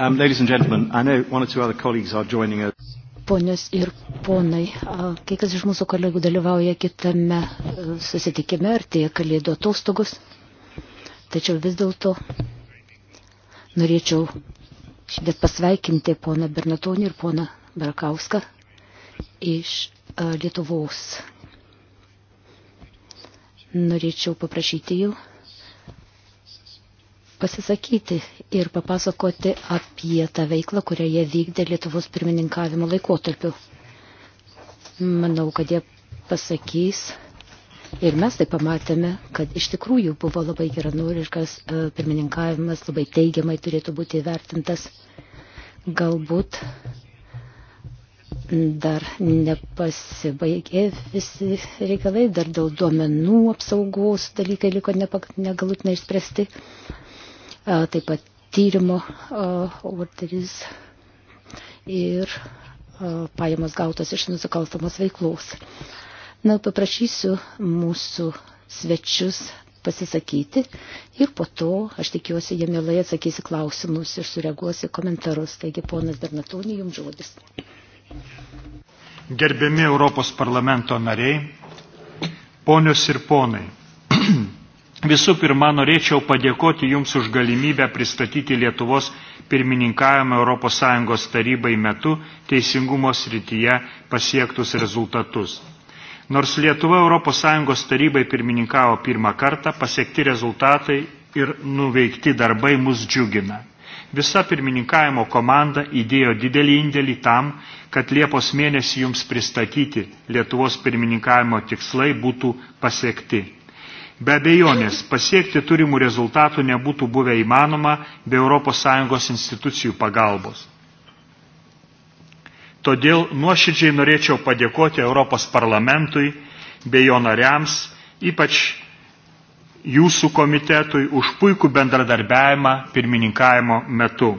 Um, ladies and gentlemen, I know one or two other colleagues are joining us. Ponios ir ponai, kai kas iš mūsų kolegų dalyvauja kitame e, susitikime, artėja kalėdų atostogos, tačiau vis dėlto norėčiau šiandien pasveikinti poną Bernatonį ir poną Barakauską iš e, Lietuvos. Norėčiau paprašyti jų pasisakyti ir papasakoti apie tą veiklą, kurią jie vykdė Lietuvos pirmininkavimo laikotarpiu. Manau, kad jie pasakys ir mes tai pamatėme, kad iš tikrųjų buvo labai geranoriškas e, pirmininkavimas, labai teigiamai turėtų būti įvertintas. Galbūt dar nepasibaigė visi reikalai, dar dėl duomenų apsaugos dalykai liko negalutinai išspręsti taip pat tyrimo orderis ir pajamos gautos iš nusikalstamos veiklos. Na, paprašysiu mūsų svečius pasisakyti ir po to, aš tikiuosi, jie mielai atsakysi klausimus ir sureaguosi komentarus. Taigi, ponas Darnatonė, jums žodis. Gerbiami Europos parlamento nariai, ponios ir ponai, Visų pirma, norėčiau padėkoti Jums už galimybę pristatyti Lietuvos pirmininkavimą ES tarybai metu teisingumo srityje pasiektus rezultatus. Nors Lietuva ES tarybai pirmininkavo pirmą kartą, pasiekti rezultatai ir nuveikti darbai mus džiugina. Visa pirmininkavimo komanda įdėjo didelį indėlį tam, kad Liepos mėnesį jums pristatyti Lietuvos pirmininkavimo tikslai būtų pasiekti. Be abejonės, pasiekti turimų rezultatų nebūtų buvę įmanoma be ES institucijų pagalbos. Todėl nuoširdžiai norėčiau padėkoti Europos parlamentui bei jo nariams, ypač jūsų komitetui už puikų bendradarbiavimą pirmininkavimo metu.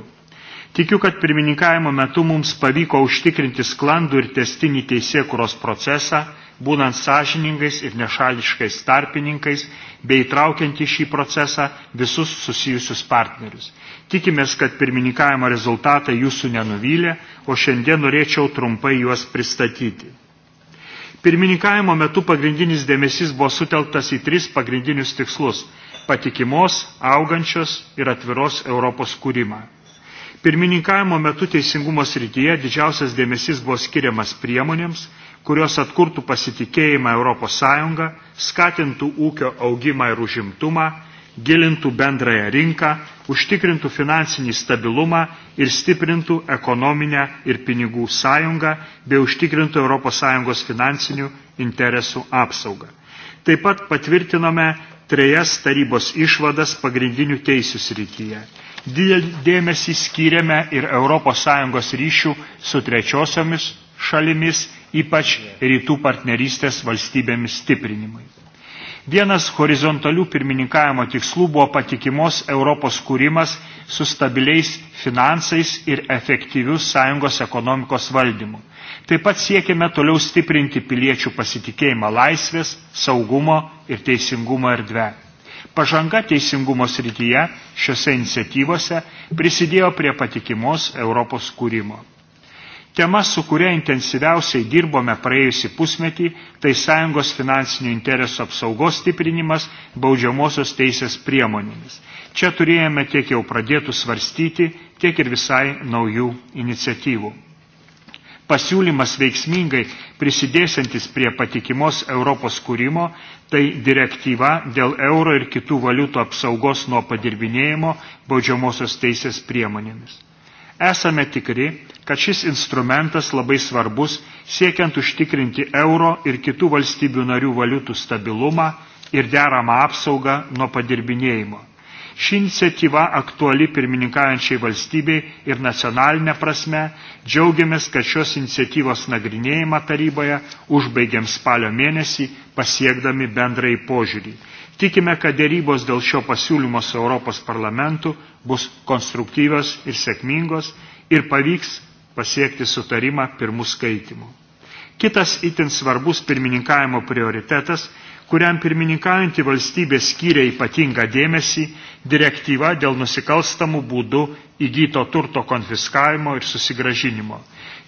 Tikiu, kad pirmininkavimo metu mums pavyko užtikrinti sklandų ir testinį teisėkuros procesą būnant sąžiningais ir nešališkais tarpininkais, bei traukiant į šį procesą visus susijusius partnerius. Tikimės, kad pirmininkavimo rezultatai jūsų nenuvylė, o šiandien norėčiau trumpai juos pristatyti. Pirmininkavimo metu pagrindinis dėmesys buvo sutelktas į tris pagrindinius tikslus - patikimos, augančios ir atviros Europos kūrimą. Pirmininkavimo metu teisingumo srityje didžiausias dėmesys buvo skiriamas priemonėms, kurios atkurtų pasitikėjimą ES, skatintų ūkio augimą ir užimtumą, gilintų bendrąją rinką, užtikrintų finansinį stabilumą ir stiprintų ekonominę ir pinigų sąjungą, bei užtikrintų ES finansinių interesų apsaugą. Taip pat patvirtinome trejas tarybos išvadas pagrindinių teisų srityje. Didelį dėmesį skiriame ir ES ryšių su trečiosiomis šalimis ypač rytų partnerystės valstybėmis stiprinimui. Vienas horizontalių pirmininkavimo tikslų buvo patikimos Europos kūrimas su stabiliais finansais ir efektyviu sąjungos ekonomikos valdymu. Taip pat siekime toliau stiprinti piliečių pasitikėjimą laisvės, saugumo ir teisingumo erdvę. Pažanga teisingumo srityje šiuose iniciatyvose prisidėjo prie patikimos Europos kūrimo. Tema, su kuria intensyviausiai dirbome praėjusį pusmetį, tai sąjungos finansinių interesų apsaugos stiprinimas baudžiamosios teisės priemonėmis. Čia turėjome tiek jau pradėtų svarstyti, tiek ir visai naujų iniciatyvų. Pasiūlymas veiksmingai prisidėsiantis prie patikimos Europos kūrimo, tai direktyva dėl euro ir kitų valiutų apsaugos nuo padirbinėjimo baudžiamosios teisės priemonėmis. Esame tikri, kad šis instrumentas labai svarbus siekiant užtikrinti euro ir kitų valstybių narių valiutų stabilumą ir deramą apsaugą nuo padirbinėjimo. Ši iniciatyva aktuali pirmininkaujančiai valstybei ir nacionalinė prasme. Džiaugiamės, kad šios iniciatyvos nagrinėjimą taryboje užbaigiam spalio mėnesį pasiekdami bendrai požiūrį. Tikime, kad dėrybos dėl šio pasiūlymo su Europos parlamentu bus konstruktyvios ir sėkmingos ir pavyks pasiekti sutarimą pirmų skaitimų. Kitas itin svarbus pirmininkavimo prioritetas, kuriam pirmininkaujantį valstybę skyrė ypatingą dėmesį, direktyva dėl nusikalstamų būdų įgyto turto konfiskavimo ir susigražinimo.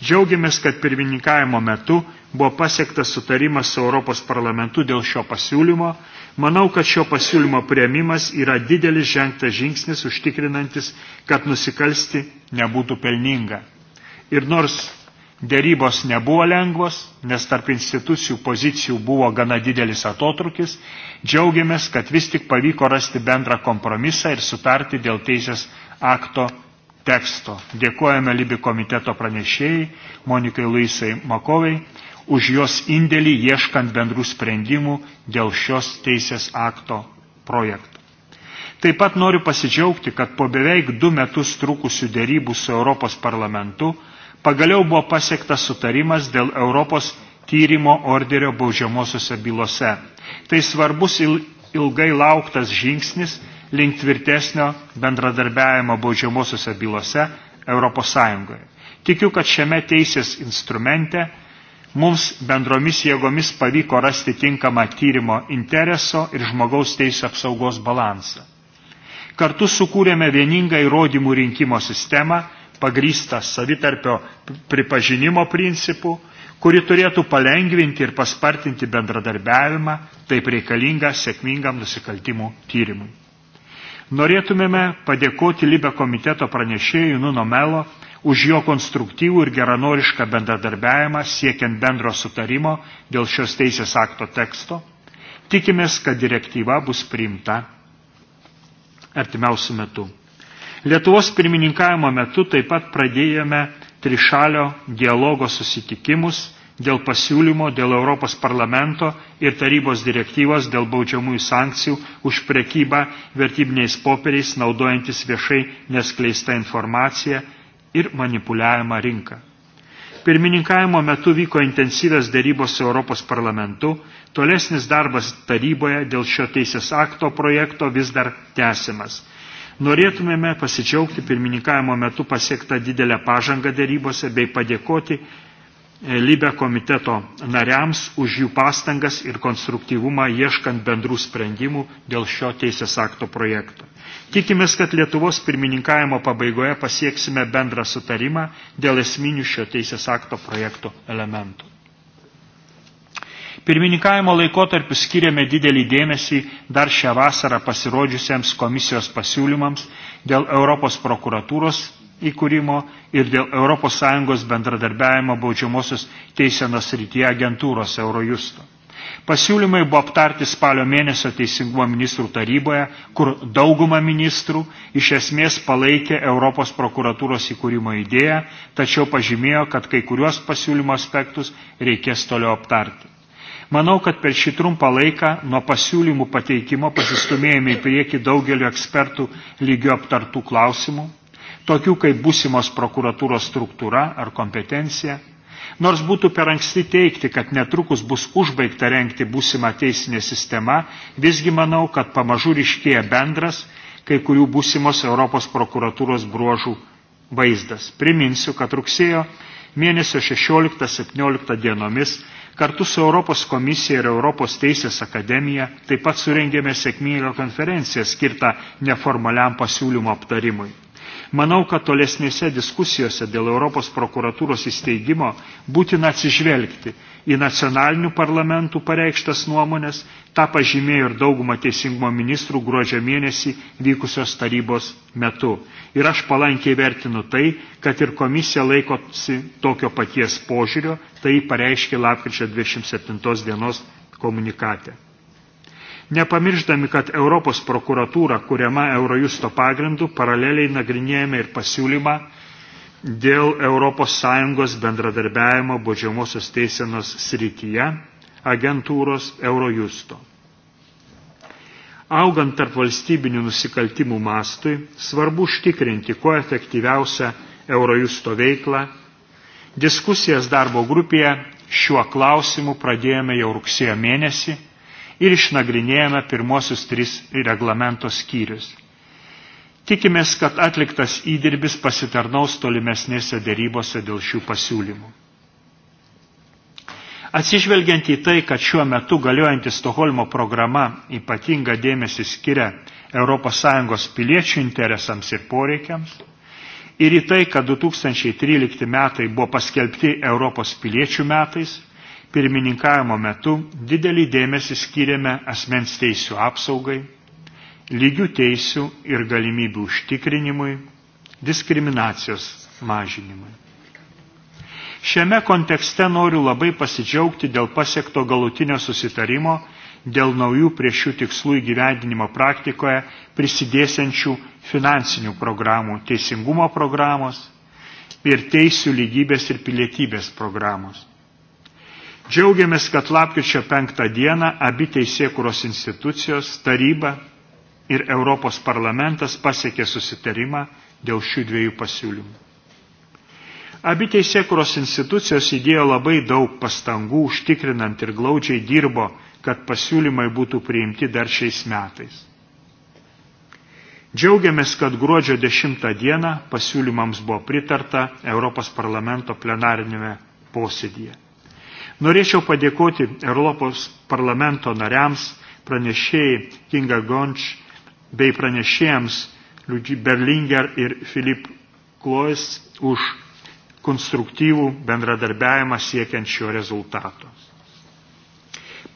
Džiaugiamės, kad pirmininkavimo metu buvo pasiektas sutarimas su Europos parlamentu dėl šio pasiūlymo. Manau, kad šio pasiūlymo prieimimas yra didelis žengtas žingsnis užtikrinantis, kad nusikalsti nebūtų pelninga. Ir nors dėrybos nebuvo lengvos, nes tarp institucijų pozicijų buvo gana didelis atotrukis, džiaugiamės, kad vis tik pavyko rasti bendrą kompromisą ir sutarti dėl teisės akto teksto. Dėkojame Libi komiteto pranešėjai Monikai Luisai Makovai už jos indėlį ieškant bendrų sprendimų dėl šios teisės akto projektų. Taip pat noriu pasidžiaugti, kad po beveik du metus trukusių dėrybų su Europos parlamentu pagaliau buvo pasiektas sutarimas dėl Europos tyrimo orderio baudžiamosiose bylose. Tai svarbus ilgai lauktas žingsnis link tvirtesnio bendradarbiavimo baudžiamosiose bylose ES. Tikiu, kad šiame teisės instrumente mums bendromis jėgomis pavyko rasti tinkamą tyrimo intereso ir žmogaus teisų apsaugos balansą. Kartu sukūrėme vieningą įrodymų rinkimo sistemą, pagrystas savitarpio pripažinimo principų, kuri turėtų palengvinti ir paspartinti bendradarbiavimą, taip reikalingą sėkmingam nusikaltimų tyrimui. Norėtumėme padėkoti Libe komiteto pranešėjui Nuno Melo už jo konstruktyvų ir geranorišką bendradarbiavimą siekiant bendro sutarimo dėl šios teisės akto teksto. Tikimės, kad direktyva bus priimta artimiausių metų. Lietuvos pirmininkavimo metu taip pat pradėjome trišalio dialogo susitikimus dėl pasiūlymo dėl Europos parlamento ir tarybos direktyvos dėl baudžiamųjų sankcijų už prekybą vertybiniais popieriais naudojantis viešai neskleista informacija ir manipuliavimą rinką. Pirmininkavimo metu vyko intensyvės dėrybos su Europos parlamentu, tolesnis darbas taryboje dėl šio teisės akto projekto vis dar tęsiamas norėtumėme pasidžiaugti pirmininkavimo metu pasiektą didelę pažangą dėrybose bei padėkoti e, Libe komiteto nariams už jų pastangas ir konstruktyvumą ieškant bendrų sprendimų dėl šio teisės akto projekto. Tikimės, kad Lietuvos pirmininkavimo pabaigoje pasieksime bendrą sutarimą dėl esminių šio teisės akto projekto elementų. Pirmininkavimo laikotarpiu skiriame didelį dėmesį dar šią vasarą pasirodžiusiems komisijos pasiūlymams dėl Europos prokuratūros įkūrimo ir dėl ES bendradarbiavimo baudžiamosios teisenos rytyje agentūros Eurojusto. Pasiūlymai buvo aptarti spalio mėnesio teisingumo ministrų taryboje, kur dauguma ministrų iš esmės palaikė Europos prokuratūros įkūrimo idėją, tačiau pažymėjo, kad kai kuriuos pasiūlymo aspektus reikės toliau aptarti. Manau, kad per šį trumpą laiką nuo pasiūlymų pateikimo pasistumėjome į priekį daugeliu ekspertų lygio aptartų klausimų, tokių kaip būsimos prokuratūros struktūra ar kompetencija, Nors būtų per anksti teikti, kad netrukus bus užbaigta renkti būsimą teisinę sistemą, visgi manau, kad pamažu ryškėja bendras kai kurių būsimos Europos prokuratūros bruožų vaizdas. Priminsiu, kad rugsėjo mėnesio 16-17 dienomis Kartu su Europos komisija ir Europos teisės akademija taip pat surengėme sėkmingą konferenciją skirtą neformaliam pasiūlymo aptarimui. Manau, kad tolesnėse diskusijose dėl Europos prokuratūros įsteigimo būtina atsižvelgti į nacionalinių parlamentų pareikštas nuomonės, tą pažymėjo ir dauguma teisingumo ministrų gruodžio mėnesį vykusios tarybos metu. Ir aš palankiai vertinu tai, kad ir komisija laikosi tokio paties požiūrio, tai pareiškė lapkričio 27 dienos komunikate. Nepamirždami, kad Europos prokuratūra kuriama Eurojusto pagrindu, paraleliai nagrinėjame ir pasiūlymą dėl ES bendradarbiavimo baudžiamosios teisenos srityje agentūros Eurojusto. Augant tarp valstybinių nusikaltimų mastui, svarbu užtikrinti kuo efektyviausią Eurojusto veiklą. Diskusijas darbo grupėje šiuo klausimu pradėjome jau rugsėjo mėnesį ir išnagrinėjome pirmosius tris reglamento skyrius. Tikimės, kad atliktas įdirbis pasitarnaus tolimesnėse dėrybose dėl šių pasiūlymų. Atsižvelgiant į tai, kad šiuo metu galiojanti Stoholmo programa ypatinga dėmesį skiria ES piliečių interesams ir poreikiams, ir į tai, kad 2013 metai buvo paskelbti Europos piliečių metais, pirmininkavimo metu didelį dėmesį skiriame asmens teisų apsaugai lygių teisių ir galimybių užtikrinimui, diskriminacijos mažinimui. Šiame kontekste noriu labai pasidžiaugti dėl pasiekto galutinio susitarimo dėl naujų prie šių tikslų įgyvendinimo praktikoje prisidėsiančių finansinių programų - teisingumo programos ir teisų lygybės ir pilietybės programos. Džiaugiamės, kad lapkričio penktą dieną abi teisėkuros institucijos - taryba ir Europos parlamentas pasiekė susitarimą dėl šių dviejų pasiūlymų. Abi teisėkuros institucijos įdėjo labai daug pastangų užtikrinant ir glaudžiai dirbo, kad pasiūlymai būtų priimti dar šiais metais. Džiaugiamės, kad gruodžio 10 dieną pasiūlymams buvo pritarta Europos parlamento plenarinėme posėdėje. Norėčiau padėkoti Europos parlamento nariams, pranešėjai Kinga Gonč bei pranešėjams Liudži Berlinger ir Filip Klojas už konstruktyvų bendradarbiavimą siekiant šio rezultato.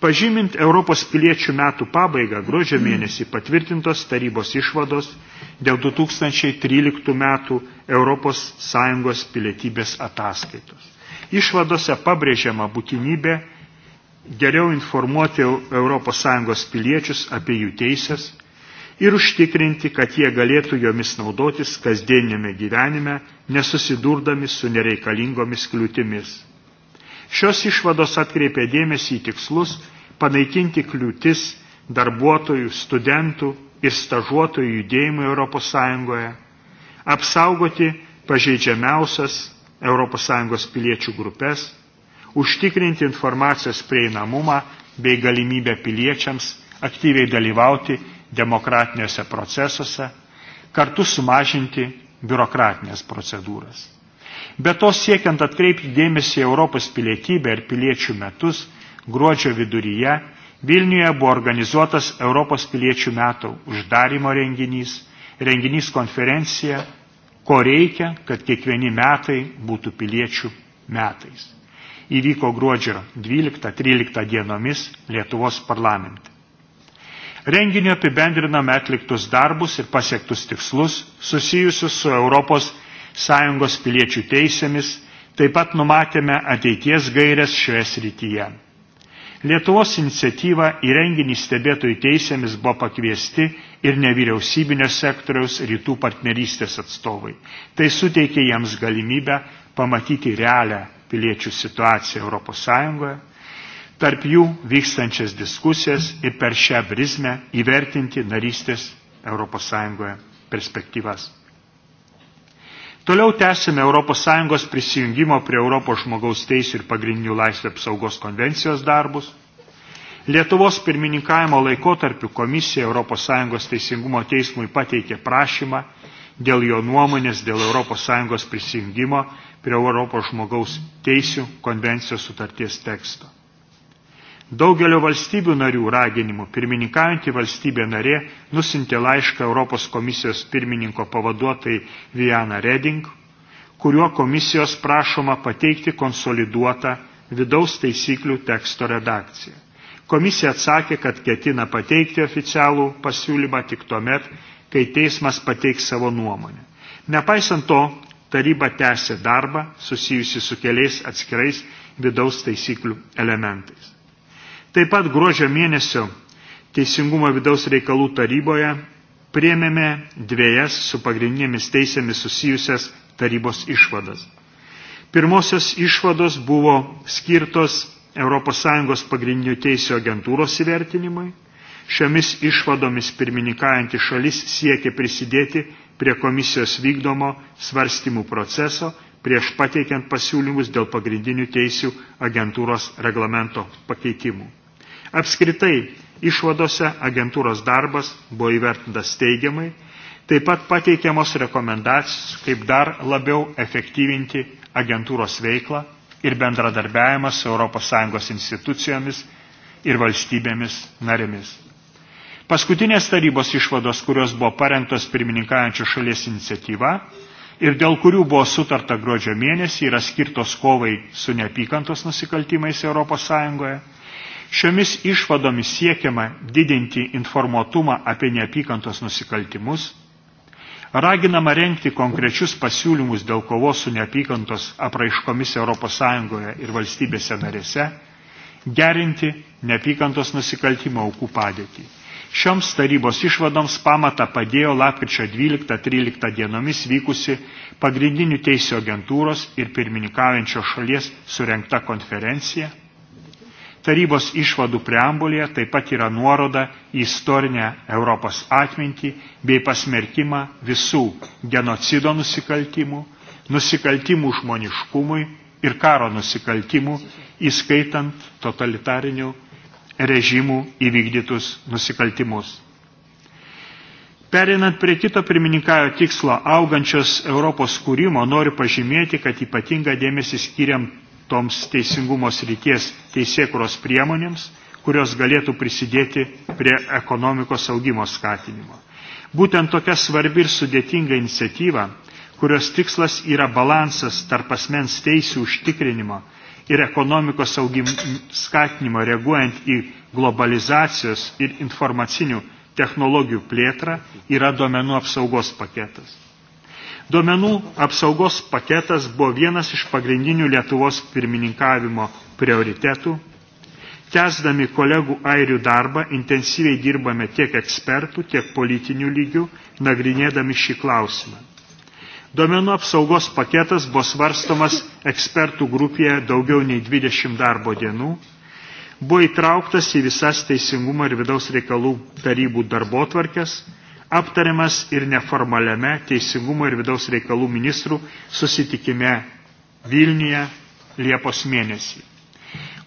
Pažymint Europos piliečių metų pabaigą gruodžio mėnesį patvirtintos tarybos išvados dėl 2013 metų ES pilietybės ataskaitos. Išvadose pabrėžiama būtinybė geriau informuoti ES piliečius apie jų teisės, ir užtikrinti, kad jie galėtų jomis naudotis kasdienėme gyvenime, nesusidurdami su nereikalingomis kliūtimis. Šios išvados atkreipė dėmesį į tikslus panaikinti kliūtis darbuotojų, studentų ir stažuotojų judėjimui ES, apsaugoti pažeidžiamiausias ES piliečių grupės, užtikrinti informacijos prieinamumą bei galimybę piliečiams aktyviai dalyvauti demokratiniuose procesuose, kartu sumažinti biurokratinės procedūras. Be to siekiant atkreipti dėmesį Europos pilietybę ir piliečių metus, gruodžio viduryje Vilniuje buvo organizuotas Europos piliečių metų uždarimo renginys, renginys konferencija, ko reikia, kad kiekvieni metai būtų piliečių metais. Įvyko gruodžio 12-13 dienomis Lietuvos parlamente. Renginį apibendriname atliktus darbus ir pasiektus tikslus susijusius su ES piliečių teisėmis, taip pat numatėme ateities gairias šioje srityje. Lietuvos iniciatyva į renginį stebėtojų teisėmis buvo pakviesti ir nevyriausybinio sektoriaus rytų partnerystės atstovai. Tai suteikė jiems galimybę pamatyti realią piliečių situaciją ES tarp jų vykstančias diskusijas ir per šią prizmę įvertinti narystės ES perspektyvas. Toliau tęsime ES prisijungimo prie Europos žmogaus teisų ir pagrindinių laisvė apsaugos konvencijos darbus. Lietuvos pirmininkavimo laikotarpiu komisija ES teisingumo teismui pateikė prašymą dėl jo nuomonės dėl ES prisijungimo prie Europos žmogaus teisų konvencijos sutarties teksto. Daugelio valstybių narių raginimų pirmininkaujantį valstybė narė nusintė laišką Europos komisijos pirmininko pavaduotai Viana Reding, kuriuo komisijos prašoma pateikti konsoliduotą vidaus taisyklių teksto redakciją. Komisija atsakė, kad ketina pateikti oficialų pasiūlymą tik tuomet, kai teismas pateiks savo nuomonę. Nepaisant to, taryba tęsė darbą susijusi su keliais atskirais vidaus taisyklių elementais. Taip pat gruožio mėnesio Teisingumo vidaus reikalų taryboje priemėme dviejas su pagrindinėmis teisėmis susijusias tarybos išvadas. Pirmosios išvados buvo skirtos ES pagrindinių teisų agentūros įvertinimui. Šiomis išvadomis pirmininkaujantį šalis siekia prisidėti prie komisijos vykdomo svarstymų proceso prieš pateikiant pasiūlymus dėl pagrindinių teisių agentūros reglamento pakeitimų. Apskritai, išvadose agentūros darbas buvo įvertintas teigiamai, taip pat pateikiamos rekomendacijos, kaip dar labiau efektyvinti agentūros veiklą ir bendradarbiavimą su ES institucijomis ir valstybėmis narėmis. Paskutinės tarybos išvados, kurios buvo parengtos pirmininkaujančio šalies iniciatyva ir dėl kurių buvo sutarta gruodžio mėnesį, yra skirtos kovai su neapykantos nusikaltimais ES Šiomis išvadomis siekiama didinti informuotumą apie neapykantos nusikaltimus, raginama renkti konkrečius pasiūlymus dėl kovos su neapykantos apraiškomis ES ir valstybėse narėse, gerinti neapykantos nusikaltimo aukų padėtį. Šioms tarybos išvadoms pamatą padėjo lapkričio 12-13 dienomis vykusi pagrindinių teisų agentūros ir pirmininkaujančio šalies surenkta konferencija Tarybos išvadų preambulėje taip pat yra nuoroda į istorinę Europos atmintį bei pasmerkimą visų genocido nusikaltimų, nusikaltimų žmoniškumui ir karo nusikaltimų, įskaitant totalitarinių režimų įvykdytus nusikaltimus. Perinant prie kito pirmininkavo tikslo augančios Europos kūrimo, noriu pažymėti, kad ypatingą dėmesį skiriam toms teisingumo srities teisėkuros priemonėms, kurios galėtų prisidėti prie ekonomikos augimo skatinimo. Būtent tokia svarbi ir sudėtinga iniciatyva, kurios tikslas yra balansas tarp asmens teisų užtikrinimo ir ekonomikos augim skatinimo reaguojant į globalizacijos ir informacinių technologijų plėtrą, yra duomenų apsaugos paketas. Duomenų apsaugos paketas buvo vienas iš pagrindinių Lietuvos pirmininkavimo prioritetų. Tesdami kolegų airių darbą intensyviai dirbame tiek ekspertų, tiek politinių lygių, nagrinėdami šį klausimą. Duomenų apsaugos paketas buvo svarstomas ekspertų grupėje daugiau nei 20 darbo dienų, buvo įtrauktas į visas teisingumo ir vidaus reikalų tarybų darbotvarkės, aptariamas ir neformaliame teisingumo ir vidaus reikalų ministrų susitikime Vilniuje Liepos mėnesį.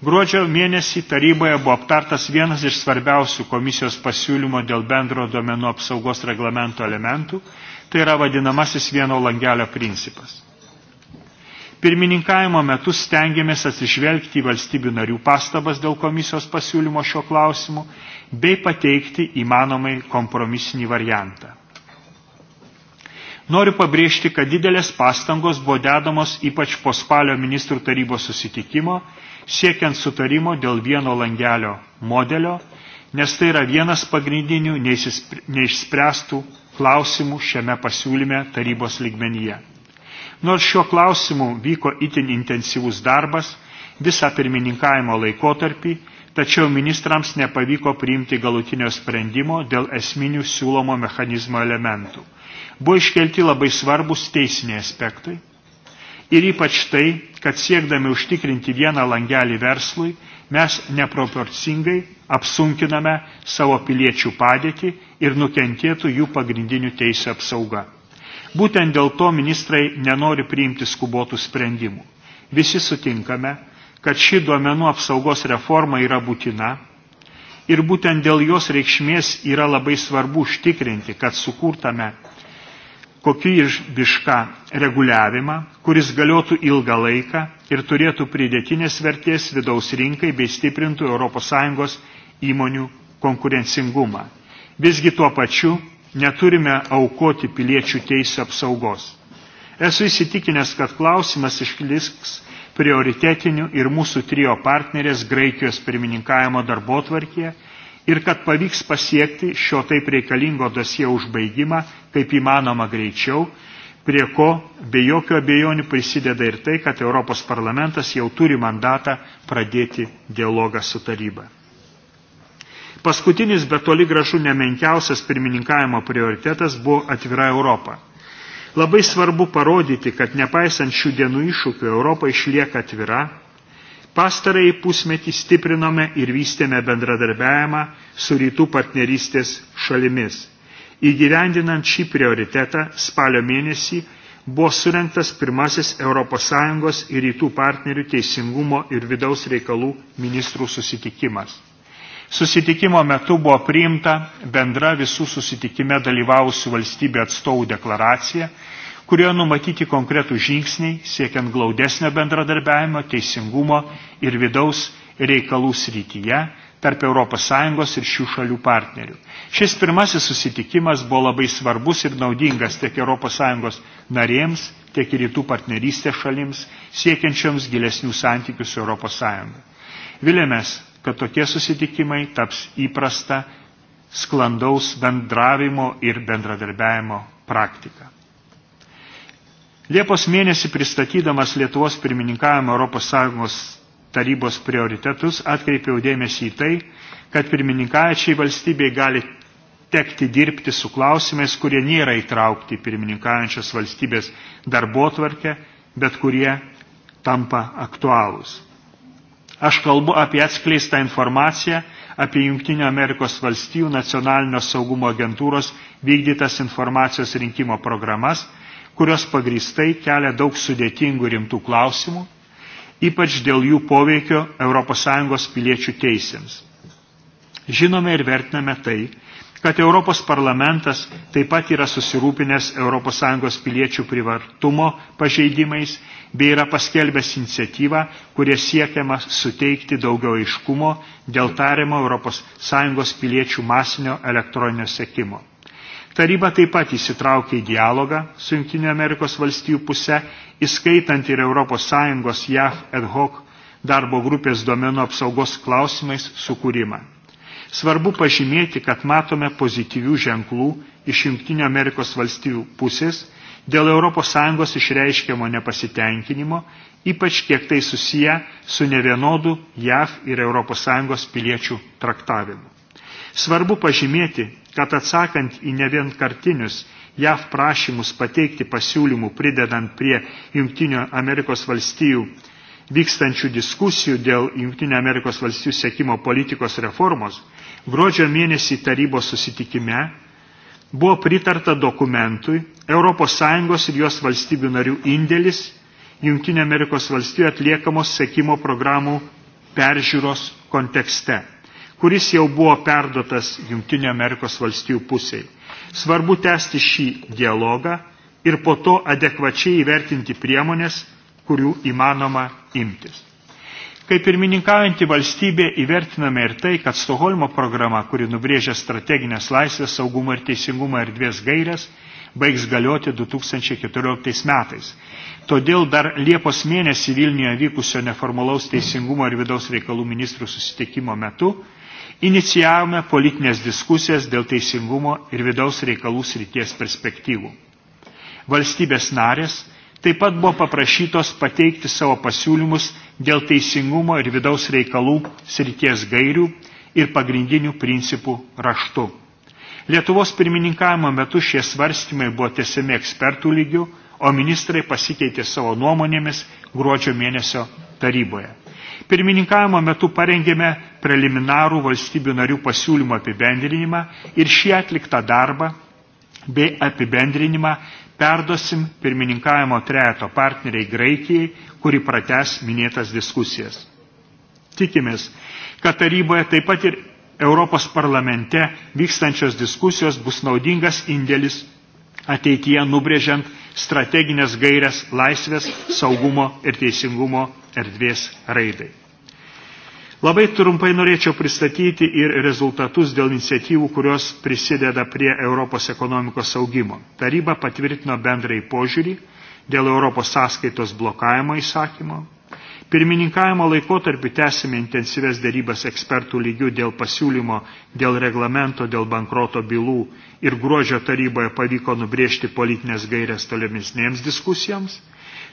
Gruodžio mėnesį taryboje buvo aptartas vienas iš svarbiausių komisijos pasiūlymo dėl bendro duomenų apsaugos reglamento elementų, tai yra vadinamasis vieno langelio principas. Pirmininkavimo metu stengiamės atsižvelgti į valstybių narių pastabas dėl komisijos pasiūlymo šio klausimu bei pateikti įmanomai kompromisinį variantą. Noriu pabrėžti, kad didelės pastangos buvo dedamos ypač po spalio ministrų tarybos susitikimo, siekiant sutarimo dėl vieno langelio modelio, nes tai yra vienas pagrindinių neišspręstų klausimų šiame pasiūlyme tarybos lygmenyje. Nors šiuo klausimu vyko itin intensyvus darbas visą pirmininkavimo laikotarpį, tačiau ministrams nepavyko priimti galutinio sprendimo dėl esminių siūlomo mechanizmo elementų. Buvo iškelti labai svarbus teisiniai aspektai ir ypač tai, kad siekdami užtikrinti vieną langelį verslui, mes neproporcingai apsunkiname savo piliečių padėtį ir nukentėtų jų pagrindinių teisų apsauga. Būtent dėl to ministrai nenori priimti skubotų sprendimų. Visi sutinkame, kad ši duomenų apsaugos reforma yra būtina ir būtent dėl jos reikšmės yra labai svarbu užtikrinti, kad sukurtame kokį išbišką reguliavimą, kuris galiotų ilgą laiką ir turėtų pridėtinės vertės vidaus rinkai bei stiprintų ES įmonių konkurencingumą. Visgi tuo pačiu neturime aukoti piliečių teisų apsaugos. Esu įsitikinęs, kad klausimas išliks prioritetiniu ir mūsų trijo partnerės Graikijos pirmininkavimo darbo tvarkėje ir kad pavyks pasiekti šio taip reikalingo dosie užbaigimą kaip įmanoma greičiau, prie ko be jokio abejonių prisideda ir tai, kad Europos parlamentas jau turi mandatą pradėti dialogą su taryba. Paskutinis, bet toli gražu nemenkiausias pirmininkavimo prioritetas buvo atvira Europa. Labai svarbu parodyti, kad nepaisant šių dienų iššūkių Europa išlieka atvira. Pastarąjį pusmetį stiprinome ir vystėme bendradarbiavimą su rytų partnerystės šalimis. Įgyvendinant šį prioritetą spalio mėnesį buvo surinktas pirmasis ES ir rytų partnerių teisingumo ir vidaus reikalų ministrų susitikimas. Susitikimo metu buvo priimta bendra visų susitikime dalyvausių valstybių atstovų deklaracija, kurioje numatyti konkretų žingsniai siekiant glaudesnio bendradarbiavimo, teisingumo ir vidaus reikalų srityje tarp ES ir šių šalių partnerių. Šis pirmasis susitikimas buvo labai svarbus ir naudingas tiek ES narėms, tiek ir rytų partnerystės šalims, siekiančioms gilesnių santykių su ES. Vilėmės, kad tokie susitikimai taps įprasta sklandaus bendravimo ir bendradarbiajimo praktika. Liepos mėnesį pristatydamas Lietuvos pirmininkavimo ES tarybos prioritetus atkreipiau dėmesį į tai, kad pirmininkaičiai valstybei gali tekti dirbti su klausimais, kurie nėra įtraukti pirmininkaujančios valstybės darbo tvarkę, bet kurie tampa aktualūs. Aš kalbu apie atskleistą informaciją apie Junktinio Amerikos valstijų nacionalinio saugumo agentūros vykdytas informacijos rinkimo programas, kurios pagrįstai kelia daug sudėtingų rimtų klausimų, ypač dėl jų poveikio ES piliečių teisėms. Žinome ir vertiname tai, kad Europos parlamentas taip pat yra susirūpinęs ES piliečių privartumo pažeidimais bei yra paskelbęs iniciatyvą, kurie siekiama suteikti daugiau aiškumo dėl tariamo ES piliečių masinio elektroninio sekimo. Taryba taip pat įsitraukė į dialogą su JAV puse, įskaitant ir ES JAV ad hoc darbo grupės domenų apsaugos klausimais sukūrimą. Svarbu pažymėti, kad matome pozityvių ženklų iš JAV pusės, dėl ES išreiškiamo nepasitenkinimo, ypač kiek tai susiję su nevienodu JAV ir ES piliečių traktavimu. Svarbu pažymėti, kad atsakant į nevienkartinius JAV prašymus pateikti pasiūlymų pridedant prie Junktinio Amerikos valstijų vykstančių diskusijų dėl Junktinio Amerikos valstijų sėkimo politikos reformos, gruodžio mėnesį tarybos susitikime buvo pritarta dokumentui ES ir jos valstybių narių indėlis JAV atliekamos sekimo programų peržiūros kontekste, kuris jau buvo perdotas JAV pusiai. Svarbu tęsti šį dialogą ir po to adekvačiai įvertinti priemonės, kurių įmanoma imtis. Kaip pirmininkaujantį valstybę įvertiname ir tai, kad Stoholmo programa, kuri nubrėžia strateginės laisvės, saugumo ir teisingumo erdvės gairias, baigs galioti 2014 metais. Todėl dar Liepos mėnesį Vilniuje vykusio neformalaus teisingumo ir vidaus reikalų ministrų susitikimo metu inicijavome politinės diskusijas dėl teisingumo ir vidaus reikalų srities perspektyvų. Valstybės narės taip pat buvo paprašytos pateikti savo pasiūlymus dėl teisingumo ir vidaus reikalų srities gairių ir pagrindinių principų raštu. Lietuvos pirmininkavimo metu šie svarstymai buvo tesiami ekspertų lygių, o ministrai pasikeitė savo nuomonėmis gruodžio mėnesio taryboje. Pirmininkavimo metu parengėme preliminarų valstybių narių pasiūlymų apibendrinimą ir šį atliktą darbą bei apibendrinimą perdosim pirmininkavimo trejato partneriai Graikijai, kuri prates minėtas diskusijas. Tikimės, kad taryboje taip pat ir Europos parlamente vykstančios diskusijos bus naudingas indėlis ateityje nubrėžiant strateginės gairias laisvės, saugumo ir teisingumo erdvės raidai. Labai trumpai norėčiau pristatyti ir rezultatus dėl iniciatyvų, kurios prisideda prie Europos ekonomikos augimo. Taryba patvirtino bendrai požiūrį dėl Europos sąskaitos blokavimo įsakymo. Pirmininkavimo laikotarpiu tęsime intensyves dėrybas ekspertų lygių dėl pasiūlymo, dėl reglamento, dėl bankroto bylų ir gruodžio taryboje pavyko nubrėžti politinės gairias tolimesnėms diskusijoms.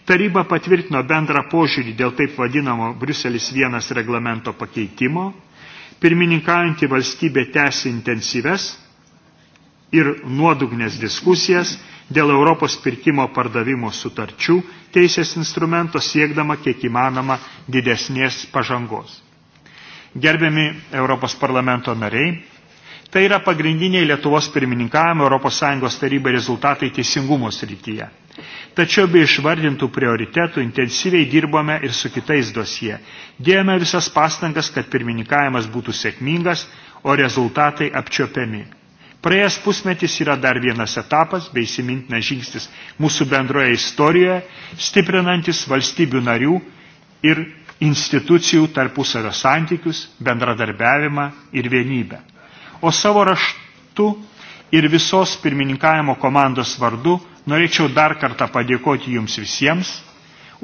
Taryba patvirtino bendrą požiūrį dėl taip vadinamo Bruselis vienas reglamento pakeitimo. Pirmininkaujantį valstybę tęsi intensyves ir nuodugnės diskusijas dėl Europos pirkimo pardavimo sutarčių teisės instrumento siekdama kiek įmanoma didesnės pažangos. Gerbiami Europos parlamento nariai, tai yra pagrindiniai Lietuvos pirmininkavimo ES tarybai rezultatai teisingumo srityje. Tačiau be išvardintų prioritetų intensyviai dirbome ir su kitais dosie. Dėjome visas pastangas, kad pirmininkavimas būtų sėkmingas, o rezultatai apčiopiami. Praėjęs pusmetis yra dar vienas etapas bei įsimintinas žingsnis mūsų bendroje istorijoje, stiprinantis valstybių narių ir institucijų tarpusavio santykius, bendradarbiavimą ir vienybę. O savo raštu ir visos pirmininkavimo komandos vardu Norėčiau dar kartą padėkoti Jums visiems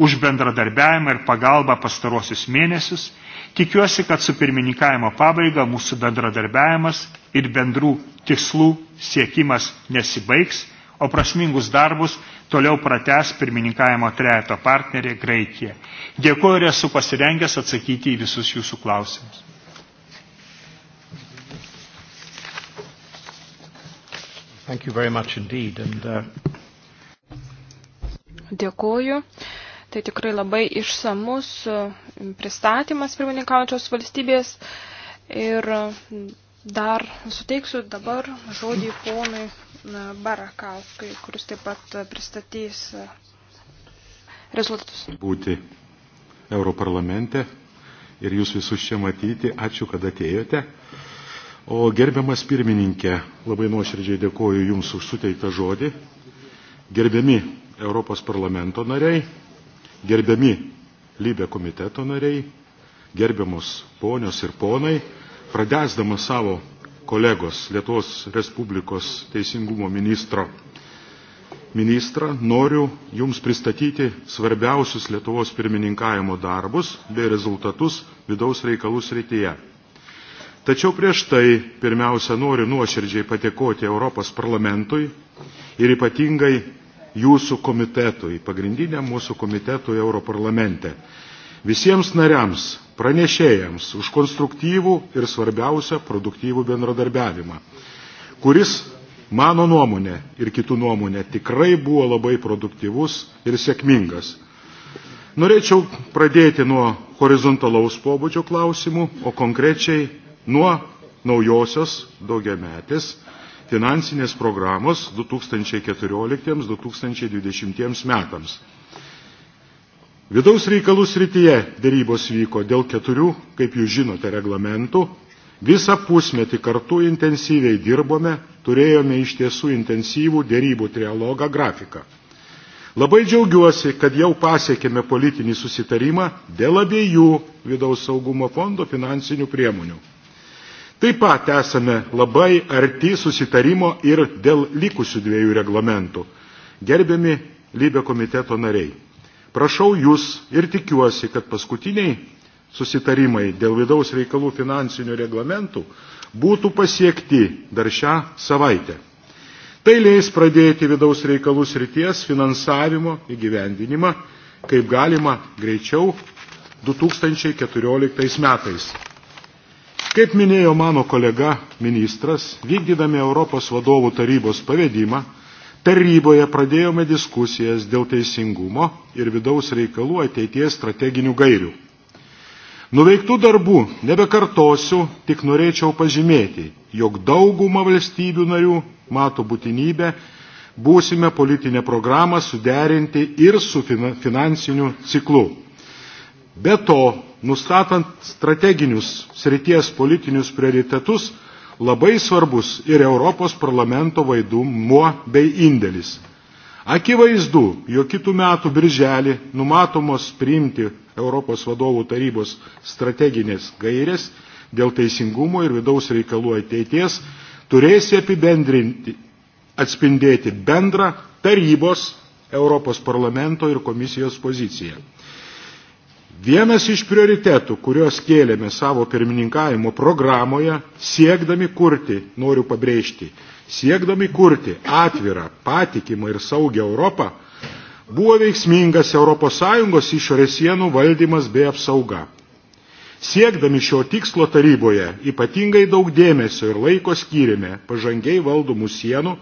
už bendradarbiavimą ir pagalbą pastarosius mėnesius. Tikiuosi, kad su pirmininkavimo pabaiga mūsų bendradarbiavimas ir bendrų tikslų siekimas nesibaigs, o prasmingus darbus toliau prates pirmininkavimo trejato partnerė Graikija. Dėkuoju ir esu pasirengęs atsakyti į visus jūsų klausimus. Thank you very much indeed. And, uh... Dėkuoju. Tai tikrai labai išsamus e, pristatymas pirmininkaujančios valstybės. Ir dar suteiksiu dabar žodį ponui e, Barakauskui, kuris taip pat pristatys e, rezultatus. Būti Europarlamente ir jūs visus čia matyti. Ačiū, kad atėjote. O gerbiamas pirmininkė, labai nuoširdžiai dėkoju Jums už suteiktą žodį. Gerbiami Europos parlamento nariai, gerbiami lybė komiteto nariai, gerbiamos ponios ir ponai, pradėsdamas savo kolegos Lietuvos Respublikos teisingumo ministro ministrą, noriu Jums pristatyti svarbiausius Lietuvos pirmininkavimo darbus bei rezultatus vidaus reikalų srityje. Tačiau prieš tai pirmiausia noriu nuoširdžiai patikoti Europos parlamentui ir ypatingai jūsų komitetui, pagrindiniam mūsų komitetui Europarlamente. Visiems nariams, pranešėjams už konstruktyvų ir svarbiausia produktyvų bendradarbiavimą, kuris mano nuomonė ir kitų nuomonė tikrai buvo labai produktyvus ir sėkmingas. Norėčiau pradėti nuo horizontalaus pobūdžio klausimų, o konkrečiai nuo naujosios daugiametės finansinės programos 2014-2020 metams. Vidaus reikalų srityje dėrybos vyko dėl keturių, kaip jūs žinote, reglamentų. Visą pusmetį kartu intensyviai dirbome, turėjome iš tiesų intensyvų dėrybų trialogą grafiką. Labai džiaugiuosi, kad jau pasiekėme politinį susitarimą dėl abiejų vidaus saugumo fondo finansinių priemonių. Taip pat esame labai arti susitarimo ir dėl likusių dviejų reglamentų. Gerbiami Lybė komiteto nariai, prašau Jūs ir tikiuosi, kad paskutiniai susitarimai dėl vidaus reikalų finansinių reglamentų būtų pasiekti dar šią savaitę. Tai leis pradėti vidaus reikalų srities finansavimo įgyvendinimą kaip galima greičiau 2014 metais. Kaip minėjo mano kolega ministras, vykdydami Europos vadovų tarybos pavedimą, taryboje pradėjome diskusijas dėl teisingumo ir vidaus reikalų ateities strateginių gairių. Nuveiktų darbų nebekartosiu, tik norėčiau pažymėti, jog dauguma valstybių narių mato būtinybę būsime politinę programą suderinti ir su finansiniu ciklu. Be to, nustatant strateginius srities politinius prioritetus, labai svarbus ir Europos parlamento vaidumuo bei indėlis. Akivaizdu, jog kitų metų birželį numatomos priimti Europos vadovų tarybos strateginės gairės dėl teisingumo ir vidaus reikalų ateities turės apibendrinti, atspindėti bendrą tarybos Europos parlamento ir komisijos poziciją. Vienas iš prioritetų, kuriuos kėlėme savo pirmininkavimo programoje, siekdami kurti, noriu pabrėžti, siekdami kurti atvirą, patikimą ir saugią Europą, buvo veiksmingas ES išorės sienų valdymas bei apsauga. Siekdami šio tikslo taryboje ypatingai daug dėmesio ir laiko skyrėme pažangiai valdomų sienų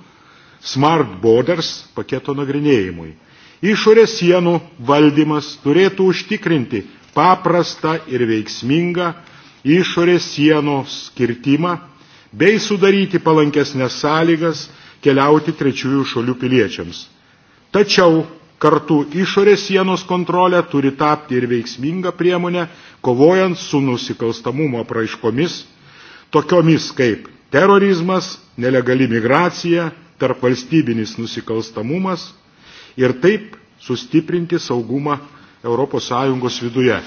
Smart Borders paketo nagrinėjimui – Išorės sienų valdymas turėtų užtikrinti paprastą ir veiksmingą išorės sienos skirtimą bei sudaryti palankesnės sąlygas keliauti trečiųjų šalių piliečiams. Tačiau kartu išorės sienos kontrolė turi tapti ir veiksminga priemonė, kovojant su nusikalstamumo praiškomis, tokiomis kaip terorizmas, nelegali migracija, tarpvalstybinis nusikalstamumas, ir taip sustiprinti saugumą ES viduje.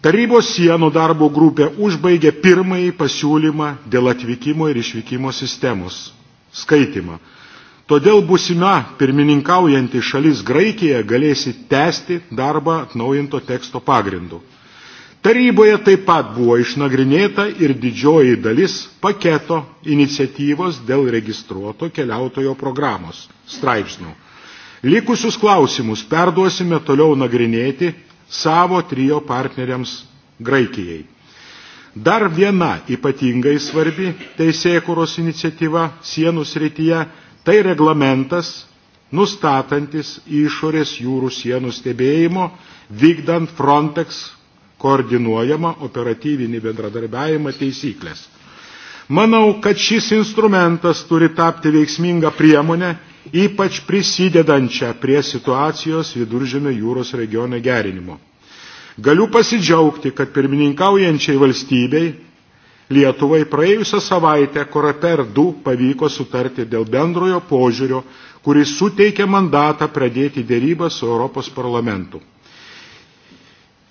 Tarybos sienų darbo grupė užbaigė pirmąjį pasiūlymą dėl atvykimo ir išvykimo sistemos skaitimą. Todėl busime pirmininkaujantį šalis Graikija galėsi tęsti darbą atnaujinto teksto pagrindu. Taryboje taip pat buvo išnagrinėta ir didžioji dalis paketo iniciatyvos dėl registruoto keliautojo programos straipsnių. Likusius klausimus perduosime toliau nagrinėti savo trijo partneriams Graikijai. Dar viena ypatingai svarbi teisėkuros iniciatyva sienų srityje - tai reglamentas nustatantis išorės jūrų sienų stebėjimo, vykdant Frontex koordinuojama operatyvinį bendradarbiavimą taisyklės. Manau, kad šis instrumentas turi tapti veiksmingą priemonę, ypač prisidedančią prie situacijos viduržėmio jūros regione gerinimo. Galiu pasidžiaugti, kad pirmininkaujančiai valstybei Lietuvai praėjusią savaitę Koreper 2 pavyko sutarti dėl bendrojo požiūrio, kuris suteikia mandatą pradėti dėrybą su Europos parlamentu.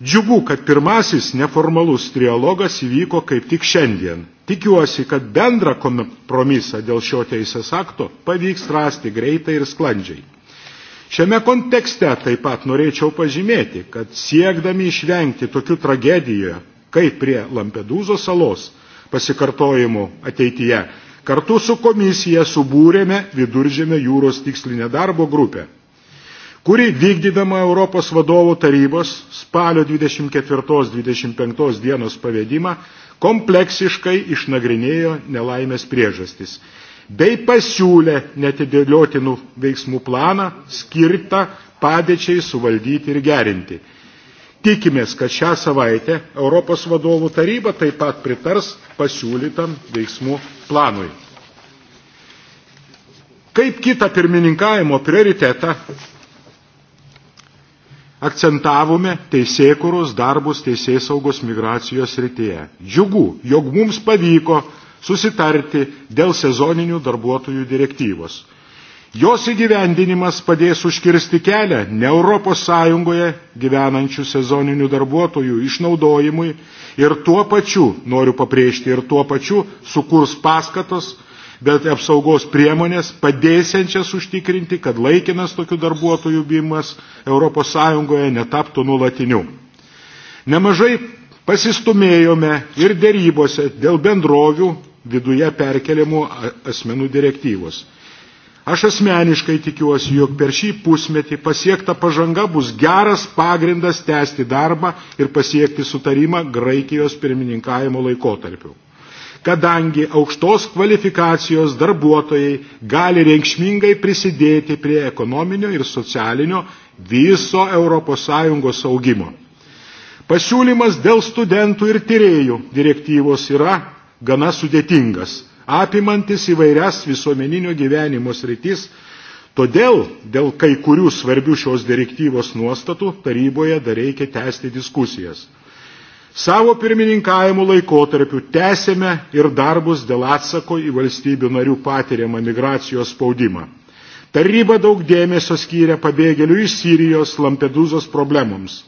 Džiugu, kad pirmasis neformalus trialogas įvyko kaip tik šiandien. Tikiuosi, kad bendrą kompromisą dėl šio teisės akto pavyks rasti greitai ir sklandžiai. Šiame kontekste taip pat norėčiau pažymėti, kad siekdami išvengti tokių tragedijų, kaip prie Lampedūzo salos pasikartojimų ateityje, kartu su komisija subūrėme viduržėme jūros tikslinę darbo grupę kuri vykdydama Europos vadovų tarybos spalio 24-25 dienos pavedimą kompleksiškai išnagrinėjo nelaimės priežastis bei pasiūlė netidėliotinų veiksmų planą skirtą padėčiai suvaldyti ir gerinti. Tikimės, kad šią savaitę Europos vadovų taryba taip pat pritars pasiūlytam veiksmų planui. Kaip kitą pirmininkavimo prioritetą akcentavome teisėkuros darbus teisėsaugos migracijos rytyje. Džiugu, jog mums pavyko susitarti dėl sezoninių darbuotojų direktyvos. Jos įgyvendinimas padės užkirsti kelią ne Europos Sąjungoje gyvenančių sezoninių darbuotojų išnaudojimui ir tuo pačiu, noriu pabrėžti, ir tuo pačiu sukurs paskatos bet apsaugos priemonės padėsiančias užtikrinti, kad laikinas tokių darbuotojų bimas ES netaptų nulatiniu. Nemažai pasistumėjome ir dėrybose dėl bendrovių viduje perkeliamų asmenų direktyvos. Aš asmeniškai tikiuosi, jog per šį pusmetį pasiekta pažanga bus geras pagrindas tęsti darbą ir pasiekti sutarimą Graikijos pirmininkavimo laikotarpiu kadangi aukštos kvalifikacijos darbuotojai gali reikšmingai prisidėti prie ekonominio ir socialinio viso ES augimo. Pasiūlymas dėl studentų ir tyrėjų direktyvos yra gana sudėtingas, apimantis įvairias visuomeninio gyvenimo sritis, todėl dėl kai kurių svarbių šios direktyvos nuostatų taryboje dar reikia tęsti diskusijas. Savo pirmininkavimų laikotarpiu tęsėme ir darbus dėl atsako į valstybių narių patiriamą migracijos spaudimą. Taryba daug dėmesio skyrė pabėgėlių iš Sirijos Lampedūzos problemams.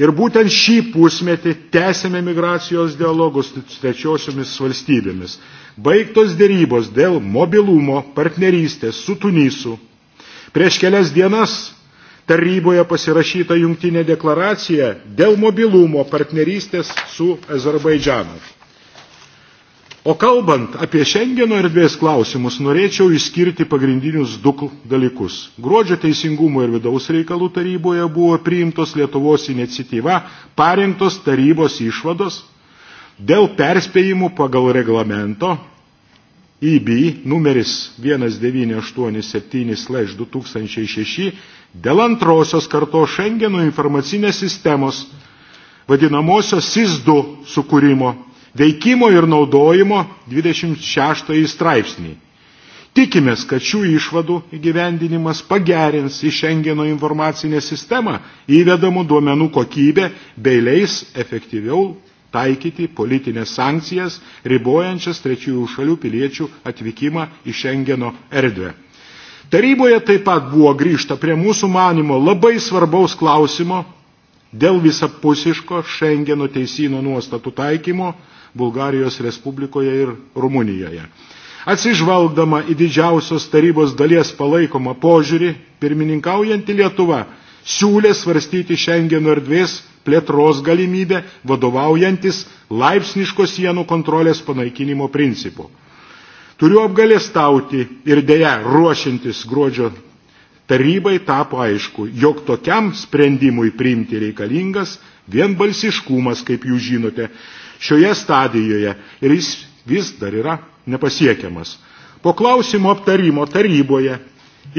Ir būtent šį pusmetį tęsėme migracijos dialogus su trečiosiomis valstybėmis. Baigtos dėrybos dėl mobilumo partnerystės su Tunisu. Prieš kelias dienas taryboje pasirašyta jungtinė deklaracija dėl mobilumo partnerystės su Azerbaidžanu. O kalbant apie Šengeno erdvės klausimus, norėčiau išskirti pagrindinius du dalykus. Gruodžio teisingumo ir vidaus reikalų taryboje buvo priimtos Lietuvos iniciatyva, parengtos tarybos išvados dėl perspėjimų pagal reglamento IB numeris 1987-2006 dėl antrosios karto Šengeno informacinės sistemos, vadinamosios SIS-2 sukūrimo, veikimo ir naudojimo 26 straipsnį. Tikimės, kad šių išvadų įgyvendinimas pagerins į Šengeno informacinę sistemą įvedamų duomenų kokybę bei leis efektyviau taikyti politinės sankcijas, ribojančias trečiųjų šalių piliečių atvykimą į Šengeno erdvę. Taryboje taip pat buvo grįžta prie mūsų manimo labai svarbaus klausimo dėl visapusiško Šengeno teisino nuostatų taikymo Bulgarijos Respublikoje ir Rumunijoje. Atsižvalgdama į didžiausios tarybos dalies palaikomą požiūrį, pirmininkaujantį Lietuvą siūlė svarstyti Šengeno erdvės plėtros galimybę, vadovaujantis laipsniško sienų kontrolės panaikinimo principu. Turiu apgalėstauti ir dėja ruošintis gruodžio tarybai tapo aišku, jog tokiam sprendimui priimti reikalingas vienbalsiškumas, kaip jūs žinote, šioje stadijoje ir jis vis dar yra nepasiekiamas. Po klausimo aptarimo taryboje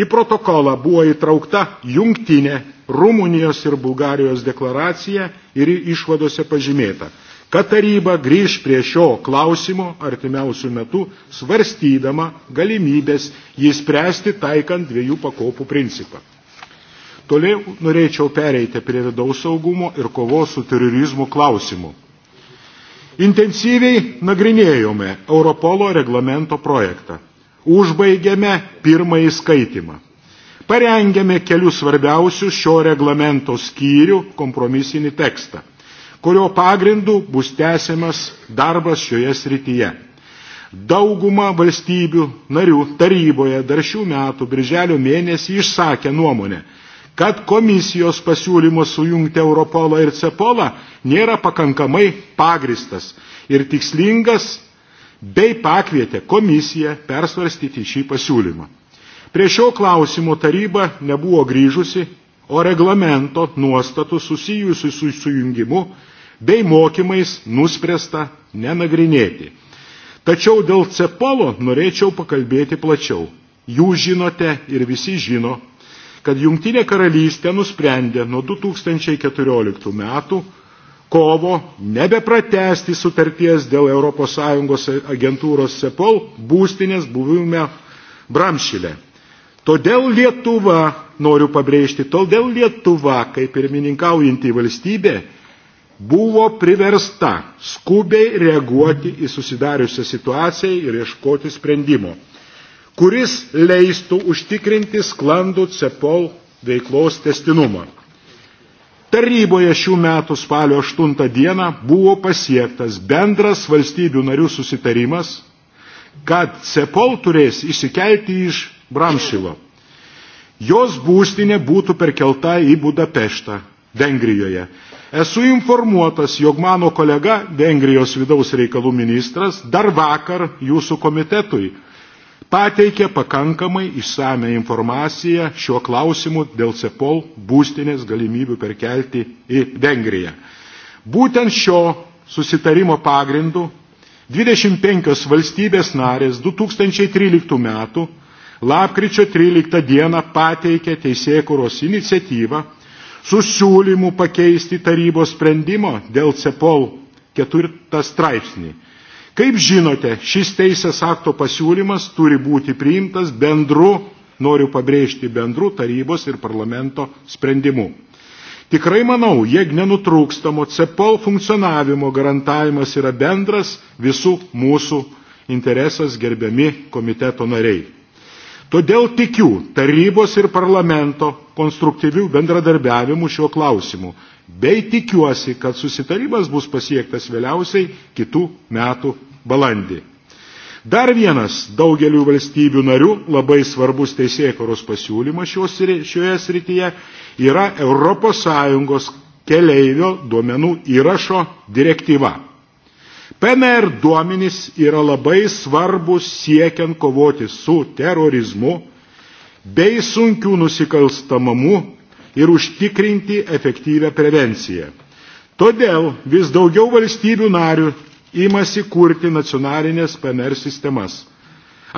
į protokolą buvo įtraukta jungtinė Rumunijos ir Bulgarijos deklaracija ir išvadose pažymėta – kad taryba grįž prie šio klausimo artimiausių metų svarstydama galimybės jį spręsti taikant dviejų pakopų principą. Toliau norėčiau pereiti prie vidaus saugumo ir kovos su terorizmu klausimų. Intensyviai nagrinėjome Europolo reglamento projektą. Užbaigėme pirmąjį skaitimą. Parengėme kelių svarbiausių šio reglamento skyrių kompromisinį tekstą kurio pagrindu bus tęsiamas darbas šioje srityje. Dauguma valstybių narių taryboje dar šių metų birželio mėnesį išsakė nuomonę, kad komisijos pasiūlymas sujungti Europolą ir Cepolą nėra pakankamai pagristas ir tikslingas, bei pakvietė komisiją persvarstyti šį pasiūlymą. Prie šio klausimo taryba nebuvo grįžusi o reglamento nuostatų susijusių su sujungimu bei mokymais nuspręsta nenagrinėti. Tačiau dėl cepalo norėčiau pakalbėti plačiau. Jūs žinote ir visi žino, kad Jungtinė karalystė nusprendė nuo 2014 metų kovo nebepratesti sutarties dėl ES agentūros CEPOL būstinės buvime Bramšilė. Todėl Lietuva noriu pabrėžti, todėl Lietuva, kaip pirmininkaujantį valstybę, buvo priversta skubiai reaguoti į susidariusią situaciją ir ieškoti sprendimo, kuris leistų užtikrinti sklandų CEPOL veiklos testinumą. Taryboje šių metų spalio 8 dieną buvo pasiektas bendras valstybių narių susitarimas, kad CEPOL turės išsikelti iš Bramšilo jos būstinė būtų perkelta į Budapeštą, Vengrijoje. Esu informuotas, jog mano kolega, Vengrijos vidaus reikalų ministras, dar vakar jūsų komitetui pateikė pakankamai išsame informaciją šiuo klausimu dėl CEPOL būstinės galimybių perkelti į Vengriją. Būtent šio susitarimo pagrindu 25 valstybės narės 2013 metų lapkričio 13 dieną pateikė teisėkuros iniciatyvą su siūlymu pakeisti tarybos sprendimo dėl CEPOL ketvirtą straipsnį. Kaip žinote, šis teisės akto pasiūlymas turi būti priimtas bendru, noriu pabrėžti, bendru tarybos ir parlamento sprendimu. Tikrai manau, jeigu nenutrūkstamo CEPOL funkcionavimo garantavimas yra bendras visų mūsų interesas gerbiami komiteto nariai. Todėl tikiu tarybos ir parlamento konstruktyvių bendradarbiavimų šiuo klausimu, bei tikiuosi, kad susitarimas bus pasiektas vėliausiai kitų metų balandį. Dar vienas daugeliu valstybių narių labai svarbus teisėkoros pasiūlymas šioje srityje yra ES keleivio duomenų įrašo direktyva. PNR duomenys yra labai svarbus siekiant kovoti su terorizmu bei sunkių nusikalstamamu ir užtikrinti efektyvę prevenciją. Todėl vis daugiau valstybių narių imasi kurti nacionalinės PNR sistemas.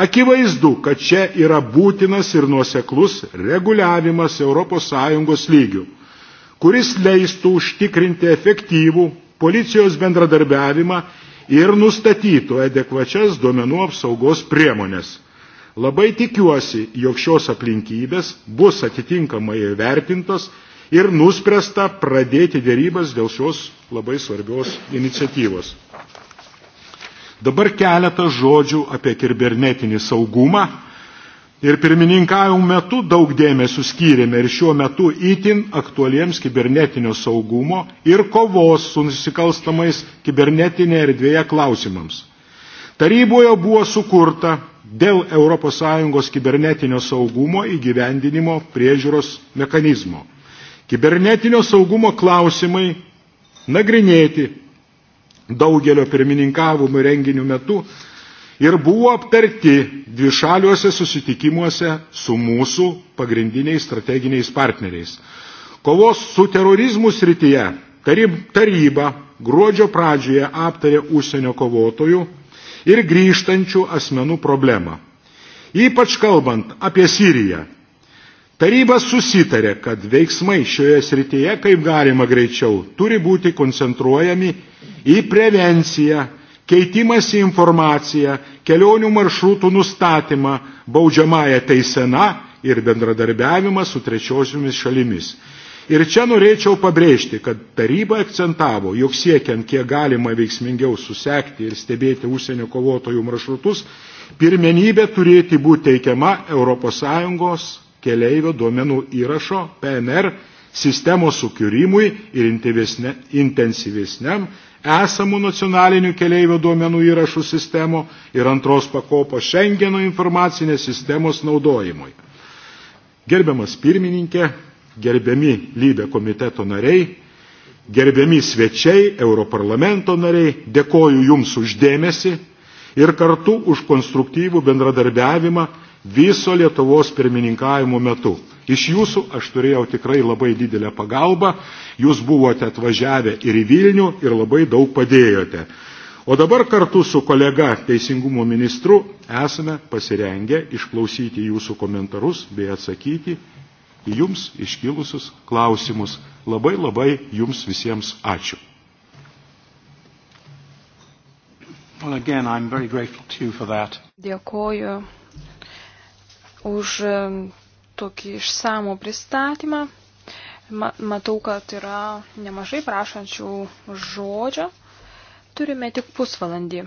Akivaizdu, kad čia yra būtinas ir nuoseklus reguliavimas ES lygių, kuris leistų užtikrinti efektyvų policijos bendradarbiavimą ir nustatytų adekvačias duomenų apsaugos priemonės. Labai tikiuosi, jog šios aplinkybės bus atitinkamai vertintos ir nuspręsta pradėti dėrybas dėl šios labai svarbios iniciatyvos. Dabar keletą žodžių apie kibernetinį saugumą Ir pirmininkavimų metu daug dėmesio skyrėme ir šiuo metu įtin aktualiems kibernetinio saugumo ir kovos su nusikalstamais kibernetinė erdvėje klausimams. Taryboje buvo sukurta dėl ES kibernetinio saugumo įgyvendinimo priežiūros mechanizmo. Kibernetinio saugumo klausimai nagrinėti daugelio pirmininkavimų renginių metu ir buvo aptarti dvišaliuose susitikimuose su mūsų pagrindiniais strateginiais partneriais. Kovos su terorizmu srityje taryba gruodžio pradžioje aptarė užsienio kovotojų ir grįžtančių asmenų problemą. Ypač kalbant apie Siriją. Taryba susitarė, kad veiksmai šioje srityje, kaip galima greičiau, turi būti koncentruojami į prevenciją keitimąsi informaciją, kelionių maršrutų nustatymą, baudžiamąją teiseną ir bendradarbiavimą su trečiosiomis šalimis. Ir čia norėčiau pabrėžti, kad taryba akcentavo, jog siekiant kiek galima veiksmingiau susekti ir stebėti užsienio kovotojų maršrutus, pirmenybė turėti būti teikiama ES keleivio duomenų įrašo PNR sistemos sukūrimui ir intensyvesniam esamų nacionalinių keleivio duomenų įrašų sistemų ir antros pakopos Schengeno informacinės sistemos naudojimui. Gerbiamas pirmininkė, gerbiami lybė komiteto nariai, gerbiami svečiai, Europarlamento nariai, dėkoju Jums uždėmesi ir kartu už konstruktyvų bendradarbiavimą viso Lietuvos pirmininkavimo metu. Iš jūsų aš turėjau tikrai labai didelę pagalbą, jūs buvote atvažiavę ir į Vilnių ir labai daug padėjote. O dabar kartu su kolega Teisingumo ministru esame pasirengę išklausyti jūsų komentarus bei atsakyti į jums iškilusius klausimus. Labai labai jums visiems ačiū. Well, again, Dėkoju už um, tokį išsamų pristatymą. Matau, kad yra nemažai prašančių žodžio. Turime tik pusvalandį.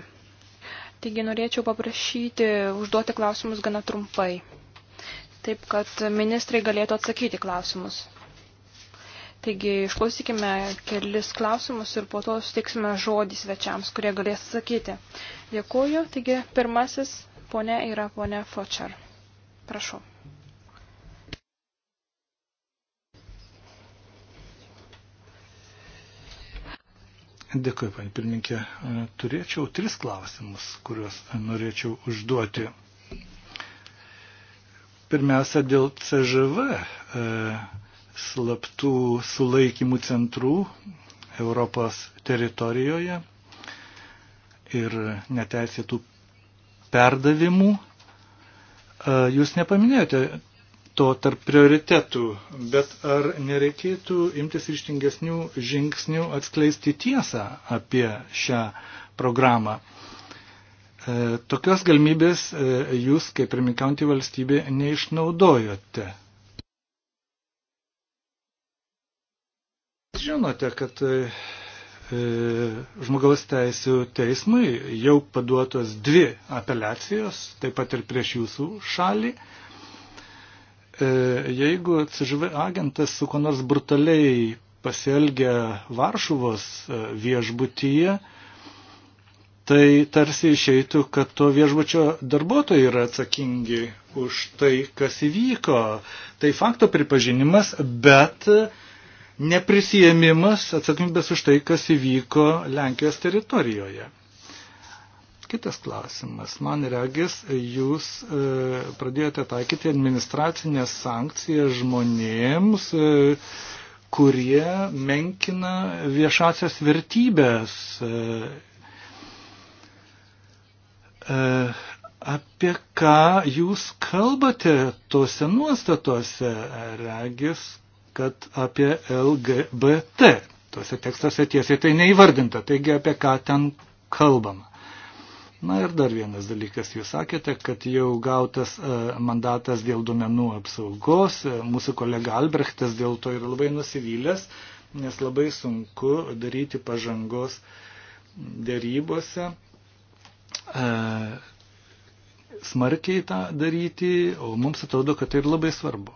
Taigi norėčiau paprašyti užduoti klausimus gana trumpai. Taip, kad ministrai galėtų atsakyti klausimus. Taigi išklausykime kelis klausimus ir po to sutiksime žodį svečiams, kurie galės atsakyti. Dėkuoju. Taigi pirmasis ponė yra ponė Fočer. Prašau. Dėkui, pan pirminkė. Turėčiau tris klausimus, kuriuos norėčiau užduoti. Pirmiausia, dėl CŽV e, slaptų sulaikymų centrų Europos teritorijoje ir neteisėtų perdavimų. E, jūs nepaminėjote to tarp prioritetų, bet ar nereikėtų imtis ryštingesnių žingsnių atskleisti tiesą apie šią programą? E, tokios galimybės e, jūs, kaip pirmininkaujantį valstybė, neišnaudojote. Žinote, kad e, žmogaus teisų teismui jau paduotos dvi apeliacijos, taip pat ir prieš jūsų šalį. E, jeigu CŽV agentas su ko nors brutaliai pasielgia Varšuvos e, viešbutyje, tai tarsi išeitų, kad to viešbučio darbuotojai yra atsakingi už tai, kas įvyko. Tai fakto pripažinimas, bet neprisijėmimas atsakomybės už tai, kas įvyko Lenkijos teritorijoje. Kitas klausimas. Man regis, jūs e, pradėjote taikyti administracinę sankciją žmonėms, e, kurie menkina viešasias vertybės. E, e, apie ką jūs kalbate tose nuostatose? Regis, kad apie LGBT. Tuose tekstuose tiesiai tai neįvardinta, taigi apie ką ten kalbama. Na ir dar vienas dalykas, jūs sakėte, kad jau gautas e, mandatas dėl duomenų apsaugos, e, mūsų kolega Albrechtas dėl to yra labai nusivylęs, nes labai sunku daryti pažangos dėrybose, e, smarkiai tą daryti, o mums atrodo, kad tai ir labai svarbu.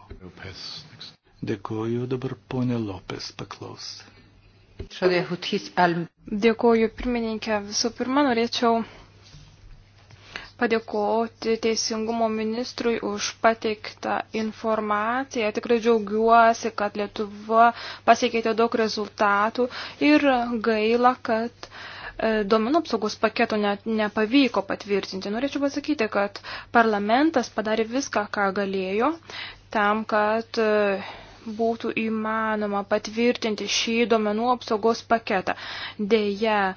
Dėkuoju dabar ponė Lopes paklaus. Dėkuoju pirmininkė. Visų pirma, norėčiau padėkoti Teisingumo ministrui už pateiktą informaciją. Tikrai džiaugiuosi, kad Lietuva pasikeitė daug rezultatų ir gaila, kad e, duomenų apsaugos paketo net nepavyko patvirtinti. Norėčiau pasakyti, kad parlamentas padarė viską, ką galėjo, tam, kad e, būtų įmanoma patvirtinti šį duomenų apsaugos paketą. Deja,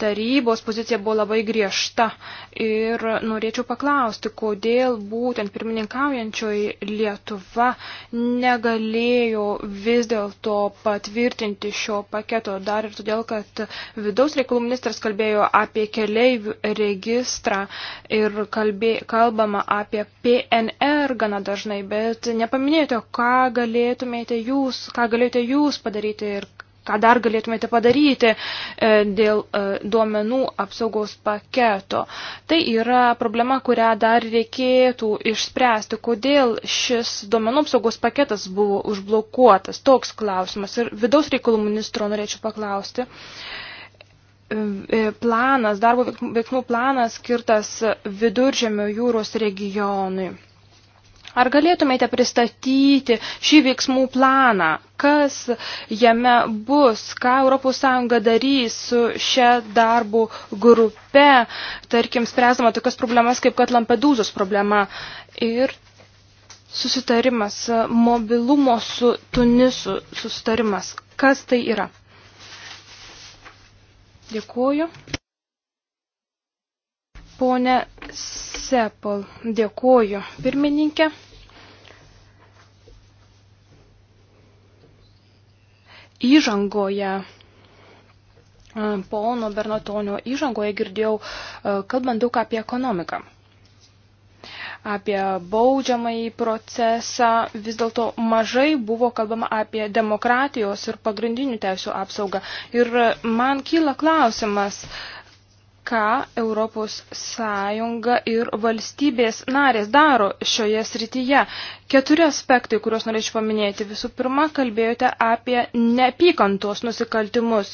tarybos pozicija buvo labai griežta ir norėčiau paklausti, kodėl būtent pirmininkaujančioji Lietuva negalėjo vis dėlto patvirtinti šio paketo dar ir todėl, kad vidaus reikalų ministras kalbėjo apie keliaivių registrą ir kalbė, kalbama apie PNR gana dažnai, bet nepaminėjote, ką galėtume galėtumėte jūs, ką galėjote jūs padaryti ir ką dar galėtumėte padaryti e, dėl e, duomenų apsaugos paketo. Tai yra problema, kurią dar reikėtų išspręsti, kodėl šis duomenų apsaugos paketas buvo užblokuotas. Toks klausimas. Ir vidaus reikalų ministro norėčiau paklausti. E, planas, darbo veiksmų planas skirtas viduržėmio jūros regionui. Ar galėtumėte pristatyti šį veiksmų planą? Kas jame bus? Ką ES darys su šia darbų grupe, tarkim, spręsdama tokias problemas, kaip kad Lampedūzos problema ir susitarimas, mobilumo su Tunisu susitarimas. Kas tai yra? Dėkuoju. Pone Sepal, dėkuoju pirmininkė. įžangoje e, pono Bernatonio įžangoje girdėjau, e, kalbant daug apie ekonomiką, apie baudžiamąjį procesą, vis dėlto mažai buvo kalbama apie demokratijos ir pagrindinių teisų apsaugą. Ir man kyla klausimas, uh, ką ES ir valstybės narės daro šioje srityje. Keturi aspektai, kuriuos norėčiau paminėti. Visų pirma, kalbėjote apie neapykantos nusikaltimus.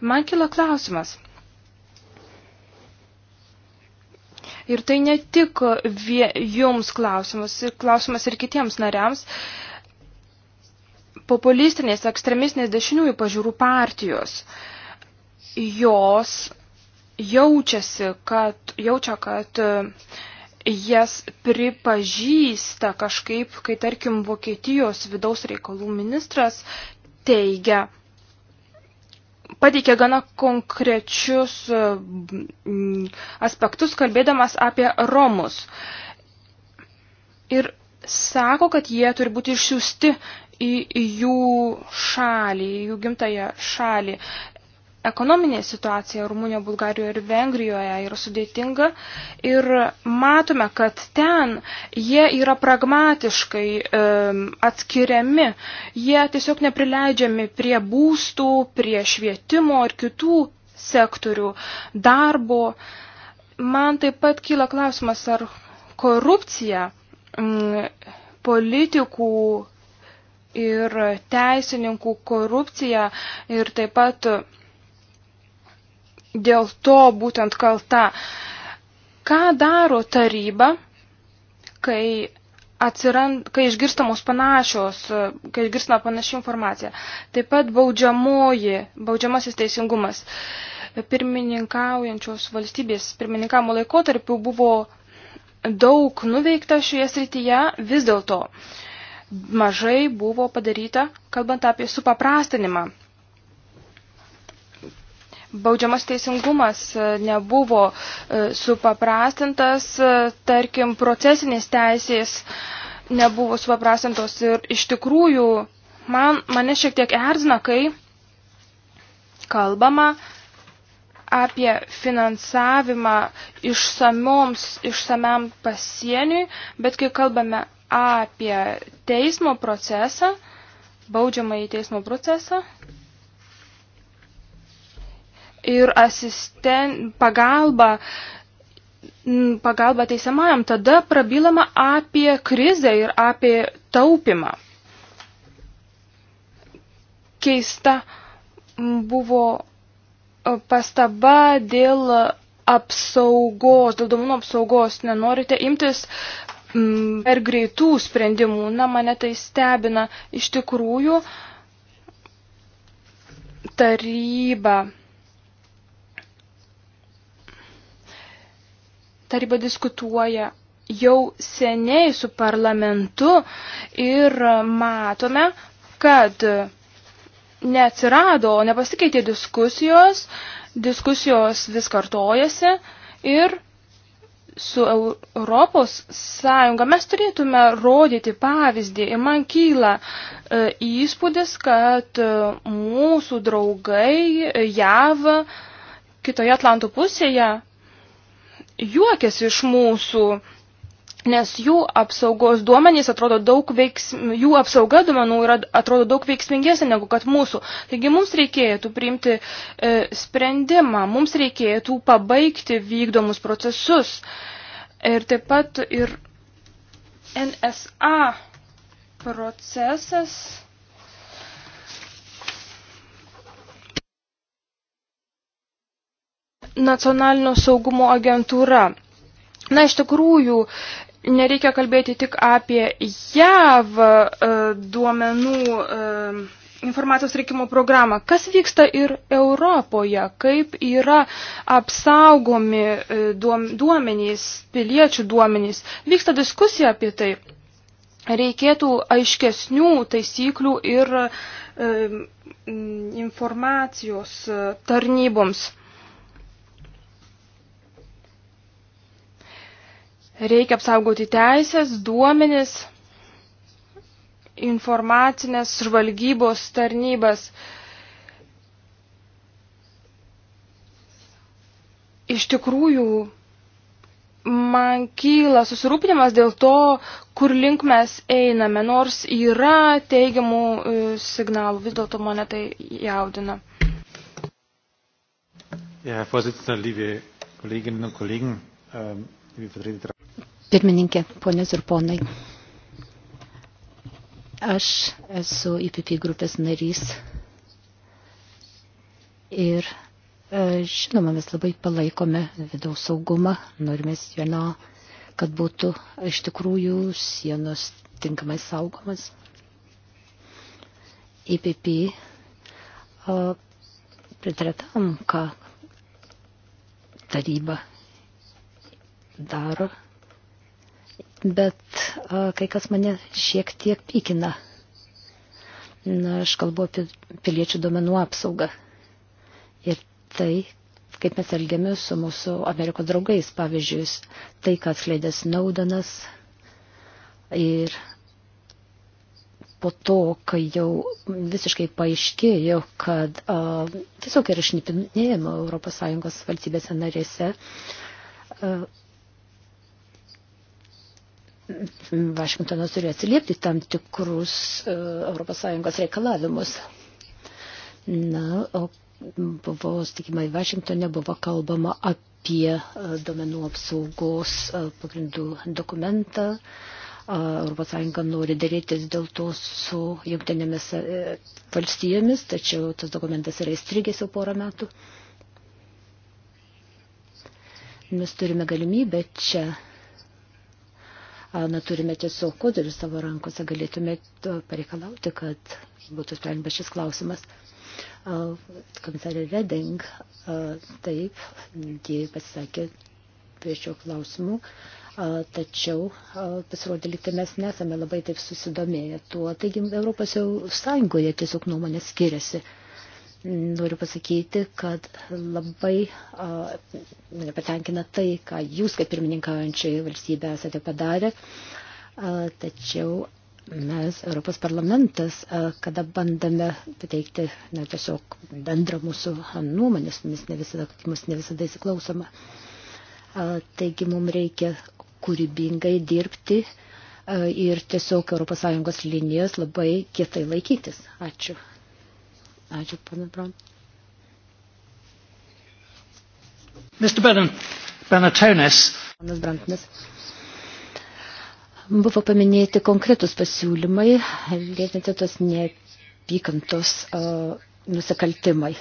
Man kila klausimas. Ir tai ne tik vie, jums klausimas, klausimas ir kitiems nariams. Populistinės, ekstremistinės dešiniųjų pažiūrų partijos, jos jaučiasi, kad, jaučia, kad e, jas pripažįsta kažkaip, kai tarkim Vokietijos vidaus reikalų ministras teigia, pateikė gana konkrečius e, aspektus, kalbėdamas apie Romus. Ir sako, kad jie turi būti išsiųsti į jų šalį, į jų gimtają šalį ekonominė situacija Rumunijoje, Bulgarijoje ir Vengrijoje yra sudėtinga ir matome, kad ten jie yra pragmatiškai e, atskiriami, jie tiesiog neprileidžiami prie būstų, prie švietimo ir kitų sektorių, darbo. Man taip pat kyla klausimas, ar korupcija m, politikų ir teisininkų korupcija ir taip pat dėl to būtent kalta. Ką daro taryba, kai, atsirand, kai išgirstamos panašios, kai išgirstama panaši informacija? Taip pat baudžiamoji, baudžiamasis teisingumas. Pirmininkaujančios valstybės pirmininkamo laikotarpiu buvo daug nuveikta šioje srityje, vis dėlto mažai buvo padaryta, kalbant apie supaprastinimą baudžiamas teisingumas e, nebuvo e, supaprastintas, e, tarkim, procesinės teisės nebuvo supaprastintos ir iš tikrųjų man, mane šiek tiek erzina, kai kalbama apie finansavimą išsamioms, išsamiam pasieniui, bet kai kalbame apie teismo procesą, baudžiamą į teismo procesą, ir asisten, pagalba, pagalba teisiamajam, tada prabilama apie krizę ir apie taupimą. Keista buvo e, pastaba dėl apsaugos, dėl duomenų apsaugos. Nenorite imtis per greitų sprendimų. Na, mane tai stebina. Iš tikrųjų, taryba taryba diskutuoja jau seniai su parlamentu ir matome, kad neatsirado, nepasikeitė diskusijos, diskusijos vis kartojasi ir su Europos Sąjunga mes turėtume rodyti pavyzdį. Ir man kyla e, įspūdis, kad e, mūsų draugai e, JAV kitoje Atlanto pusėje juokiasi iš mūsų, nes jų apsaugos duomenys atrodo daug veiksm, jų apsauga duomenų yra, atrodo daug veiksmingesnė negu kad mūsų. Taigi mums reikėtų priimti e, sprendimą, mums reikėtų pabaigti vykdomus procesus. Ir taip pat ir NSA procesas nacionalinio saugumo agentūra. Na, iš tikrųjų, nereikia kalbėti tik apie JAV e, duomenų e, informacijos reikimo programą. Kas vyksta ir Europoje? Kaip yra apsaugomi e, duomenys, piliečių duomenys? Vyksta diskusija apie tai. Reikėtų aiškesnių taisyklių ir e, informacijos tarnyboms. E, Reikia apsaugoti teisės, duomenis, informacinės žvalgybos tarnybas. Iš tikrųjų, man kyla susirūpinimas dėl to, kur link mes einame, nors yra teigiamų e, signalų, vis dėlto mane tai jaudina. Ja, Herr Vorsitzender, liebe Kolleginnen und Kollegen, ähm, liebe Vertreter Pirmininkė, ponios ir ponai. Aš esu IPP grupės narys ir e, žinoma, mes labai palaikome vidaus saugumą, norime sieno, kad būtų iš tikrųjų sienos tinkamai saugomas. IPP e, pritarė tam, ką taryba daro bet a, kai kas mane šiek tiek pykina. Na, aš kalbu apie piliečių duomenų apsaugą. Ir tai, kaip mes elgiamės su mūsų Amerikos draugais, pavyzdžiui, tai, ką atskleidė Snowdenas ir po to, kai jau visiškai paaiškėjo, kad a, tiesiog yra šnipinėjama ES valstybėse narėse, a, Vašingtonas turi atsiliepti tam tikrus ES reikalavimus. Na, o buvo, sakykime, Vašingtone buvo kalbama apie e, domenų apsaugos e, pagrindų dokumentą. ES nori dėrėtis dėl to su jungtinėmis e, valstijomis, tačiau tas dokumentas yra įstrigęs jau porą metų. Mes turime galimybę čia na, turime tiesiog kodėlį savo rankose, galėtume pareikalauti, kad būtų sprendžiamas šis klausimas. Komisarė Reding, taip, jie pasisakė prie šio klausimų tačiau pasirodė likti mes nesame labai taip susidomėję tuo. Taigi Europos Sąjungoje tiesiog nuomonės skiriasi noriu pasakyti, kad labai mane patenkina tai, ką jūs kaip pirmininkaujančiai valstybė esate padarę. A, tačiau mes, Europos parlamentas, a, kada bandame pateikti na, tiesiog bendrą mūsų nuomonę, mus ne visada, mus ne visada įsiklausoma. A, taigi mums reikia kūrybingai dirbti ir tiesiog ES linijos labai kietai laikytis. Ačiū. Ačiū, pana Brown. Mr. Benin, Benatonis. Panas Brantinas. Buvo paminėti konkretus pasiūlymai, lėtinti tos neapykantos uh, nusikaltimai.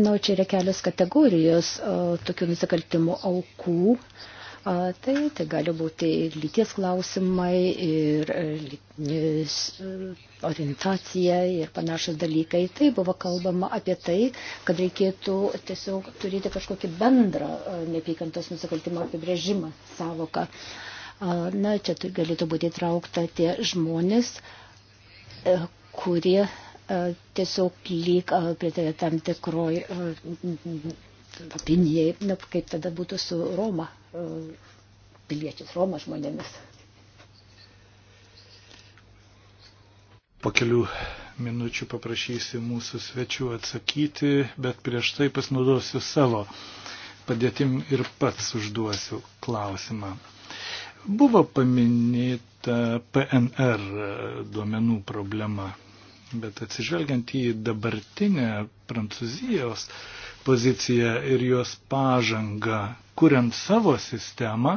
Na, čia yra kelios kategorijos uh, tokių nusikaltimų aukų. Uh, Tai, tai gali būti ir lyties klausimai, ir e, e, orientacija, ir panašus dalykai. Tai buvo kalbama apie tai, kad reikėtų tiesiog turėti kažkokį bendrą e, neapykantos nusikaltimo apibrėžimą, savoką. Na, čia tai galėtų būti įtraukta tie žmonės, kurie tiesiog lyg pritarė tam tikroj opinijai, kaip tada būtų su Roma E, piliečiais, Romos žmonėmis. Po kelių minučių paprašysiu mūsų svečių atsakyti, bet prieš tai pasinaudosiu savo padėtim ir pats užduosiu klausimą. Buvo paminėta PNR duomenų problema, bet atsižvelgiant į dabartinę Prancūzijos poziciją ir jos pažangą, kuriant savo sistemą.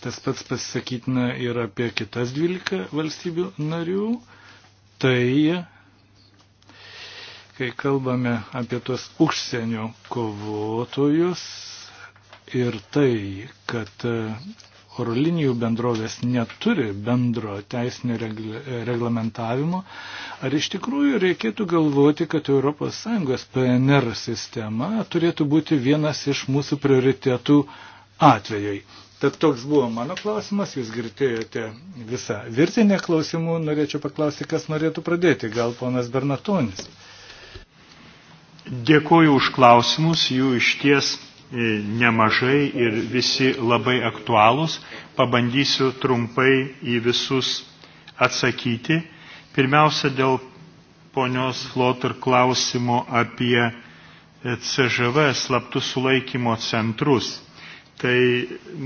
Tas pats pasisakytina ir apie kitas 12 valstybių narių. Tai, kai kalbame apie tuos užsienio kovotojus ir tai, kad oro linijų bendrovės neturi bendro teisinio regl reglamentavimo, ar iš tikrųjų reikėtų galvoti, kad ES PNR sistema turėtų būti vienas iš mūsų prioritetų atvejai. Tad toks buvo mano klausimas, jūs girdėjote visą virtinę klausimų, norėčiau paklausti, kas norėtų pradėti, gal ponas Bernatonis. Dėkuoju už klausimus, jų iš ties E, nemažai ir visi labai aktualūs. Pabandysiu trumpai į visus atsakyti. Pirmiausia, dėl ponios Flotter klausimo apie e, CŽV slaptus sulaikymo centrus. Tai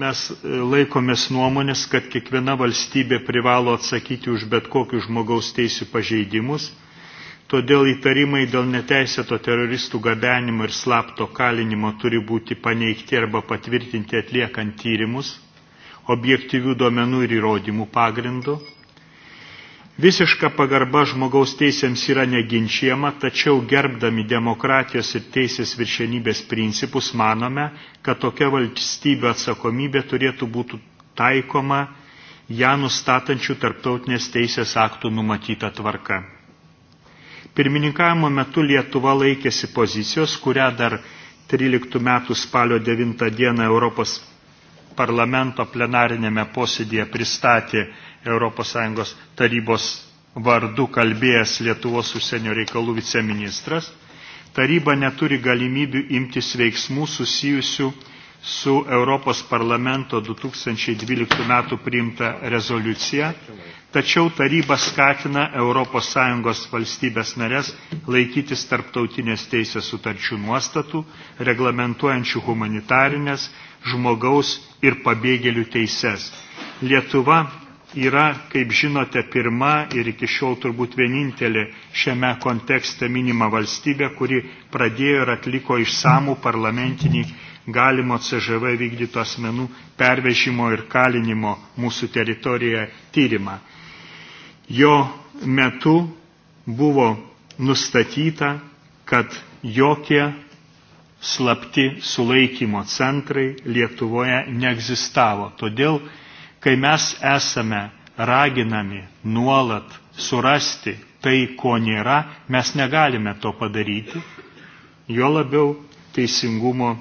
mes e, laikomės nuomonės, kad kiekviena valstybė privalo atsakyti už bet kokius žmogaus teisų pažeidimus todėl įtarimai dėl neteisėto teroristų gabenimo ir slapto kalinimo turi būti paneigti arba patvirtinti atliekant tyrimus, objektyvių duomenų ir įrodymų pagrindu. Visiška pagarba žmogaus teisėms yra neginčiama, tačiau gerbdami demokratijos ir teisės viršenybės principus manome, kad tokia valstybių atsakomybė turėtų būti taikoma ją nustatančių tarptautinės teisės aktų numatyta tvarka. Pirmininkavimo metu Lietuva laikėsi pozicijos, kurią dar 13 metų spalio 9 dieną Europos parlamento plenarinėme posėdėje pristatė ES tarybos vardu kalbėjęs Lietuvos užsienio reikalų viceministras, taryba neturi galimybių imtis veiksmų susijusių su Europos parlamento 2012 metų priimta rezoliucija, tačiau taryba skatina ES valstybės narės laikytis tarptautinės teisės sutarčių nuostatų, reglamentuojančių humanitarinės, žmogaus ir pabėgėlių teises. Lietuva yra, kaip žinote, pirma ir iki šiol turbūt vienintelė šiame kontekste minima valstybė, kuri pradėjo ir atliko išsamų parlamentinį galimo CŽV vykdyto asmenų pervežimo ir kalinimo mūsų teritorijoje tyrimą. Jo metu buvo nustatyta, kad jokie slapti sulaikymo centrai Lietuvoje neegzistavo. Todėl, kai mes esame raginami nuolat surasti tai, ko nėra, mes negalime to padaryti, jo labiau teisingumo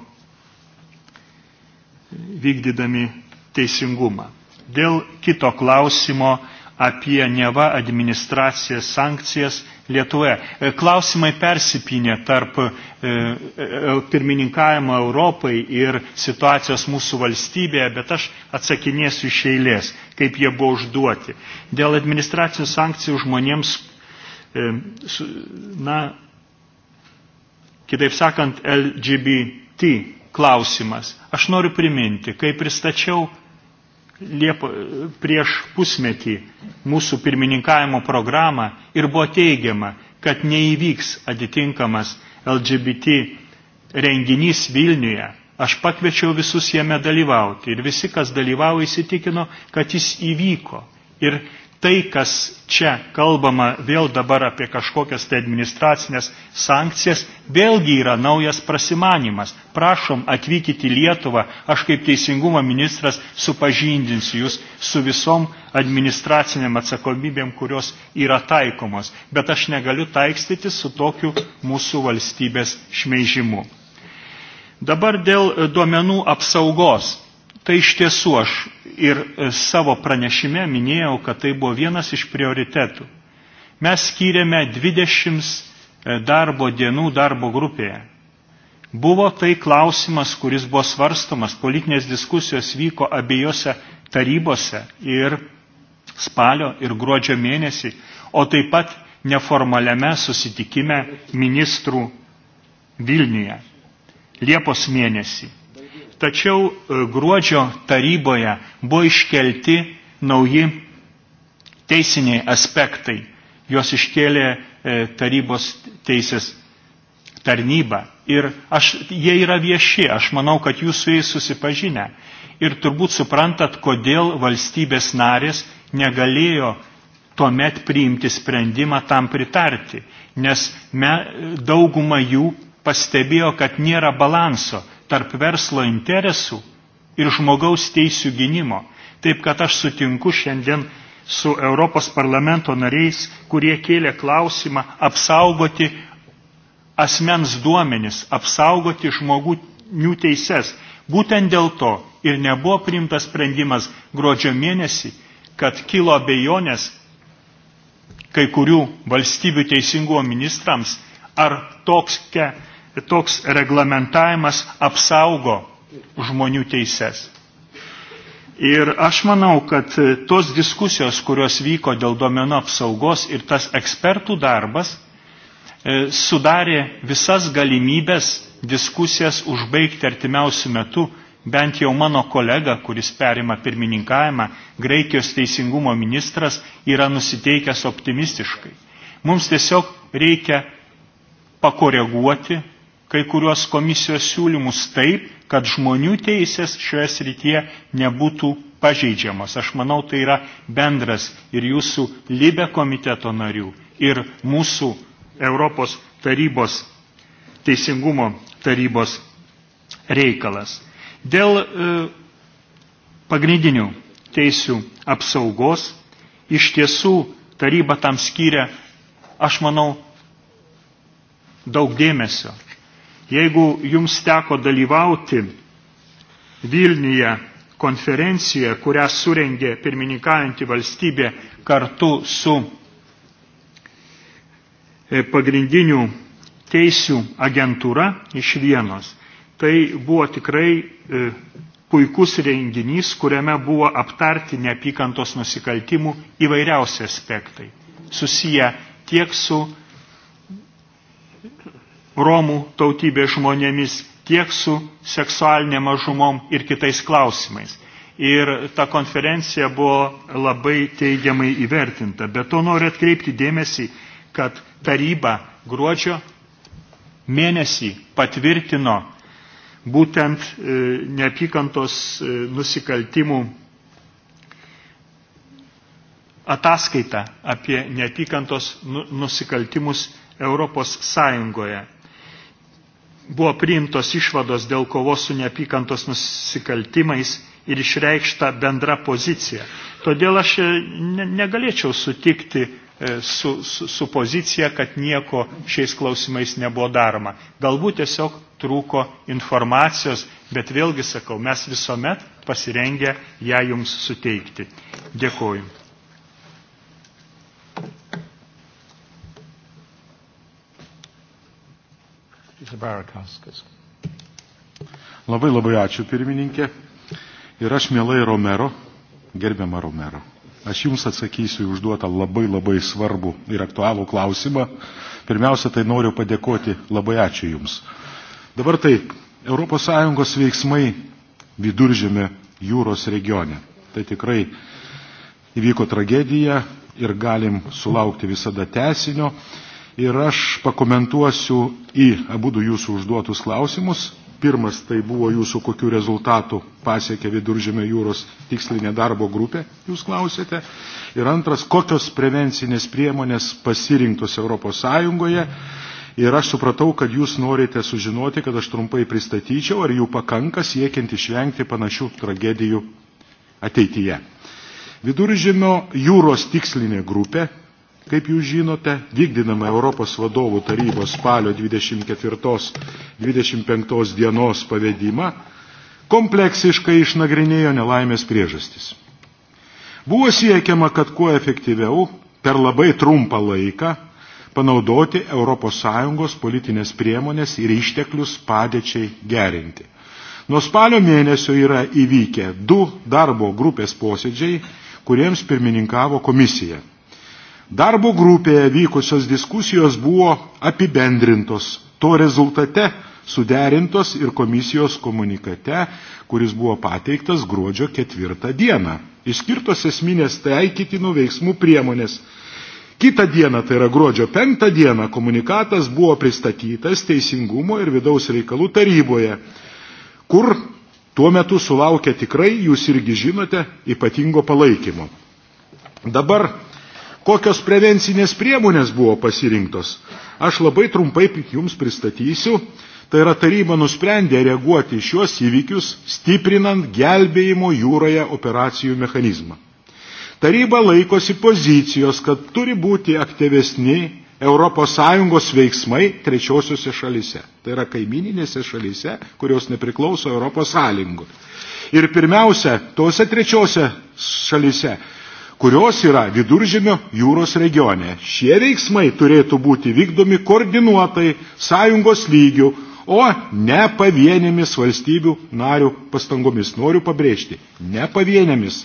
vykdydami teisingumą. Dėl kito klausimo apie neva administracijas sankcijas Lietuvoje. E, klausimai persipinė tarp e, e, pirmininkavimo Europai ir situacijos mūsų valstybėje, bet aš atsakinėsiu iš eilės, kaip jie buvo užduoti. Dėl administracijų sankcijų žmonėms, na, kitaip sakant, LGBT klausimas. Aš noriu priminti, kai pristačiau Liepo, prieš pusmetį mūsų pirmininkavimo programą ir buvo teigiama, kad neįvyks atitinkamas LGBT renginys Vilniuje. Aš pakviečiau visus jame dalyvauti ir visi, kas dalyvavo, įsitikino, kad jis įvyko. Ir tai, kas čia kalbama vėl dabar apie kažkokias tai administracinės sankcijas, vėlgi yra naujas prasimanimas. Prašom atvykti į Lietuvą, aš kaip teisingumo ministras supažindinsiu jūs su visom administraciniam atsakomybėm, kurios yra taikomos. Bet aš negaliu taikstyti su tokiu mūsų valstybės šmeižimu. Dabar dėl duomenų apsaugos. Tai iš tiesų aš ir e, savo pranešime minėjau, kad tai buvo vienas iš prioritetų. Mes skyrėme 20 e, darbo dienų darbo grupėje. Buvo tai klausimas, kuris buvo svarstomas, politinės diskusijos vyko abiejose tarybose ir spalio ir gruodžio mėnesį, o taip pat neformaliame susitikime ministrų Vilniuje Liepos mėnesį. Tačiau e, gruodžio taryboje buvo iškelti nauji teisiniai aspektai. Jos iškėlė e, tarybos teisės tarnyba. Ir aš, jie yra vieši, aš manau, kad jūs su jais susipažinę. Ir turbūt suprantat, kodėl valstybės narės negalėjo tuomet priimti sprendimą tam pritarti. Nes me, dauguma jų pastebėjo, kad nėra balanso tarp verslo interesų ir žmogaus teisų gynimo. Taip kad aš sutinku šiandien su Europos parlamento nariais, kurie kėlė klausimą apsaugoti asmens duomenis, apsaugoti žmogų teises. Būtent dėl to ir nebuvo priimtas sprendimas gruodžio mėnesį, kad kilo abejonės kai kurių valstybių teisingumo ministrams, ar toks toks reglamentavimas apsaugo žmonių teises. Ir aš manau, kad e, tos diskusijos, kurios vyko dėl domenų apsaugos ir tas ekspertų darbas e, sudarė visas galimybės diskusijas užbaigti artimiausių metų, bent jau mano kolega, kuris perima pirmininkavimą, Graikijos teisingumo ministras, yra nusiteikęs optimistiškai. Mums tiesiog reikia pakoreguoti kai kuriuos komisijos siūlymus taip, kad žmonių teisės šioje srityje nebūtų pažeidžiamos. Aš manau, tai yra bendras ir jūsų Libe komiteto narių, ir mūsų Europos tarybos teisingumo tarybos reikalas. Dėl e, pagrindinių teisių apsaugos iš tiesų taryba tam skyrė, aš manau, daug dėmesio Jeigu jums teko dalyvauti Vilniuje konferencijoje, kurią surengė pirmininkaujanti valstybė kartu su e, pagrindinių teisių agentūra iš vienos, tai buvo tikrai e, puikus renginys, kuriame buvo aptarti neapykantos nusikaltimų įvairiausi aspektai, susiję tiek su Romų tautybės žmonėmis, tiek su seksualinė mažumom ir kitais klausimais. Ir ta konferencija buvo labai teigiamai įvertinta. Bet to noriu atkreipti dėmesį, kad taryba gruodžio mėnesį patvirtino būtent e, neapykantos e, nusikaltimų ataskaitą apie neapykantos nu-, nusikaltimus Europos Sąjungoje buvo priimtos išvados dėl kovos su neapykantos nusikaltimais ir išreikšta bendra pozicija. Todėl aš e, negalėčiau sutikti e, su, su, su pozicija, kad nieko šiais klausimais nebuvo daroma. Galbūt tiesiog trūko informacijos, bet vėlgi sakau, mes visuomet pasirengę ją jums suteikti. Dėkuoju. Barakauskas. Labai labai ačiū pirmininkė. Ir aš mielai Romero, gerbiamą Romero. Aš Jums atsakysiu užduotą labai labai svarbų ir aktualų klausimą. Pirmiausia, tai noriu padėkoti labai ačiū Jums. Dabar taip, ES veiksmai viduržėme jūros regione. Tai tikrai įvyko tragedija ir galim sulaukti visada tesinio ir aš pakomentuosiu į abudu jūsų užduotus klausimus. Pirmas tai buvo jūsų, kokiu rezultatu pasiekė viduržėmio jūros tikslinė darbo grupė, jūs klausėte. Ir antras, kokios prevencinės priemonės pasirinktos ES. Ir aš supratau, kad jūs norite sužinoti, kad aš trumpai pristatyčiau, ar jų pakanka siekiant išvengti panašių tragedijų ateityje. Viduržėmio jūros tikslinė grupė Kaip jūs žinote, vykdinama Europos vadovų tarybos spalio 24-25 dienos pavedimą kompleksiškai išnagrinėjo nelaimės priežastis. Buvo siekiama, kad kuo efektyviau per labai trumpą laiką panaudoti ES politinės priemonės ir išteklius padėčiai gerinti. Nuo spalio mėnesio yra įvykę du darbo grupės posėdžiai, kuriems pirmininkavo komisija. Darbo grupėje vykusios diskusijos buvo apibendrintos, to rezultate suderintos ir komisijos komunikate, kuris buvo pateiktas gruodžio ketvirtą dieną. Išskirtos esminės taikytinų veiksmų priemonės. Kita diena, tai yra gruodžio penktą dieną, komunikatas buvo pristatytas Teisingumo ir vidaus reikalų taryboje, kur tuo metu sulaukė tikrai, jūs irgi žinote, ypatingo palaikymo. Dabar kokios prevencinės priemonės buvo pasirinktos. Aš labai trumpai jums pristatysiu. Tai yra taryba nusprendė reaguoti šios įvykius, stiprinant gelbėjimo jūroje operacijų mechanizmą. Taryba laikosi pozicijos, kad turi būti aktyvesni ES veiksmai trečiosiuose šalise. Tai yra kaimininėse šalise, kurios nepriklauso ES. Ir pirmiausia, tose trečiose šalise kurios yra viduržėmio jūros regione. Šie veiksmai turėtų būti vykdomi koordinuotai sąjungos lygių, o ne pavienėmis valstybių narių pastangomis. Noriu pabrėžti, ne pavienėmis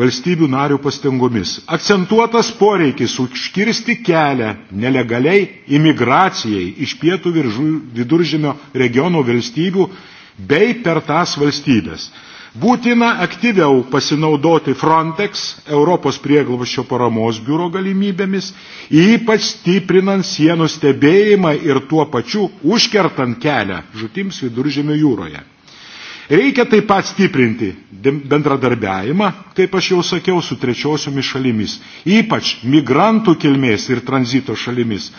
valstybių narių pastangomis. Akcentuotas poreikis užkirsti kelią nelegaliai imigracijai iš pietų viduržėmio regiono valstybių bei per tas valstybės. Būtina aktyviau pasinaudoti Frontex, Europos prieglavaščio paramos biuro galimybėmis, ypač stiprinant sienų stebėjimą ir tuo pačiu užkertant kelią žutims viduržėmio jūroje. Reikia taip pat stiprinti bendradarbiavimą, kaip aš jau sakiau, su trečiosiomis šalimis, ypač migrantų kilmės ir tranzito šalimis.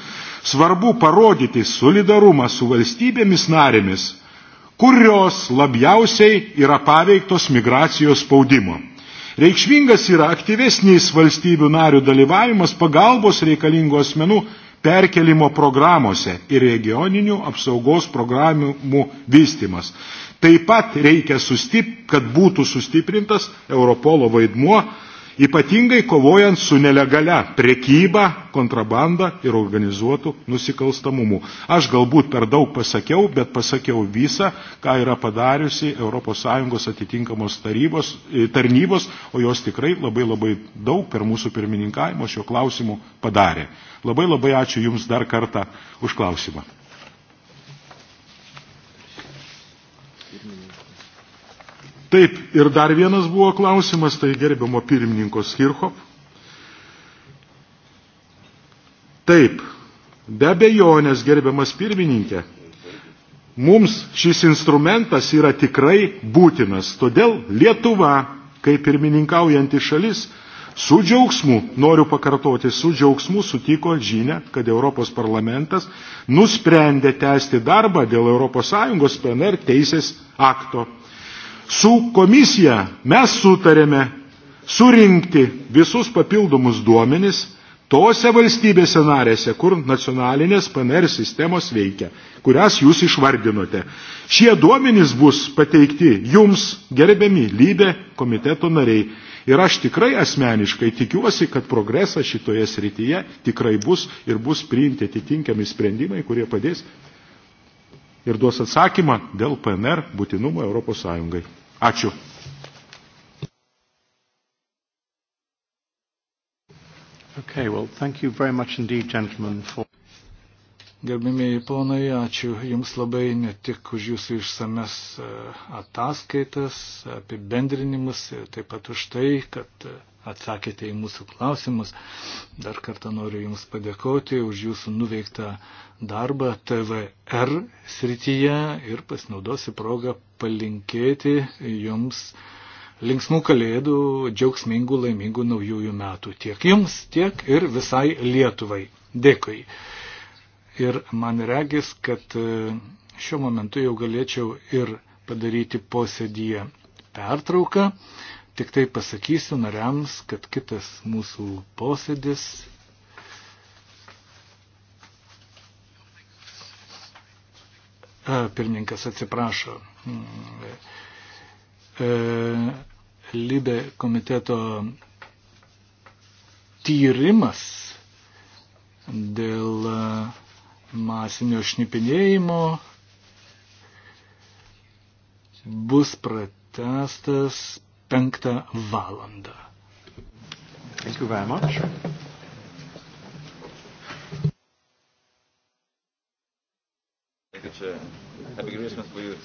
Svarbu parodyti solidarumą su valstybėmis narėmis kurios labiausiai yra paveiktos migracijos spaudimo. Reikšmingas yra aktyvesnis valstybių narių dalyvavimas pagalbos reikalingų asmenų perkelimo programuose ir regioninių apsaugos programų vystimas. Taip pat reikia, sustip, kad būtų sustiprintas Europolo vaidmuo ypatingai kovojant su nelegale prekyba, kontrabanda ir organizuotų nusikalstamumu. Aš galbūt per daug pasakiau, bet pasakiau visą, ką yra padariusi ES atitinkamos tarybos, e, tarnybos, o jos tikrai labai labai daug per mūsų pirmininkavimo šio klausimu padarė. Labai labai ačiū Jums dar kartą už klausimą. Taip, ir dar vienas buvo klausimas, tai gerbiamo pirmininko Skirchov. Taip, be bejonės, gerbiamas pirmininkė, mums šis instrumentas yra tikrai būtinas, todėl Lietuva, kaip pirmininkaujanti šalis, su džiaugsmu, noriu pakartoti, su džiaugsmu sutiko žinę, kad Europos parlamentas nusprendė tęsti darbą dėl ES PNR teisės akto su komisija mes sutarėme surinkti visus papildomus duomenis tose valstybėse narėse, kur nacionalinės PNR sistemos veikia, kurias jūs išvardinote. Šie duomenys bus pateikti jums, gerbiami lybė komiteto nariai. Ir aš tikrai asmeniškai tikiuosi, kad progresas šitoje srityje tikrai bus ir bus priimti atitinkami sprendimai, kurie padės ir duos atsakymą dėl PNR būtinumo Europos Sąjungai. Ačiū. Okay, well, thank you very much indeed, gentlemen, for... Gerbimieji ponai, ačiū Jums labai ne tik už Jūsų išsames e, ataskaitas, apibendrinimus, taip pat už tai, kad e, atsakėte į mūsų klausimus. Dar kartą noriu Jums padėkoti už Jūsų nuveiktą darbą TVR srityje ir pasinaudosiu progą palinkėti jums linksmų kalėdų, džiaugsmingų, laimingų naujųjų metų. Tiek jums, tiek ir visai Lietuvai. Dėkui. Ir man regis, kad e, šiuo momentu jau galėčiau ir padaryti posėdyje pertrauką. Tik tai pasakysiu nariams, kad kitas mūsų posėdis pirmininkas atsiprašo. Hmm. E, Libė komiteto tyrimas dėl e, masinio šnipinėjimo bus pratestas penktą valandą. Thank you very much. čia. Have a good Christmas for you.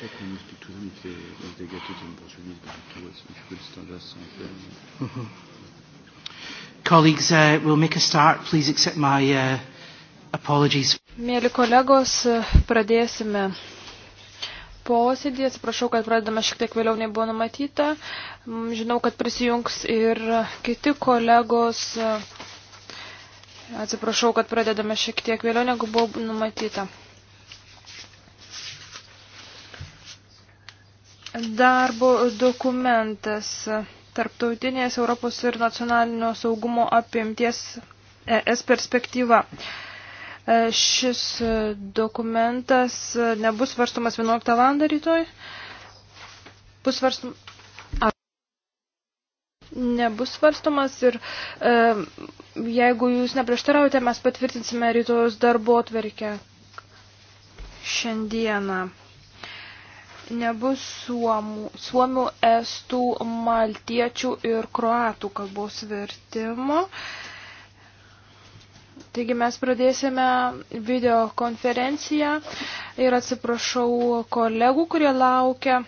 check and you speak to them if they, if they get it in Portuguese, but afterwards if you could start us. Mm-hmm. Colleagues, uh, we'll make a start. Please accept my uh, apologies. Mėly kolegos, pradėsime posėdį. Atsiprašau, kad pradedame šiek tiek vėliau nei buvo numatyta. Mm, žinau, kad prisijungs ir kiti kolegos. Atsiprašau, kad pradedame šiek tiek vėliau negu buvo numatyta. Darbo dokumentas tarptautinės Europos ir nacionalinio saugumo apimties ES perspektyva. E, šis dokumentas nebus svarstomas 11 val. rytoj. Bus svarstomas nebus svarstomas ir e, jeigu jūs neprieštaraujate, mes patvirtinsime rytojus darbo atverkę šiandieną nebus suomų, suomių, estų, maltiečių ir kroatų kalbos vertimo. Taigi mes pradėsime video konferenciją ir atsiprašau kolegų, kurie laukia.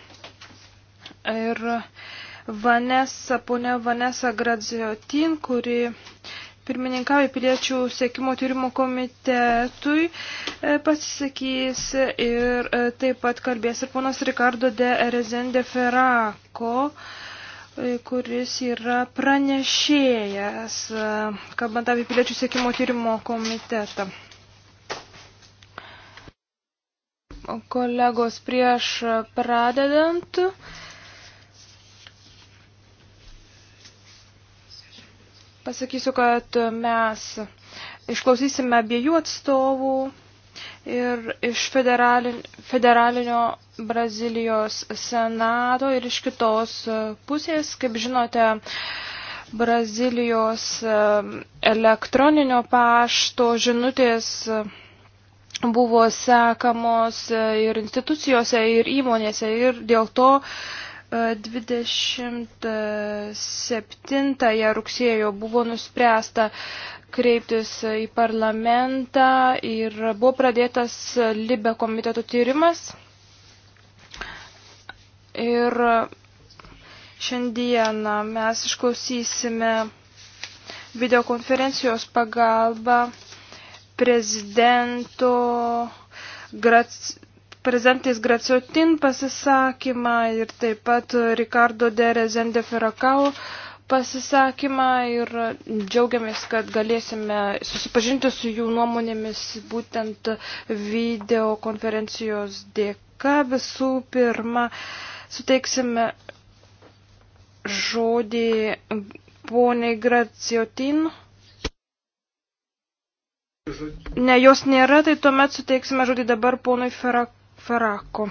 Ir Vanessa, ponia Vanessa Graziotin, kuri pirmininkauja piliečių sėkimo tyrimo komitetui e, pasisakys ir e, taip pat kalbės ir ponas Ricardo de Rezende Ferrako, e, kuris yra pranešėjas, kalbant apie piliečių sėkimo tyrimo komitetą. Kolegos, prieš pradedant, Pasakysiu, kad mes išklausysime abiejų atstovų ir iš federalin, federalinio Brazilijos senato ir iš kitos pusės, kaip žinote, Brazilijos elektroninio pašto žinutės buvo sekamos ir institucijose, ir įmonėse, ir dėl to 27 rugsėjo buvo nuspręsta kreiptis į parlamentą ir buvo pradėtas Libe komiteto tyrimas. Ir šiandieną mes išklausysime videokonferencijos pagalba prezidento Grac prezidentais Graciotin pasisakymą ir taip pat Ricardo de Rezende Ferracao pasisakymą ir džiaugiamės, kad galėsime susipažinti su jų nuomonėmis būtent video konferencijos dėka. Visų pirma, suteiksime žodį poniai Graciotin. Ne, jos nėra, tai tuomet suteiksime žodį dabar ponui Ferak Ferakko.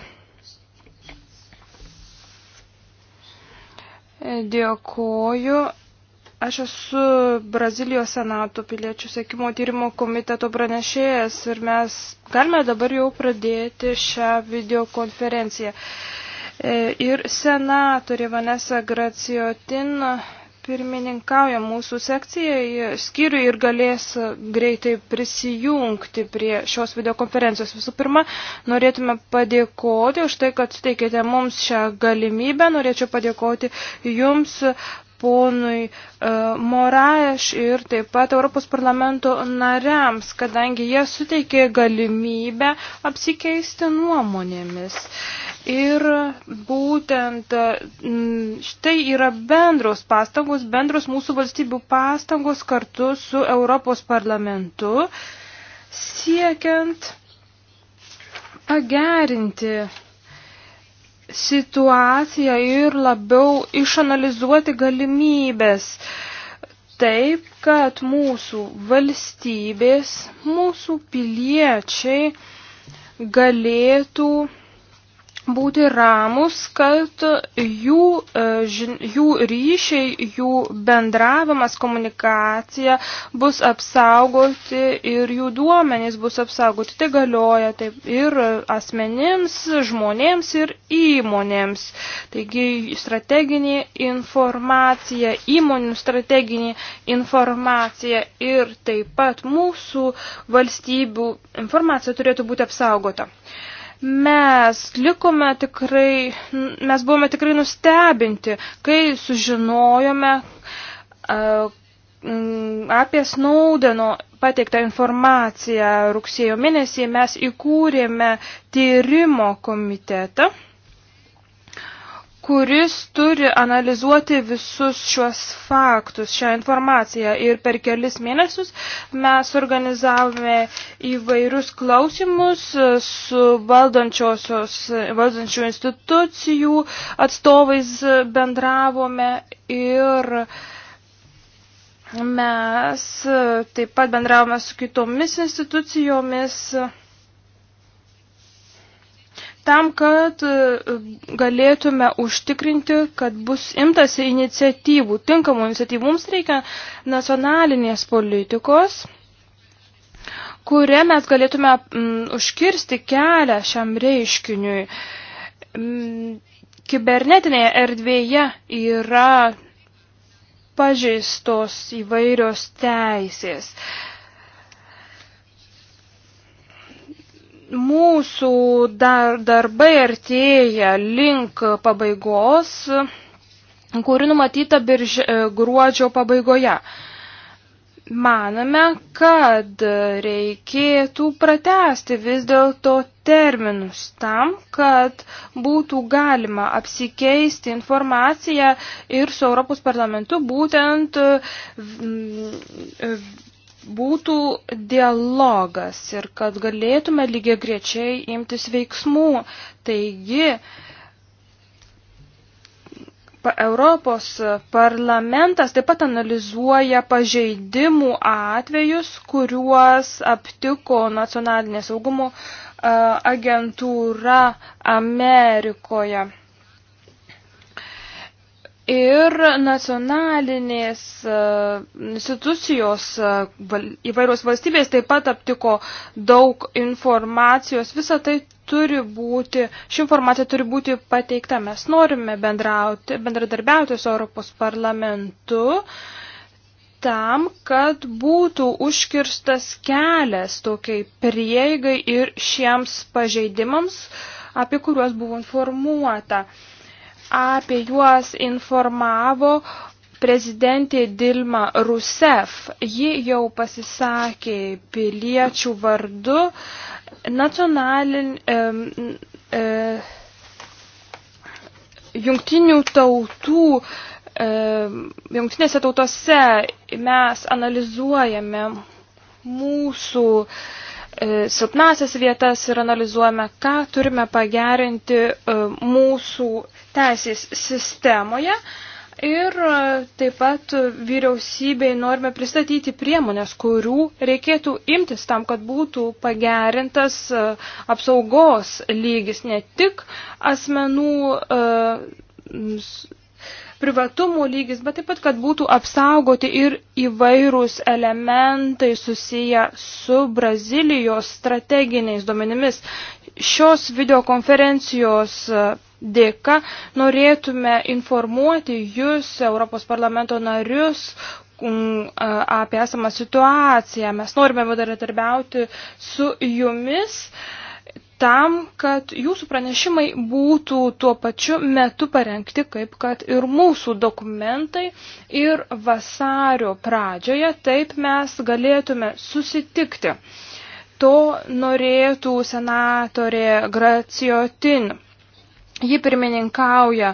Dėkoju. Aš esu Brazilijos senato piliečių sėkimo tyrimo komiteto pranešėjas ir mes galime dabar jau pradėti šią videokonferenciją. E, ir senatorė Vanessa Graciotin pirmininkauja mūsų sekcijai skyriui ir galės greitai prisijungti prie šios videokonferencijos. Visų pirma, norėtume padėkoti už tai, kad suteikėte mums šią galimybę. Norėčiau padėkoti jums, ponui e, Moraeš ir taip pat Europos parlamento nariams, kadangi jie suteikė galimybę apsikeisti nuomonėmis. Ir būtent e, štai yra bendros pastangos, bendros mūsų valstybių pastangos kartu su Europos parlamentu siekiant pagerinti situaciją ir labiau išanalizuoti galimybės. Taip, kad mūsų valstybės, mūsų piliečiai galėtų būti ramus, kad jų, e, jų ryšiai, jų bendravimas, komunikacija bus apsaugoti ir jų duomenys bus apsaugoti. Tai galioja taip ir asmenims, žmonėms ir įmonėms. Taigi strateginė informacija, įmonių strateginė informacija ir taip pat mūsų valstybių informacija turėtų būti apsaugota. Uh, Mes likome tikrai, mes buvome tikrai nustebinti, kai sužinojome mm, apie Snaudeno pateiktą informaciją rugsėjo mėnesį, mes įkūrėme tyrimo komitetą kuris turi analizuoti visus šiuos faktus, šią informaciją. Ir per kelis mėnesius mes organizavome įvairius klausimus su valdančiosios, valdančių institucijų atstovais bendravome ir mes taip pat bendravome su kitomis institucijomis tam, kad e, galėtume užtikrinti, kad bus imtasi iniciatyvų, tinkamų iniciatyvų, mums reikia nacionalinės politikos, kuria mes galėtume mm, užkirsti kelią šiam reiškiniui. Mm, kibernetinėje erdvėje yra pažeistos įvairios teisės. Mm, mūsų dar, darbai artėja link pabaigos, kuri numatyta birž, e, gruodžio pabaigoje. Maname, kad reikėtų pratesti vis dėlto terminus tam, kad būtų galima apsikeisti informaciją ir su Europos parlamentu būtent būtų dialogas ir kad galėtume lygiai grečiai imtis veiksmų. Taigi, Europos parlamentas taip pat analizuoja pažeidimų atvejus, kuriuos aptiko nacionalinė saugumo agentūra Amerikoje ir nacionalinės e, institucijos e, įvairios valstybės taip pat aptiko daug informacijos. Visa tai turi būti, ši informacija turi būti pateikta. Mes norime bendrauti, bendradarbiauti su Europos parlamentu tam, kad būtų užkirstas kelias tokiai prieigai ir šiems pažeidimams, apie kuriuos buvo informuota. Uh, apie juos informavo prezidentė Dilma Rusef. Ji jau pasisakė piliečių vardu nacionalin. E, e, Jungtinių tautų, e, jungtinėse tautose mes analizuojame mūsų e, E, silpnasias vietas ir analizuojame, ką turime pagerinti e, mūsų teisės sistemoje. Ir e, taip pat vyriausybei norime pristatyti priemonės, kurių reikėtų imtis tam, kad būtų pagerintas apsaugos lygis ne tik asmenų privatumo lygis, bet taip pat, kad būtų apsaugoti ir įvairūs elementai susiję su Brazilijos strateginiais duomenimis. Šios videokonferencijos e, dėka norėtume informuoti jūs, Europos parlamento narius, mm, apie esamą situaciją. Mes norime bendradarbiauti su jumis. Uh, tam, kad jūsų pranešimai būtų tuo pačiu metu parengti, kaip kad ir mūsų dokumentai. Ir vasario pradžioje taip mes galėtume susitikti. To norėtų senatorė Graciotin. Ji pirmininkauja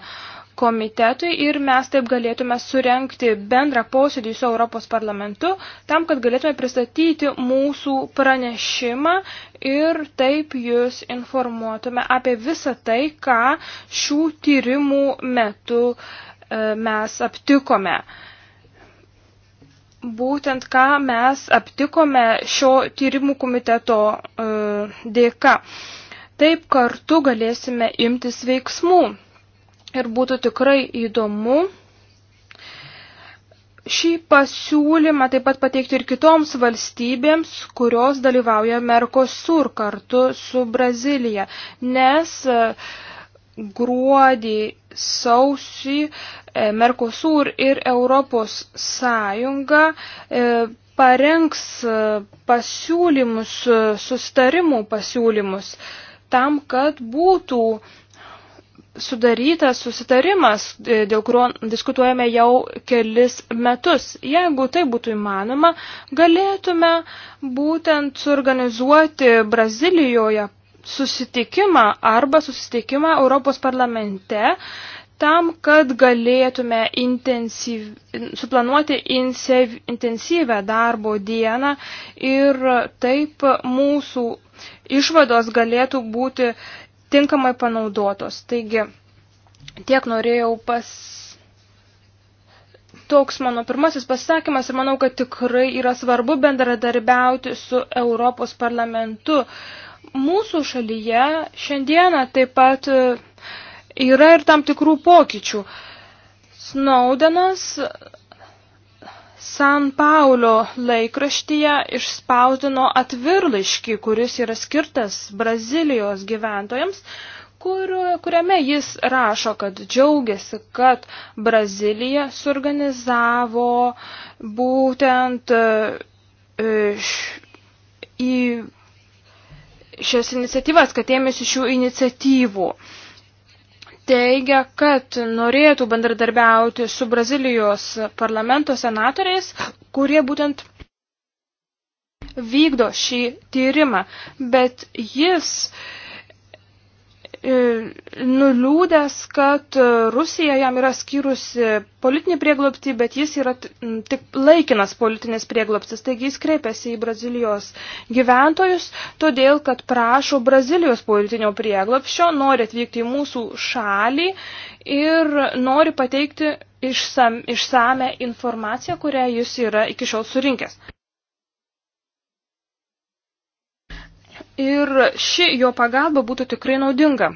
komitetui ir mes taip galėtume surenkti bendrą posėdį su Europos parlamentu, tam, kad galėtume pristatyti mūsų pranešimą ir taip jūs informuotume apie visą tai, ką šių tyrimų metu e, mes aptikome. Būtent ką mes aptikome šio tyrimų komiteto e, dėka. Taip kartu galėsime imtis veiksmų ir būtų tikrai įdomu šį pasiūlymą taip pat pateikti ir kitoms valstybėms, kurios dalyvauja Mercosur kartu su Brazilija, nes e, gruodį, sausį e, Mercosur ir Europos Sąjunga e, parengs pasiūlymus, sustarimų pasiūlymus tam, kad būtų uh, sudarytas susitarimas, e, dėl kurio diskutuojame jau kelis metus. Jeigu tai būtų įmanoma, galėtume būtent suorganizuoti Brazilijoje susitikimą arba susitikimą Europos parlamente tam, kad galėtume intensyv... suplanuoti insev... intensyvę darbo dieną ir taip mūsų išvados galėtų būti tinkamai panaudotos. Taigi, tiek norėjau pas. Toks mano pirmasis pasakymas ir manau, kad tikrai yra svarbu bendradarbiauti su Europos parlamentu. Mūsų šalyje šiandieną taip pat e, yra ir tam tikrų pokyčių. Snowdenas San Paulo laikraštyje išspausdino atvirlaiškį, kuris yra skirtas Brazilijos gyventojams, kur, kuriame jis rašo, kad džiaugiasi, kad Brazilija suorganizavo būtent iš, e, į šias iniciatyvas, kad ėmėsi šių iniciatyvų. Uh, teigia, kad norėtų bendradarbiauti su Brazilijos parlamento senatoriais, kurie būtent vykdo šį tyrimą, bet jis uh, E, nuliūdęs, kad e, Rusija jam yra skyrusi politinį priegloptį, bet jis yra tik laikinas politinis priegloptis. Taigi jis kreipiasi į Brazilijos gyventojus, todėl kad prašo Brazilijos politinio prieglopščio, nori atvykti į mūsų šalį ir nori pateikti išsam, išsame informaciją, kurią jis yra iki šiol surinkęs. ir ši jo pagalba būtų tikrai naudinga.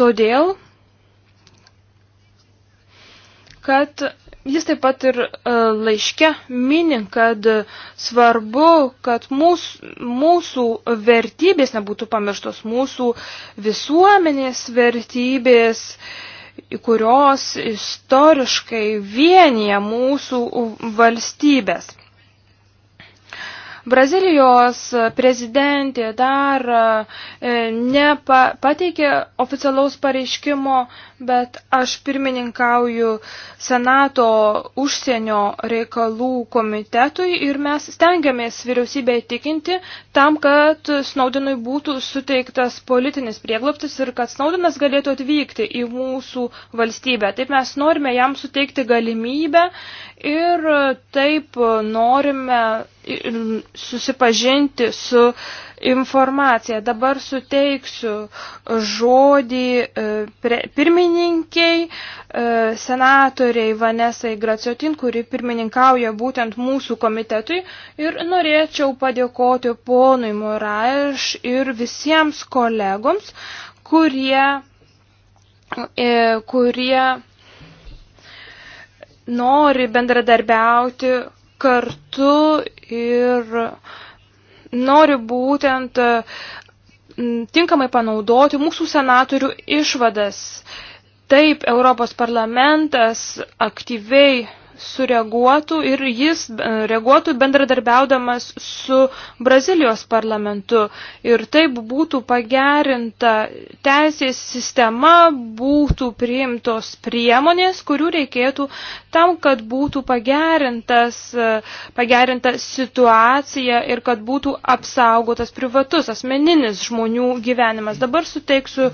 Todėl, kad jis taip pat ir e, laiške mini, kad svarbu, kad mūsų, mūsų vertybės nebūtų pamirštos, mūsų visuomenės vertybės, kurios istoriškai vienyje mūsų valstybės. Brazilijos prezidentė dar e, nepateikė oficialaus pareiškimo, bet aš pirmininkauju Senato užsienio reikalų komitetui ir mes stengiamės vyriausybę įtikinti tam, kad Snaudinui būtų suteiktas politinis priegloptis ir kad Snaudinas galėtų atvykti į mūsų valstybę. Taip mes norime jam suteikti galimybę ir taip norime susipažinti su informacija. Dabar suteiksiu žodį e, pirmininkiai, e, senatoriai Vanesai Graciotin, kuri pirmininkauja būtent mūsų komitetui. Ir norėčiau padėkoti ponui Moraiš ir visiems kolegoms, kurie, e, kurie nori bendradarbiauti kartu ir nori būtent e, tinkamai panaudoti mūsų senatorių išvadas. Taip, Europos parlamentas aktyviai sureaguotų ir jis e, reaguotų bendradarbiaudamas su Brazilijos parlamentu. Ir taip būtų pagerinta teisės sistema, būtų priimtos priemonės, kurių reikėtų tam, kad būtų pagerintas, e, pagerinta situacija ir kad būtų apsaugotas privatus asmeninis žmonių gyvenimas. Dabar suteiksiu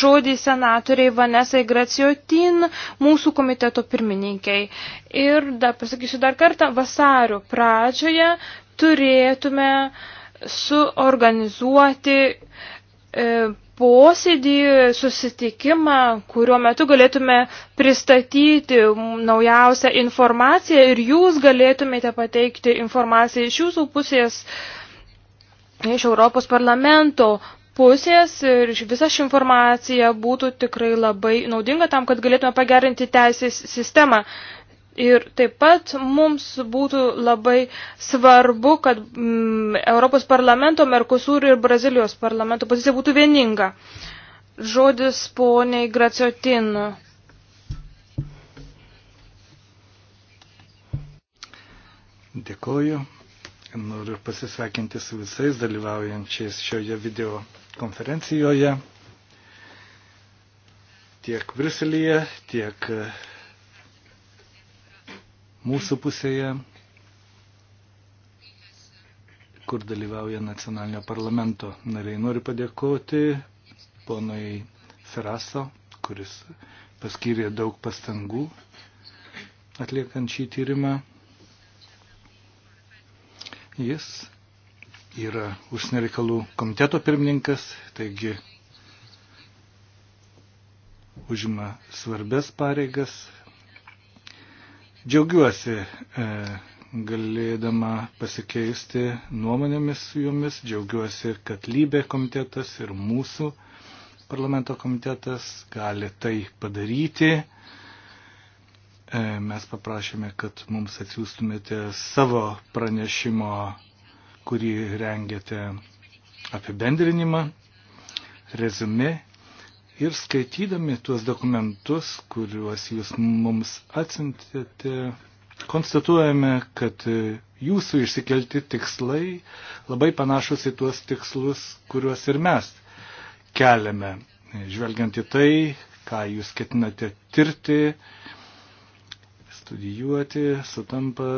žodį senatoriai Vanesai Graciotin, mūsų komiteto pirmininkiai. Ir ir, dar pasakysiu dar kartą, vasario pradžioje turėtume suorganizuoti e, posėdį, susitikimą, kuriuo metu galėtume pristatyti naujausią informaciją ir jūs galėtumėte pateikti informaciją iš jūsų pusės, iš Europos parlamento pusės ir visa ši informacija būtų tikrai labai naudinga tam, kad galėtume pagerinti teisės sistemą. Ir taip pat mums būtų labai svarbu, kad mm, Europos parlamento, Merkosūr ir Brazilijos parlamento pozicija būtų vieninga. Žodis poniai Graciotinu. Dėkoju. Noriu pasisveikinti su visais dalyvaujančiais šioje video konferencijoje. Tiek Briuselėje, tiek mūsų pusėje, kur dalyvauja nacionalinio parlamento nariai. Noriu padėkoti ponui Feraso, kuris paskyrė daug pastangų atliekant šį tyrimą. Jis yra užsienio reikalų komiteto pirmininkas, taigi užima svarbės pareigas Džiaugiuosi e, galėdama pasikeisti nuomonėmis su jumis, džiaugiuosi, kad lybė komitetas ir mūsų parlamento komitetas gali tai padaryti. E, mes paprašėme, kad mums atsiųstumėte savo pranešimo, kurį rengėte apibendrinimą, rezumė Ir skaitydami tuos dokumentus, kuriuos jūs mums atsintėte, konstatuojame, kad jūsų išsikelti tikslai labai panašus į tuos tikslus, kuriuos ir mes keliame. Žvelgiant į tai, ką jūs ketinate tirti, studijuoti, sutampa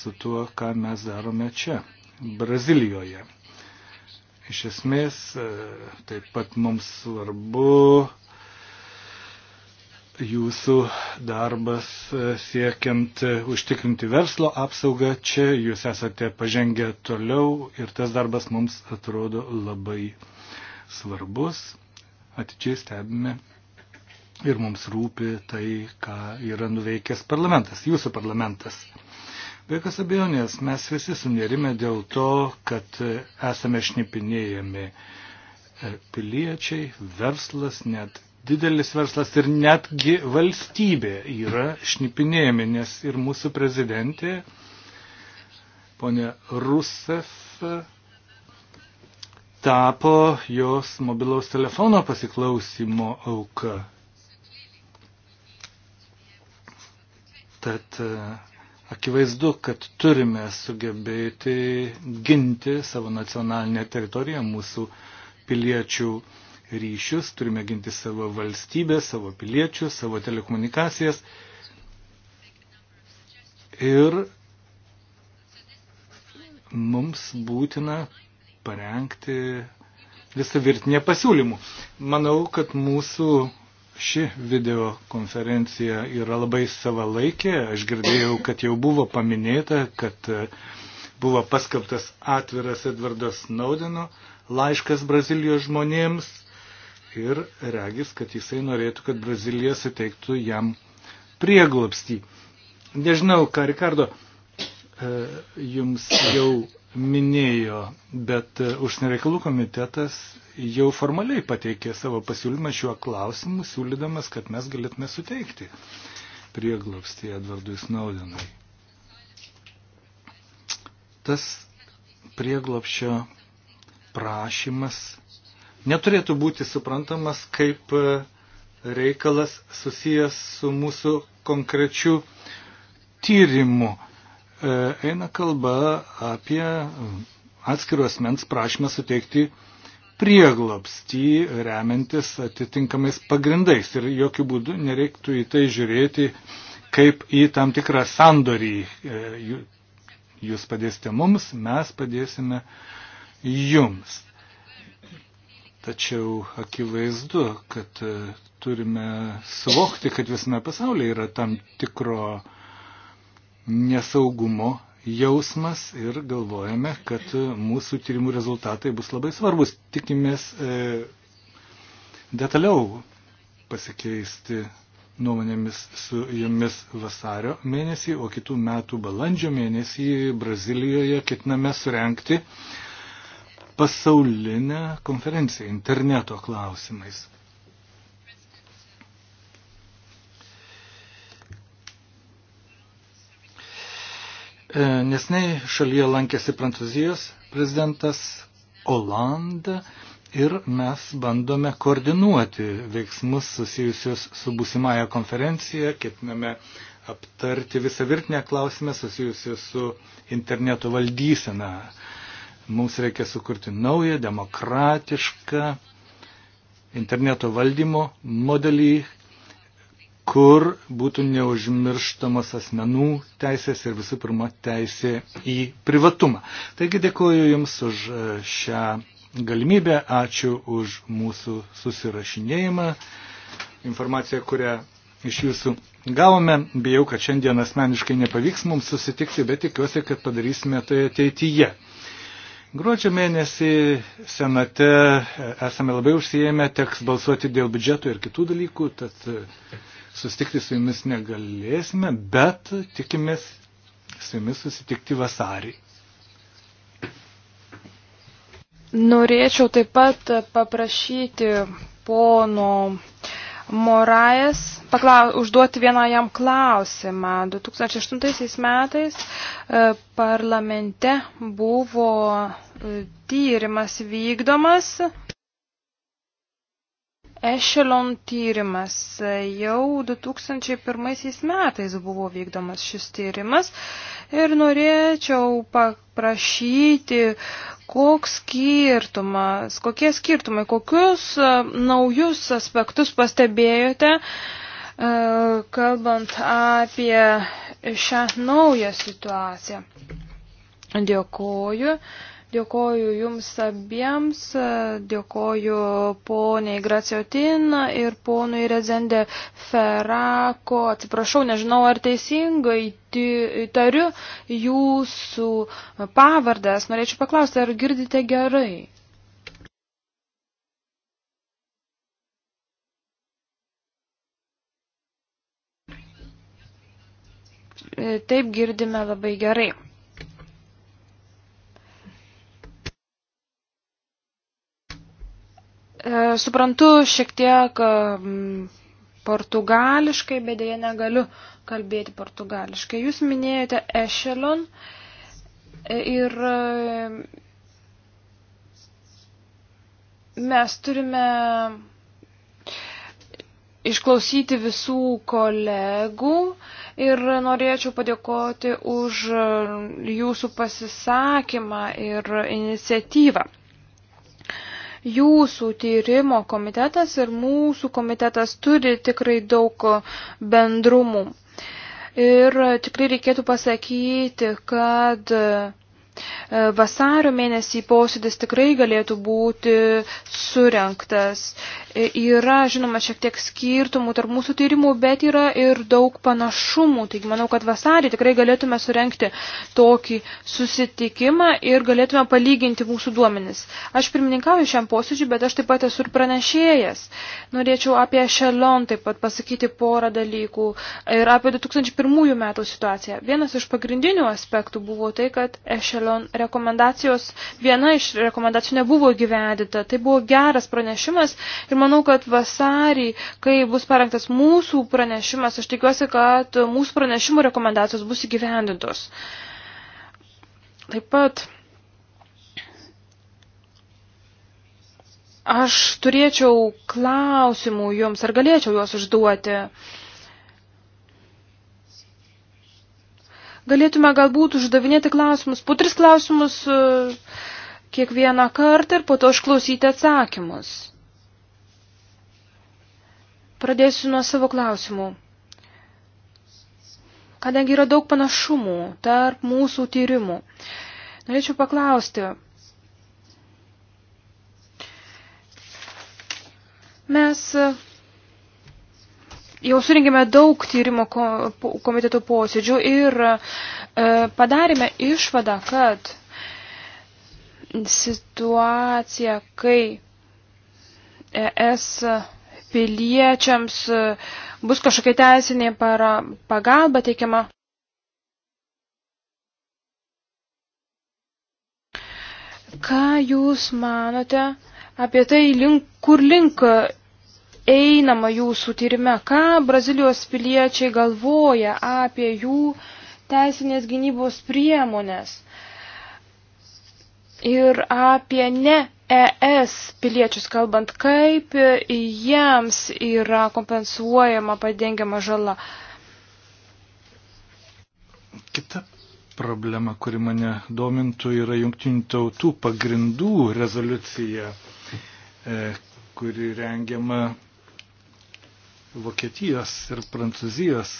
su tuo, ką mes darome čia, Brazilijoje. Iš esmės, e, taip pat mums svarbu jūsų darbas e, siekiant e, užtikrinti verslo apsaugą. Čia jūs esate pažengę toliau ir tas darbas mums atrodo labai svarbus. Atidžiai stebime ir mums rūpi tai, ką yra nuveikęs parlamentas, jūsų parlamentas. Be jokios abejonės mes visi sunerime dėl to, kad e, esame šnipinėjami e, piliečiai, verslas, net didelis verslas ir netgi valstybė yra šnipinėjami, nes ir mūsų prezidentė, ponė Rusef, tapo jos mobilaus telefono pasiklausimo auka. Tad e, Akivaizdu, kad turime sugebėti ginti savo nacionalinę teritoriją, mūsų piliečių ryšius, turime ginti savo valstybę, savo piliečius, savo telekomunikacijas. Ir mums būtina parengti visą virtinę pasiūlymų. Manau, kad mūsų Ši videokonferencija yra labai savalaikė. Aš girdėjau, kad jau buvo paminėta, kad e, buvo paskaptas atviras Edvardas Snaudino laiškas Brazilijos žmonėms ir regis, kad jisai norėtų, kad Brazilija suteiktų jam prieglobstį. Nežinau, ką Rikardo, e, jums jau minėjo, bet e, užsienio reikalų komitetas jau formaliai pateikė savo pasiūlymą šiuo klausimu, siūlydamas, kad mes galėtume suteikti prieglobstį Edvardui Snowdenui. Tas prieglopščio prašymas neturėtų būti suprantamas kaip e, reikalas susijęs su mūsų konkrečiu tyrimu. E, eina kalba apie atskiro asmens prašymą suteikti prieglobstį remiantis atitinkamais pagrindais. Ir jokių būdų nereiktų į tai žiūrėti kaip į tam tikrą sandorį. E, jūs padėsite mums, mes padėsime jums. Tačiau akivaizdu, kad e, turime suvokti, kad visame pasaulyje yra tam tikro uh, nesaugumo jausmas ir galvojame, kad mūsų tyrimų rezultatai bus labai svarbus. Tikimės e, detaliau pasikeisti nuomonėmis su jumis vasario mėnesį, o kitų metų balandžio mėnesį Brazilijoje ketiname surenkti pasaulinę konferenciją interneto klausimais. E, nesnei šalyje lankėsi Prancūzijos prezidentas Olanda ir mes bandome koordinuoti veiksmus susijusius su būsimąją konferenciją, ketiname aptarti visą virtinę klausimę susijusiu su interneto valdysena. Mums reikia sukurti naują, demokratišką interneto valdymo modelį, kur būtų neužmirštamas asmenų teisės ir visų pirma teisė į privatumą. Taigi dėkuoju Jums už e, šią galimybę, ačiū už mūsų susirašinėjimą, informaciją, kurią iš Jūsų gavome. Bijau, kad šiandien asmeniškai nepavyks mums susitikti, bet tikiuosi, kad padarysime tai ateityje. Gruodžio mėnesį senate e, esame labai užsijėmę, teks balsuoti dėl biudžeto ir kitų dalykų, tad sustikti su jumis negalėsime, bet tikimės su jumis susitikti vasarį. Norėčiau taip pat paprašyti pono Moraes paklau, užduoti vieną jam klausimą. 2008 metais e, parlamente buvo e, tyrimas vykdomas Echelon tyrimas. Jau 2001 metais buvo vykdomas šis tyrimas ir norėčiau paprašyti, koks skirtumas, kokie skirtumai, kokius e, naujus aspektus pastebėjote, e, kalbant apie šią naują situaciją. Dėkoju. Dėkoju jums abiems, dėkoju poniai Graciotin ir ponui Rezende Ferako. Atsiprašau, nežinau ar teisingai tariu jūsų pavardas. Norėčiau paklausti, ar girdite gerai? Taip girdime labai gerai. E, suprantu šiek tiek e, portugališkai, bet dėja negaliu kalbėti portugališkai. Jūs minėjote echelon ir e, mes turime išklausyti visų kolegų ir norėčiau padėkoti už jūsų pasisakymą ir iniciatyvą jūsų tyrimo komitetas ir mūsų komitetas turi tikrai daug bendrumų. Ir tikrai reikėtų pasakyti, kad E, vasario mėnesį posėdis tikrai galėtų būti surenktas. E, yra, žinoma, šiek tiek skirtumų tarp mūsų tyrimų, bet yra ir daug panašumų. Taigi manau, kad vasarį tikrai galėtume surenkti tokį susitikimą ir galėtume palyginti mūsų duomenis. Aš pirmininkauju šiam posėdžiui, bet aš taip pat esu ir pranešėjas. Norėčiau apie Šelon taip pat pasakyti porą dalykų ir apie 2001 metų situaciją. Vienas iš pagrindinių aspektų buvo tai, kad Ešelon Michelon rekomendacijos, viena iš rekomendacijų nebuvo gyvendita. Tai buvo geras pranešimas ir manau, kad vasarį, kai bus parengtas mūsų pranešimas, aš tikiuosi, kad mūsų pranešimų rekomendacijos bus įgyvendintos. Taip pat aš turėčiau klausimų jums, ar galėčiau juos užduoti. Uh, galėtume galbūt uždavinėti klausimus, po tris klausimus e, kiekvieną kartą ir po to išklausyti atsakymus. Pradėsiu nuo savo klausimų. Kadangi yra daug panašumų tarp mūsų tyrimų, norėčiau paklausti, mes Jau surinkime daug tyrimo komitetų posėdžių ir e, padarėme išvadą, kad situacija, kai ES piliečiams bus kažkokia teisinė para, pagalba teikiama. Ką jūs manote apie tai, link, kur link einama jūsų tyrime, ką Brazilijos piliečiai galvoja apie jų teisinės gynybos priemonės ir apie ne ES piliečius kalbant, kaip jiems yra kompensuojama padengiama žala. Kita problema, kuri mane domintų, yra jungtinių tautų pagrindų rezoliucija, e, kuri rengiama Vokietijos ir Prancūzijos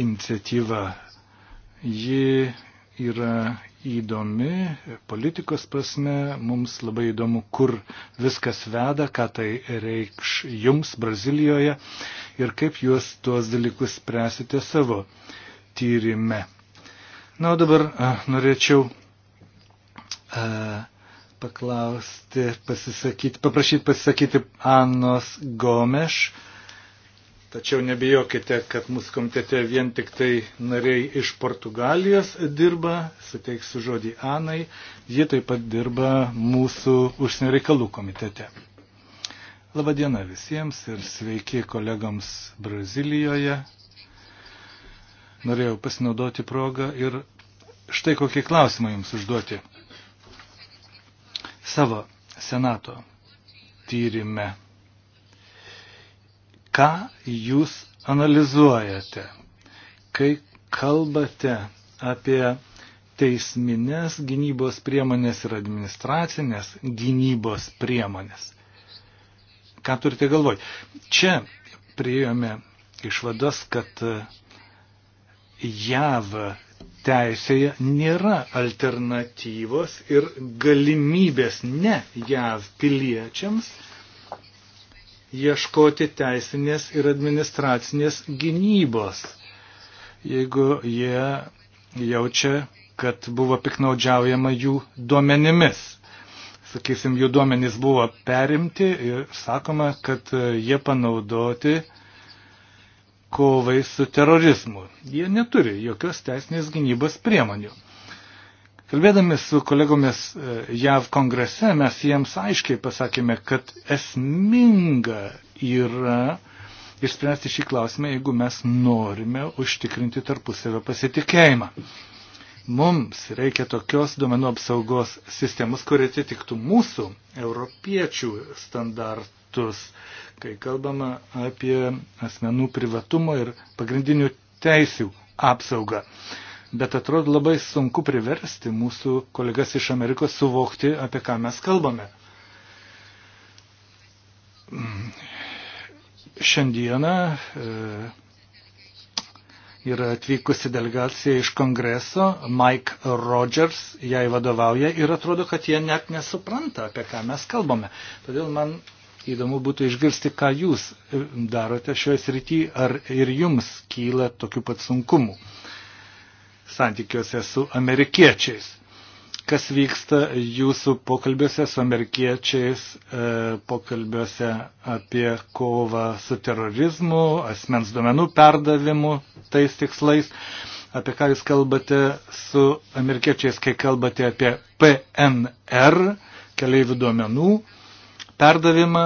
iniciatyva. Ji yra įdomi politikos prasme, mums labai įdomu, kur viskas veda, ką tai reikš jums Brazilijoje ir kaip juos tuos dalykus spręsite savo tyrime. Na, o dabar a, norėčiau a, paklausti, pasisakyti, paprašyti pasisakyti Anos Gomeš, a, Tačiau nebijokite, kad mūsų komitete vien tik tai nariai iš Portugalijos dirba, suteiksiu žodį Anai, ji taip pat dirba mūsų užsienio reikalų komitete. Labadiena visiems ir sveiki kolegams Brazilijoje. Norėjau pasinaudoti progą ir štai kokį klausimą jums užduoti. Savo senato tyrime ką jūs analizuojate, kai kalbate apie teisminės gynybos priemonės ir administracinės gynybos priemonės. Ką turite galvoj? Čia priėjome išvadas, kad JAV teisėje nėra alternatyvos ir galimybės ne JAV piliečiams ieškoti teisinės ir administracinės gynybos, jeigu jie jaučia, kad buvo piknaudžiaujama jų duomenimis. Sakysim, jų duomenys buvo perimti ir sakoma, kad jie panaudoti kovai su terorizmu. Jie neturi jokios teisinės gynybos priemonių. Kalbėdami su kolegomis e, JAV kongrese, mes jiems aiškiai pasakėme, kad esminga yra išspręsti šį klausimą, jeigu mes norime užtikrinti tarpusavio pasitikėjimą. Mums reikia tokios duomenų apsaugos sistemos, kurie atitiktų mūsų europiečių standartus, kai kalbama apie asmenų privatumo ir pagrindinių teisių apsaugą. Uh, bet atrodo labai sunku priversti mūsų kolegas iš Amerikos suvokti, apie ką mes kalbame. Šiandieną e, yra atvykusi delegacija iš kongreso, Mike Rogers jai vadovauja ir atrodo, kad jie net nesupranta, apie ką mes kalbame. Todėl man Įdomu būtų išgirsti, ką jūs darote šioje srityje, ar ir jums kyla tokių pat sunkumų santykiuose su amerikiečiais. Kas vyksta jūsų pokalbiuose su amerikiečiais, e, pokalbiuose apie kovą su terorizmu, asmens duomenų perdavimu tais tikslais, apie ką jūs kalbate su amerikiečiais, kai kalbate apie PNR, keliaivių duomenų perdavimą,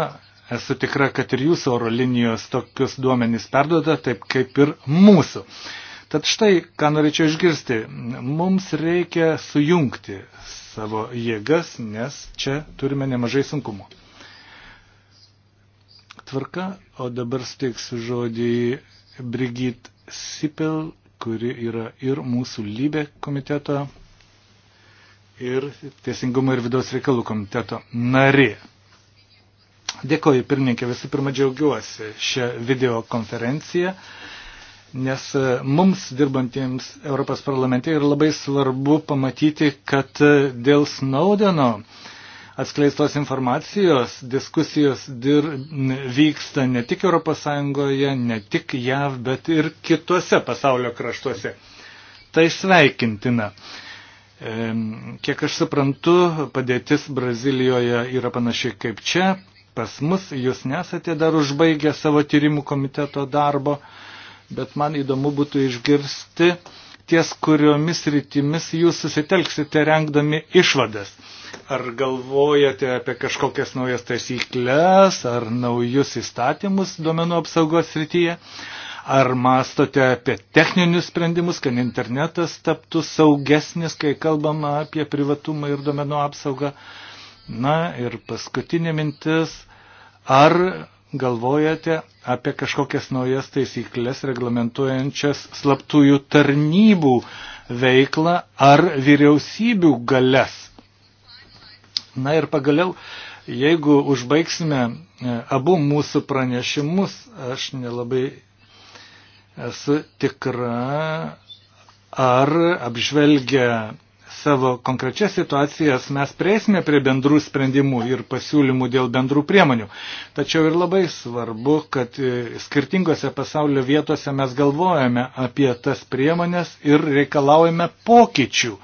Esu tikra, kad ir jūsų oro linijos tokius duomenys perduoda, taip kaip ir mūsų. Tad štai, ką norėčiau išgirsti, mums reikia sujungti savo jėgas, nes čia turime nemažai sunkumų. Tvarka, o dabar steiksiu žodį Brigit Sipel, kuri yra ir mūsų lybė komiteto, ir Teisingumo ir vidaus reikalų komiteto narė. Dėkoju, pirmininkė, visų pirma džiaugiuosi šią videokonferenciją. konferenciją nes e, mums dirbantiems Europos parlamente yra labai svarbu pamatyti, kad e, dėl Snaudeno atskleistos informacijos diskusijos dir, vyksta ne tik ES, ne tik JAV, bet ir kitose pasaulio kraštuose. Tai sveikintina. E, kiek aš suprantu, padėtis Brazilijoje yra panašiai kaip čia. Pas mus jūs nesate dar užbaigę savo tyrimų komiteto darbo bet man įdomu būtų išgirsti, ties kuriomis rytimis jūs susitelksite rengdami išvadas. Ar galvojate apie kažkokias naujas taisyklės, ar naujus įstatymus duomenų apsaugos rytyje, ar mastote apie techninius sprendimus, kad internetas taptų saugesnis, kai kalbama apie privatumą ir duomenų apsaugą. Na ir paskutinė mintis, ar galvojate apie kažkokias naujas taisyklės reglamentuojančias slaptųjų tarnybų veiklą ar vyriausybių galės. Na ir pagaliau, jeigu užbaigsime e, abu mūsų pranešimus, aš nelabai esu tikra, ar apžvelgia savo konkrečias situacijas mes prieisime prie bendrų sprendimų ir pasiūlymų dėl bendrų priemonių. Tačiau ir labai svarbu, kad e, skirtingose pasaulio vietose mes galvojame apie tas priemonės ir reikalaujame pokyčių.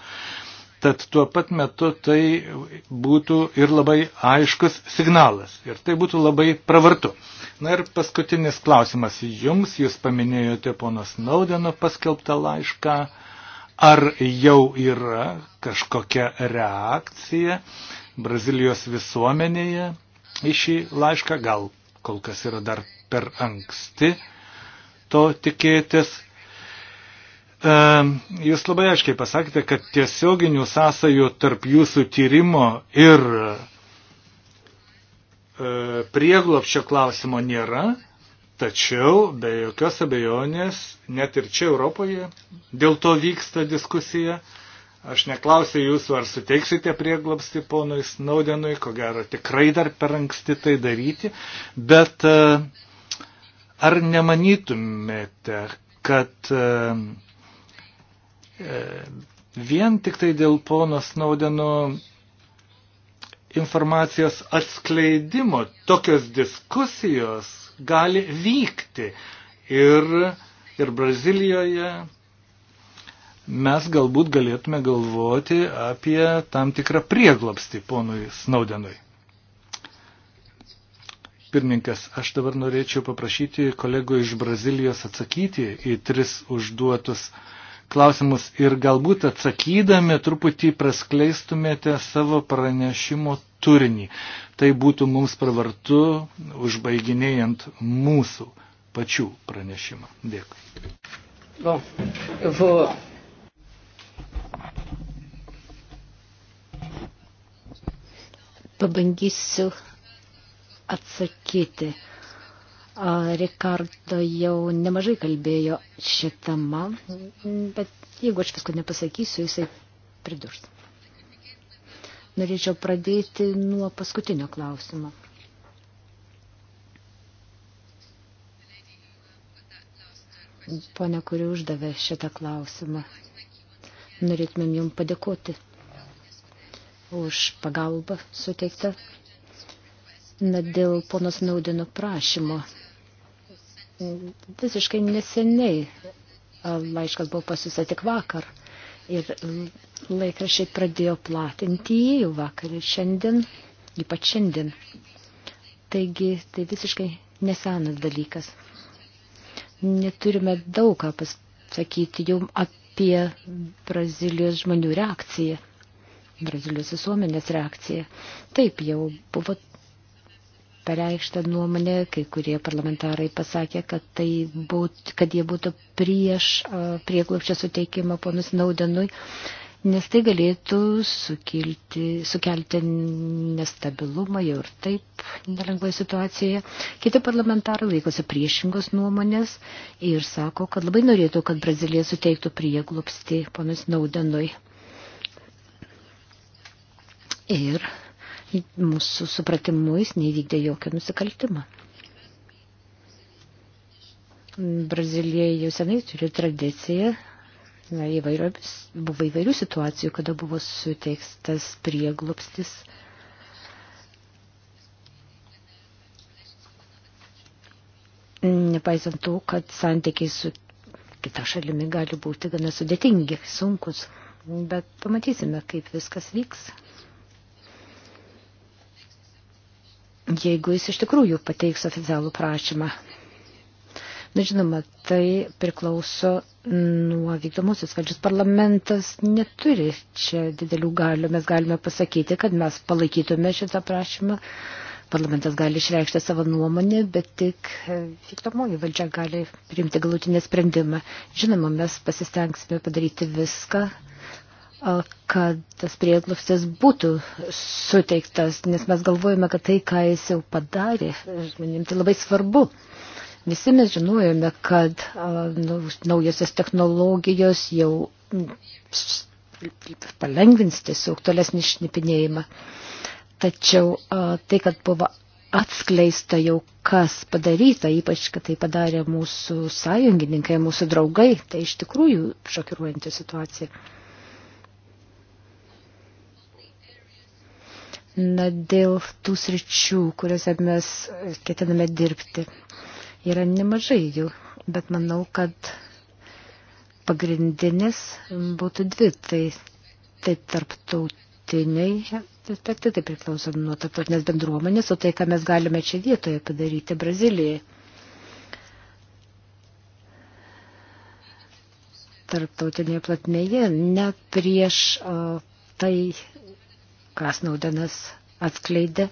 Tad tuo pat metu tai būtų ir labai aiškus signalas. Ir tai būtų labai pravartu. Na ir paskutinis klausimas jums. Jūs paminėjote pono Snaudeno paskelbtą laišką ar jau yra kažkokia reakcija Brazilijos visuomenėje į šį laišką, gal kol kas yra dar per anksti to tikėtis. E, jūs labai aiškiai pasakėte, kad tiesioginių sąsajų tarp jūsų tyrimo ir e, prieglopščio klausimo nėra, Tačiau, be jokios abejonės, net ir čia Europoje dėl to vyksta diskusija. Aš neklausiu jūsų, ar suteiksite prieglobstį ponui Snaudenui, ko gero tikrai dar per anksti tai daryti, bet e, ar nemanytumėte, kad e, e, vien tik tai dėl pono Snaudeno informacijos atskleidimo tokios diskusijos gali vykti. Ir, ir Brazilijoje mes galbūt galėtume galvoti apie tam tikrą prieglapstį ponui Snaudenui. Pirmininkas, aš dabar norėčiau paprašyti kolegų iš Brazilijos atsakyti į tris užduotus klausimus klausimus ir galbūt atsakydami truputį praskleistumėte savo pranešimo turinį. Tai būtų mums pravartu užbaiginėjant mūsų pačių pranešimą. Dėkui. Bon. Vous... Pabandysiu atsakyti. Rikardo jau nemažai kalbėjo šitama, bet jeigu aš visko nepasakysiu, jisai pridurs. Norėčiau pradėti nuo paskutinio klausimo. Pone, kuri uždavė šitą klausimą, norėtumėm jums padėkoti už pagalbą suteiktą. Na, dėl ponos Naudino prašymo visiškai neseniai laiškas buvo pasiusta tik vakar. Ir laikrašiai pradėjo platinti jį jau vakar ir šiandien, ypač šiandien. Taigi tai visiškai nesenas dalykas. Neturime daug ką pasakyti jau apie Brazilijos žmonių reakciją, Brazilijos visuomenės reakciją. Taip jau buvo pareikštą nuomonę, kai kurie parlamentarai pasakė, kad, tai būt, kad jie būtų prieš prieglupščio suteikimą ponus Naudenui, nes tai galėtų sukilti, sukelti nestabilumą jau ir taip nelengvai situacijoje. Kiti parlamentarai laikosi priešingos nuomonės ir sako, kad labai norėtų, kad Brazilija suteiktų prieglupsti ponus Naudenui. Ir mūsų supratimu jis nevykdė jokio nusikaltimą. Brazilijai jau senai turi tradiciją, na, įvairio, buvo įvairių situacijų, kada buvo suteikstas prieglopstis. Nepaisant to, kad santykiai su kita šalimi gali būti gana sudėtingi, sunkus, bet pamatysime, kaip viskas vyks. jeigu jis iš tikrųjų pateiks oficialų prašymą. Na žinoma, tai priklauso nuo vykdomosios valdžios. Parlamentas neturi čia didelių galių. Mes galime pasakyti, kad mes palaikytume šitą prašymą. Parlamentas gali išreikšti savo nuomonę, bet tik vykdomoji valdžia gali priimti galutinį sprendimą. Žinoma, mes pasistengsime padaryti viską, kad tas prieglobstis būtų suteiktas, nes mes galvojame, kad tai, ką jis jau padarė, žmonėms tai labai svarbu. Visi mes žinojome, kad nu, naujosios technologijos jau palengvins tiesiog tolesnį šnipinėjimą. Tačiau tai, kad buvo atskleista jau kas padaryta, ypač kad tai padarė mūsų sąjungininkai, mūsų draugai, tai iš tikrųjų šokiruojanti situacija. Na, dėl tų sričių, kuriuose mes ketiname dirbti, yra nemažai jų, bet manau, kad pagrindinis būtų dvi. Tai, tai tarptautiniai aspektai, tai priklauso nuo tarptautinės bendruomenės, o tai, ką mes galime čia vietoje padaryti Brazilijai. Tarptautinėje platmėje, net prieš o, tai ką Snaudenas atskleidė,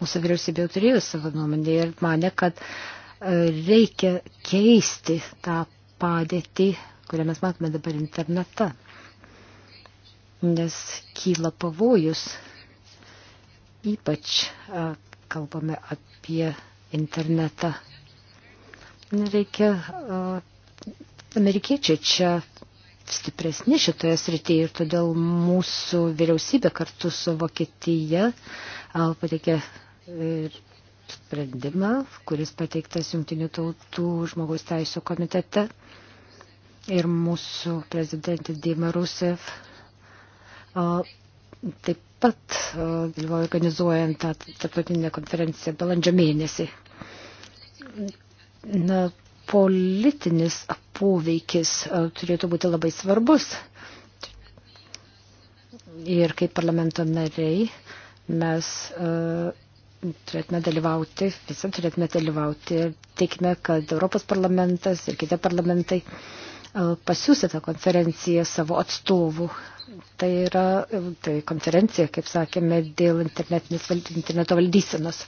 mūsų vyriausybė jau turėjo savo nuomonę ir mane, kad e, reikia keisti tą padėtį, kurią mes matome dabar internete, nes kyla pavojus, ypač e, kalbame apie internetą. Reikia, e, amerikiečiai čia stipresni šitoje srityje ir todėl mūsų vyriausybė kartu su Vokietija pateikė e, sprendimą, kuris pateiktas Junktinių tautų žmogaus teisų komitete. Ir mūsų prezidentė Dima Rusev taip pat dalyvauja organizuojant tą tarptautinę konferenciją balandžio mėnesį. Na, politinis poveikis e, turėtų būti labai svarbus. Ir kaip parlamento nariai mes e, turėtume dalyvauti, visi turėtume dalyvauti ir teikime, kad Europos parlamentas ir kiti parlamentai e, pasiūsė tą konferenciją savo atstovų. Tai yra tai konferencija, kaip sakėme, dėl interneto valdysenos.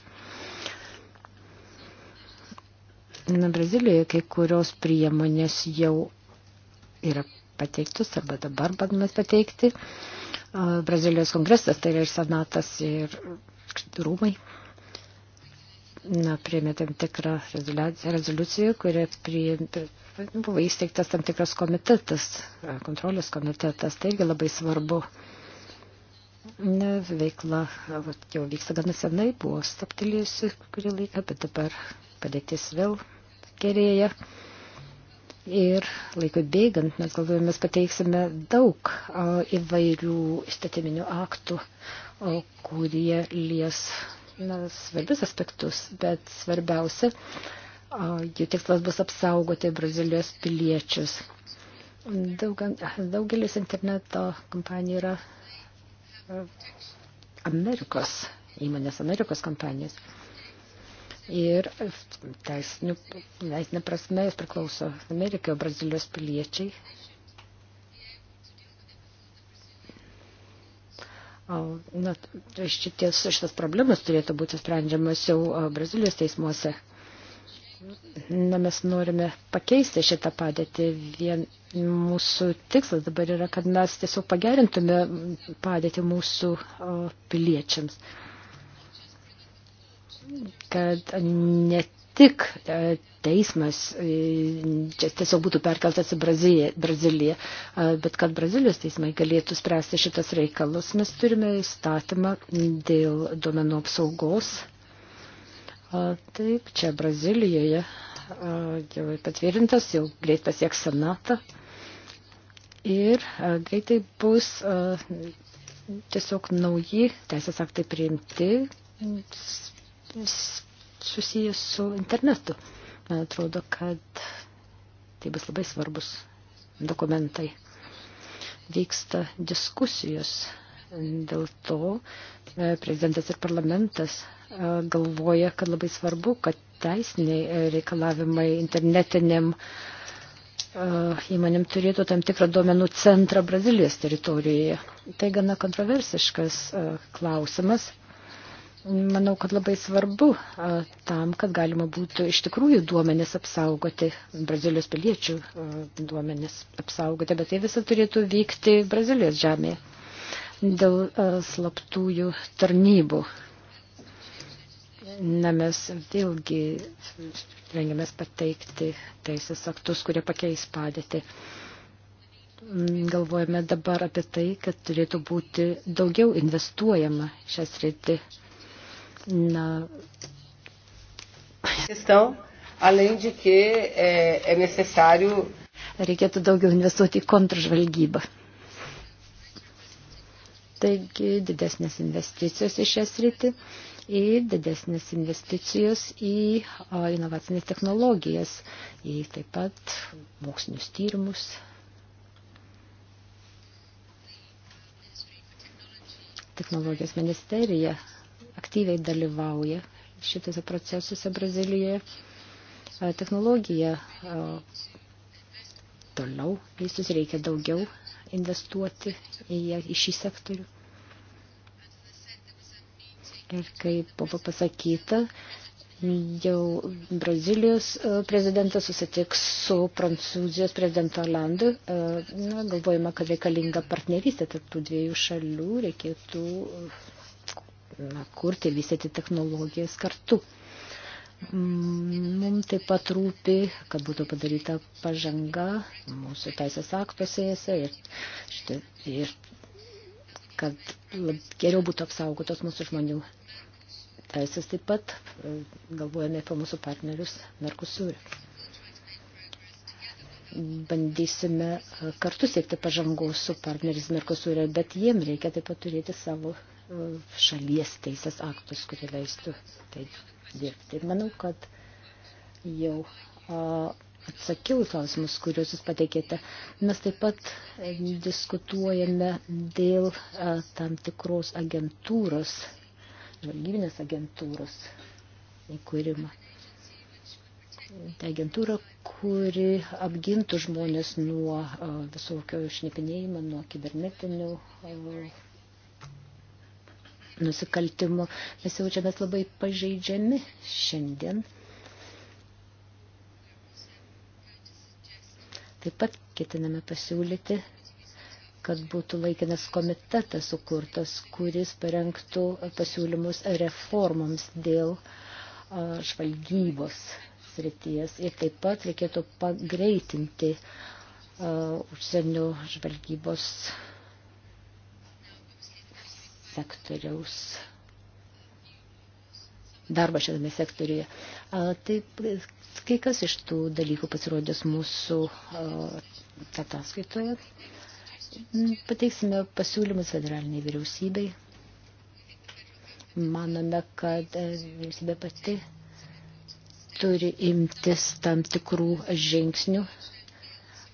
Na, Brazilijoje kai kurios priemonės jau yra pateiktus arba dabar bandome pateikti. Brazilijos kongresas, tai yra ir senatas, ir rūmai. Na, priėmė tam tikrą rezoliuciją, kuria priėmė, nu, buvo įsteigtas tam tikras komitetas, kontrolės komitetas. Tai irgi labai svarbu. Ne, veikla vat, jau vyksta gana senai, buvo staptilėjusi kurį laiką, bet dabar padėtis vėl gerėja. Ir laikui bėgant mes galvojame, mes pateiksime daug įvairių įstatyminių aktų, kurie lies na, svarbius aspektus, bet svarbiausia, jų tikslas bus apsaugoti Brazilijos piliečius. Daug, daugelis interneto kompanijų yra Amerikos įmonės, Amerikos kompanijos ir teisinė nu, prasme jis priklauso Amerikai, o Brazilijos piliečiai. Na, tai šities, šitas problemas turėtų būti sprendžiamas jau Brazilijos teismuose. Na, mes norime pakeisti šitą padėtį. Vien mūsų tikslas dabar yra, kad mes tiesiog pagerintume padėtį mūsų piliečiams kad ne tik e, teismas e, čia tiesiog būtų perkeltas į Braziliją, e, bet kad Brazilijos teismai galėtų spręsti šitas reikalus. Mes turime įstatymą dėl duomenų apsaugos. Taip, čia Brazilijoje jau patvirtintas, jau greit pasieks senatą. Ir greitai bus tiesiog nauji teisės aktai priimti susijęs su internetu. Man atrodo, kad tai bus labai svarbus dokumentai. Vyksta diskusijos Dėl to tai prezidentas ir parlamentas e, galvoja, kad labai svarbu, kad teisiniai reikalavimai internetiniam e, įmonėm turėtų tam tikrą duomenų centrą Brazilijos teritorijoje. Tai gana kontroversiškas e, klausimas. Manau, kad labai svarbu tam, kad galima būtų iš tikrųjų duomenis apsaugoti, Brazilijos piliečių duomenis apsaugoti, bet tai visą turėtų vykti Brazilijos žemėje dėl slaptųjų tarnybų. Na, mes vėlgi rengiamės pateikti teisės aktus, kurie pakeis padėti galvojame dabar apie tai, kad turėtų būti daugiau investuojama šią sritį na. Questão, além de que é, é necessário. Reikėtų daugiau investuoti į kontržvalgybą. Taigi didesnės investicijos į šią sritį ir didesnės investicijos į inovacinės technologijas, į taip pat mokslinius tyrimus. Technologijos ministerija aktyviai dalyvauja šitose procesuose Brazilijoje. Technologija toliau, visus reikia daugiau investuoti į, į šį sektorių. Ir kaip buvo pasakyta, jau Brazilijos prezidentas susitiks su Prancūzijos prezidentu Olandu. Na, galvojama, kad reikalinga partnerystė tarp tų dviejų šalių, reikėtų na, kurti ir vystyti technologijas kartu. Mm, Mums taip pat rūpi, kad būtų padaryta pažanga mūsų teisės aktuose ir, štai, ir kad lab, geriau būtų apsaugotos mūsų žmonių teisės taip pat, e, galvojame apie mūsų partnerius Merkusūrį. Bandysime e, kartu siekti pažangos su partneriais Merkusūrė, bet jiem reikia taip pat turėti savo šalies teisės aktus, kurie leistų tai dirbti. Ir manau, kad jau atsakiau klausimus, kuriuos jūs pateikėte. Mes taip pat diskutuojame dėl tam tikros agentūros, žvalgybinės agentūros įkūrimą. Tai agentūra, kuri apgintų žmonės nuo visokio šnipinėjimo, nuo kibernetinių nusikaltimų. Mes jaučiamės labai pažeidžiami šiandien. Taip pat ketiname pasiūlyti, kad būtų laikinas komitetas sukurtas, kuris parengtų pasiūlymus reformoms dėl žvalgybos srities. Ir taip pat reikėtų pagreitinti uh, užsienio žvalgybos uh, sektoriaus darbą šiame sektoriuje. Taip, kai kas iš tų dalykų pasirodės mūsų ataskaitoje. Pateiksime pasiūlymus federaliniai vyriausybei. Manome, kad e, vyriausybė pati turi imtis tam tikrų žingsnių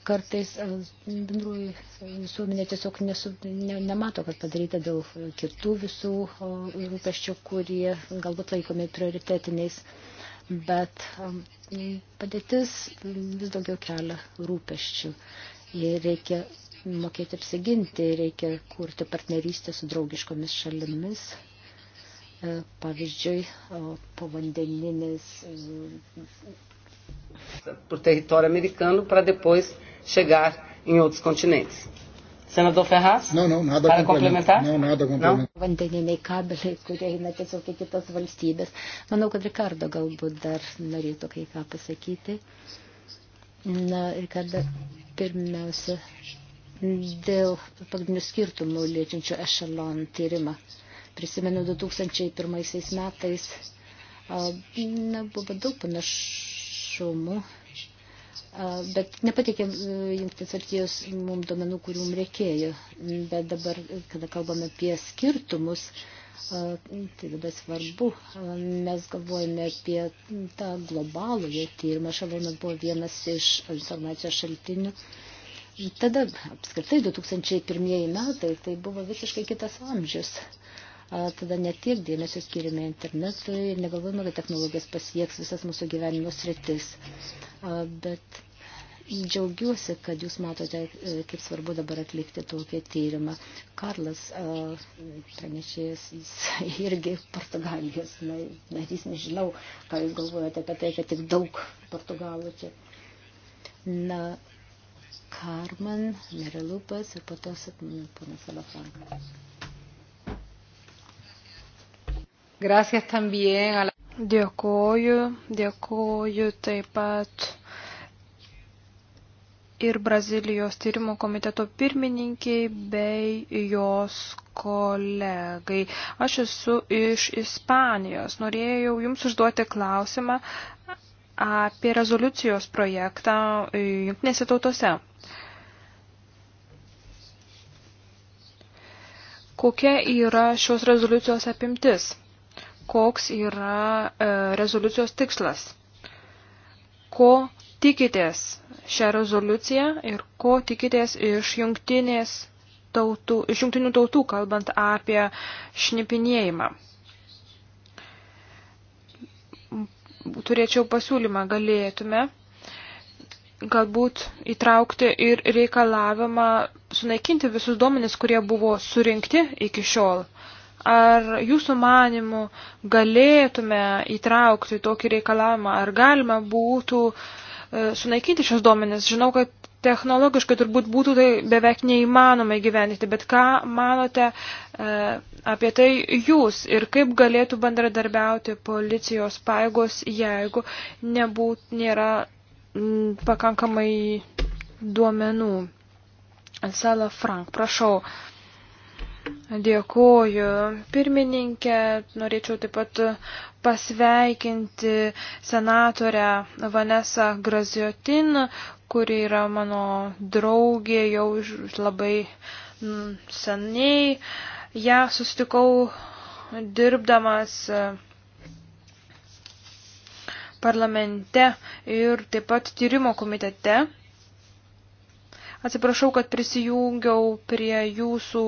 kartais e, bendruoji visuomenė tiesiog nesu, ne, nemato, kad padaryta dėl kitų visų rūpeščių, kurie galbūt laikomi prioritetiniais, bet e, padėtis vis daugiau kelia rūpeščių. Ir reikia mokėti apsiginti, reikia kurti partnerystę su draugiškomis šalimis. E, pavyzdžiui, povandeninis por território americano para depois chegar em outros continentes. Senador Ferraz? Não, não, nada para complementar. Não, nada complementar. Não? Vandeniniai kabeliai, kurie eina tiesiog į kitas valstybės. Manau, kad Rikardo galbūt dar norėtų kai ką pasakyti. Na, Rikardo, pirmiausia, dėl pagrindinių skirtumų liečiančių Echelon tyrimą. Prisimenu, 2001 metais na, buvo daug panašumų Bet nepatikė e, jungtinės valstijos mums domenų, kurių mums reikėjo. Bet dabar, kada kalbame apie skirtumus, tai labai svarbu. Mes galvojame apie tą globalų tyrimą. Šalonas buvo vienas iš informacijos šaltinių. Tada apskritai 2001 metai tai buvo visiškai kitas amžius tada netiek dėmesio skiriame internetui ir negalvojame, kad technologijas pasieks visas mūsų gyvenimo sritis. Bet džiaugiuosi, kad jūs matote, e, kaip svarbu dabar atlikti tokį tyrimą. Karlas pranešėjas, jis irgi Portugalijos narys, nežinau, ką jūs galvojate apie tai, kad tik daug Portugalų čia. Na, Carmen, Merilupas ir po to, sakome, ponas Alafrankas. Gracias también a la... Dėkoju, dėkoju taip pat ir Brazilijos tyrimo komiteto pirmininkiai bei jos kolegai. Aš esu iš Ispanijos. Norėjau Jums užduoti klausimą apie rezoliucijos projektą Junktinėse tautose. Kokia yra šios rezoliucijos apimtis? koks yra e, rezoliucijos tikslas, ko tikitės šią rezoliuciją ir ko tikitės iš jungtinės tautų, iš jungtinių tautų, kalbant apie šnipinėjimą. Turėčiau pasiūlymą, galėtume galbūt įtraukti ir reikalavimą sunaikinti visus duomenis, kurie buvo surinkti iki šiol. Uh, Ar jūsų manimų galėtume įtraukti tokį reikalavimą, ar galima būtų e, sunaikinti šios duomenis? Žinau, kad technologiškai turbūt būtų tai beveik neįmanoma įgyvendinti, bet ką manote e, apie tai jūs ir kaip galėtų bendradarbiauti policijos paėgos, jeigu nebūt, nėra m, mm, pakankamai duomenų? Sela Frank, prašau. E, Dėkuoju. Pirmininkė, norėčiau taip pat pasveikinti senatorę Vanesą Graziotin, kuri yra mano draugė jau labai mm, seniai. Ja sustikau dirbdamas e, parlamente ir taip pat tyrimo komitete. Atsiprašau, kad prisijungiau prie jūsų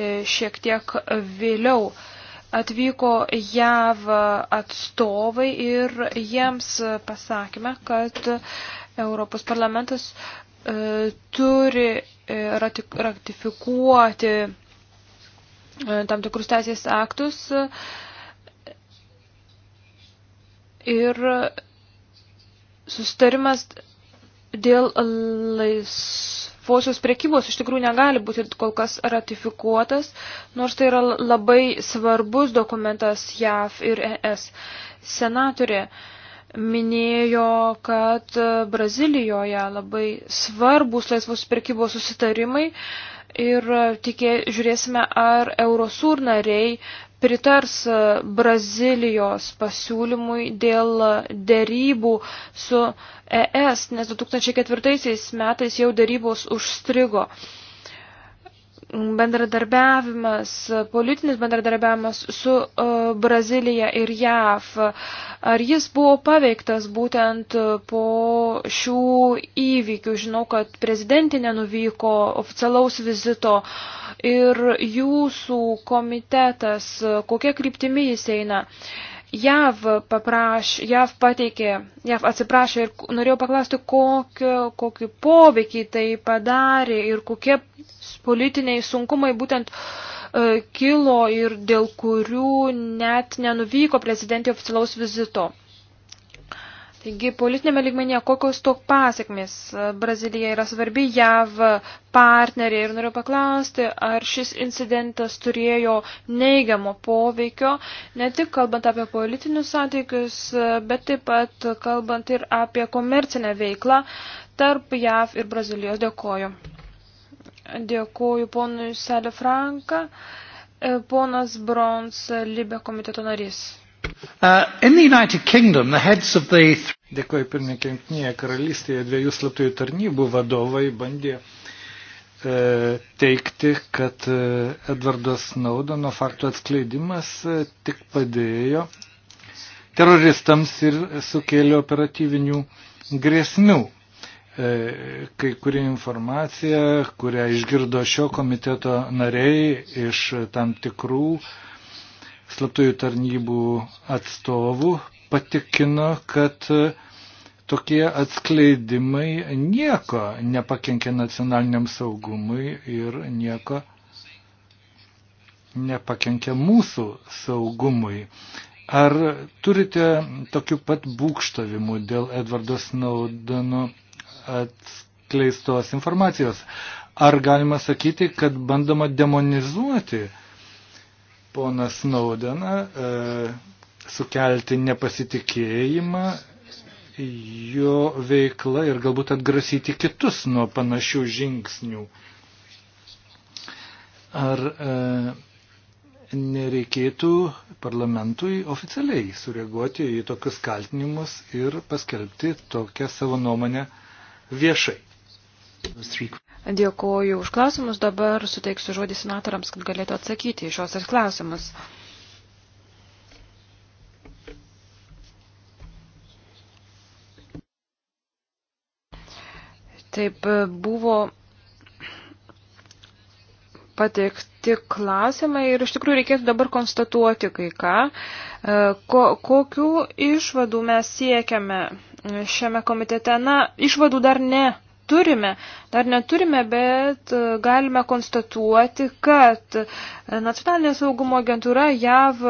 e, šiek tiek vėliau. Atvyko JAV atstovai ir jiems pasakėme, kad Europos parlamentas e, turi e, ratifikuoti tam tikrus teisės aktus ir sustarimas dėl lais laisvosios priekybos iš tikrųjų negali būti kol kas ratifikuotas, nors tai yra labai svarbus dokumentas JAV ir ES. Senatorė minėjo, kad Brazilijoje labai svarbus laisvos priekybos susitarimai ir tikė, žiūrėsime, ar Eurosur nariai pritars e, Brazilijos pasiūlymui dėl dėrybų su ES, nes 2004 metais jau dėrybos užstrigo bendradarbiavimas, politinis bendradarbiavimas su e, Brazilija ir JAV, ar jis buvo paveiktas būtent e, po šių įvykių? Žinau, kad prezidentė nenuvyko oficialaus vizito ir jūsų komitetas, e, kokia kryptimi jis eina? JAV, papraš, JAV pateikė, JAV atsiprašė ir norėjau paklausti, kokio, kokį poveikį tai padarė ir kokie politiniai sunkumai būtent e, kilo ir dėl kurių net nenuvyko prezidentė oficialaus vizito. Taigi, politinėme ligmenyje kokios to pasiekmės? Brazilija yra svarbi JAV partneriai ir noriu paklausti, ar šis incidentas turėjo neigiamo poveikio, ne tik kalbant apie politinius santykius, bet taip pat kalbant ir apie komercinę veiklą tarp JAV ir Brazilijos. Dėkoju. Dėkoju ponui Selė Franką, ponas Brons, Libė komiteto narys. Uh, Kingdom, the... Dėkuoju, pirmininkė, Junktinėje karalystėje dviejų slaptųjų tarnybų vadovai bandė e, teikti, kad e, Edvardo Snaudono faktų atskleidimas e, tik padėjo teroristams ir sukėlė operatyvinių grėsmių. E, kai kuri informacija, kurią išgirdo šio komiteto nariai iš tam tikrų e, slaptųjų tarnybų atstovų patikino, kad e, tokie atskleidimai nieko nepakenkė nacionaliniam saugumui ir nieko nepakenkė mūsų saugumui. Ar turite tokių pat būkštavimų dėl Edvardo Snowdeno atskleistos informacijos? Ar galima sakyti, kad bandoma demonizuoti uh, poną Snaudeną, e, sukelti nepasitikėjimą jo veikla ir galbūt atgrasyti kitus nuo panašių žingsnių. Ar e, nereikėtų parlamentui oficialiai sureaguoti į tokius kaltinimus ir paskelbti tokią savo nuomonę viešai? Dėkoju už klausimus. Dabar suteiksiu žodį senatoriams, kad galėtų atsakyti į šios ir klausimus. Taip buvo pateikti klausimai ir iš tikrųjų reikėtų dabar konstatuoti kai ką, ko, kokių išvadų mes siekiame šiame komitete. Na, išvadų dar ne turime, dar neturime, bet e, galime konstatuoti, kad e, nacionalinė saugumo agentūra JAV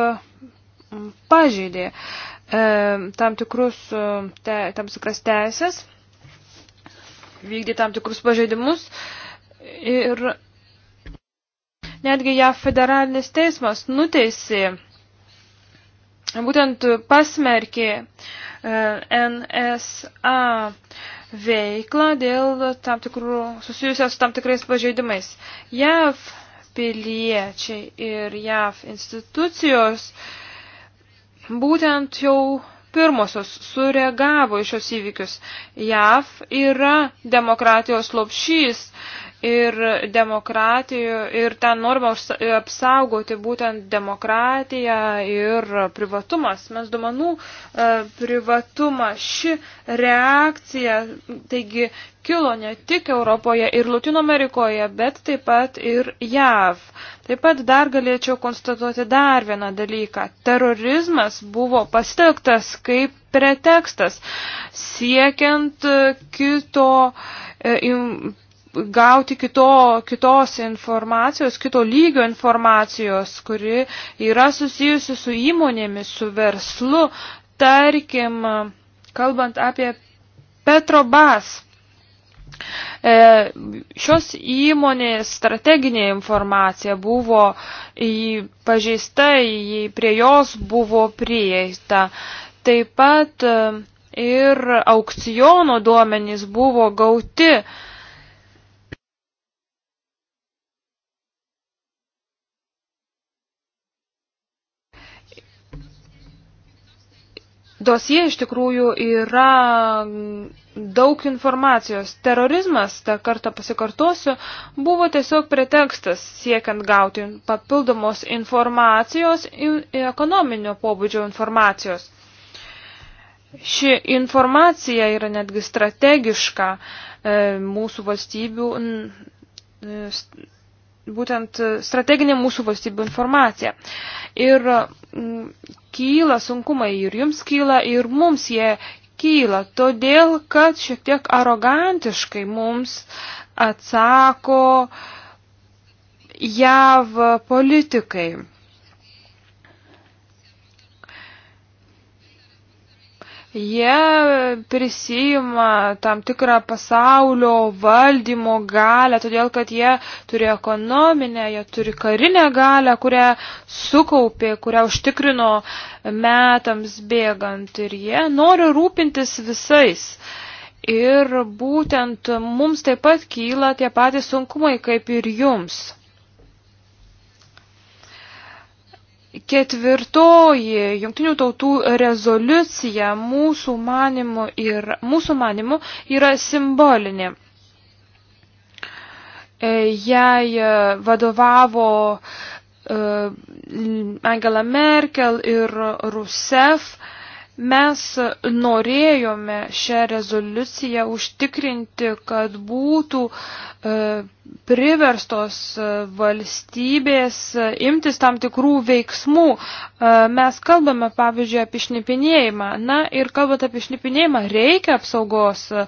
pažeidė e, tam, tikrus, te, tam tikras teisės, vykdė tam tikrus pažeidimus ir netgi JAV federalinis teismas nuteisė, būtent pasmerkė NSA veiklą dėl tam tikrų, susijusios su tam tikrais pažeidimais. JAV piliečiai ir JAV institucijos būtent jau pirmosios sureagavo į šios įvykius. JAV yra demokratijos lopšys ir demokratijų, ir ten norima apsaugoti būtent demokratiją ir privatumas, mes duomenų e, privatumą. Ši reakcija, taigi kilo ne tik Europoje ir Latino Amerikoje, bet taip pat ir JAV. Taip pat dar galėčiau konstatuoti dar vieną dalyką. Terorizmas buvo pastelgtas kaip pretekstas siekiant e, kito e, gauti kito, kitos informacijos, kito lygio informacijos, kuri yra susijusi su įmonėmis, su verslu, tarkim, kalbant apie Petrobas E, šios įmonės strateginė informacija buvo pažeista, prie jos buvo prieista. Taip pat e, ir aukciono duomenys buvo gauti. Dosie iš tikrųjų yra daug informacijos. Terorizmas, tą kartą pasikartosiu, buvo tiesiog pretekstas siekiant gauti papildomos informacijos, ekonominio pobūdžio informacijos. Ši informacija yra netgi strategiška e, mūsų valstybių, n, e, st, būtent strateginė mūsų valstybių informacija. Ir m, kyla sunkumai ir jums kyla, ir mums jie kyla, todėl kad šiek tiek arogantiškai mums atsako JAV politikai. jie prisijima tam tikrą pasaulio valdymo galę, todėl kad jie turi ekonominę, jie turi karinę galę, kurią sukaupė, kurią užtikrino metams bėgant ir jie nori rūpintis visais. Ir būtent mums taip pat kyla tie patys sunkumai kaip ir jums. Ketvirtoji jungtinių tautų rezoliucija mūsų manimu, ir, mūsų manimu yra simbolinė. E, jai e, vadovavo e, Angela Merkel ir Rusef, Mes norėjome šią rezoliuciją užtikrinti, kad būtų e, priverstos e, valstybės e, imtis tam tikrų veiksmų. E, mes kalbame, pavyzdžiui, apie šnipinėjimą. Na ir kalbant apie šnipinėjimą, reikia apsaugos e,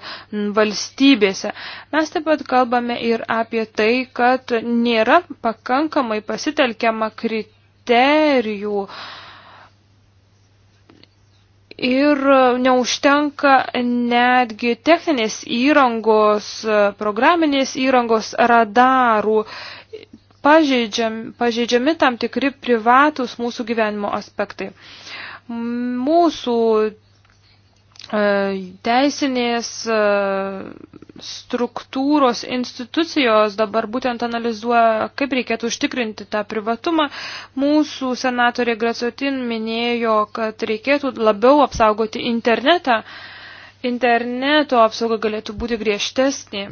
valstybėse. Mes taip pat kalbame ir apie tai, kad nėra pakankamai pasitelkiama kriterijų. E, ir neužtenka netgi techninės įrangos, programinės įrangos, radarų. Pažeidžiami, pažeidžiami tam tikri privatus mūsų gyvenimo aspektai. Mūsų E, teisinės e, struktūros institucijos dabar būtent analizuoja, kaip reikėtų užtikrinti tą privatumą. Mūsų senatorė Gracotin minėjo, kad reikėtų labiau apsaugoti internetą. Interneto apsauga galėtų būti griežtesnė.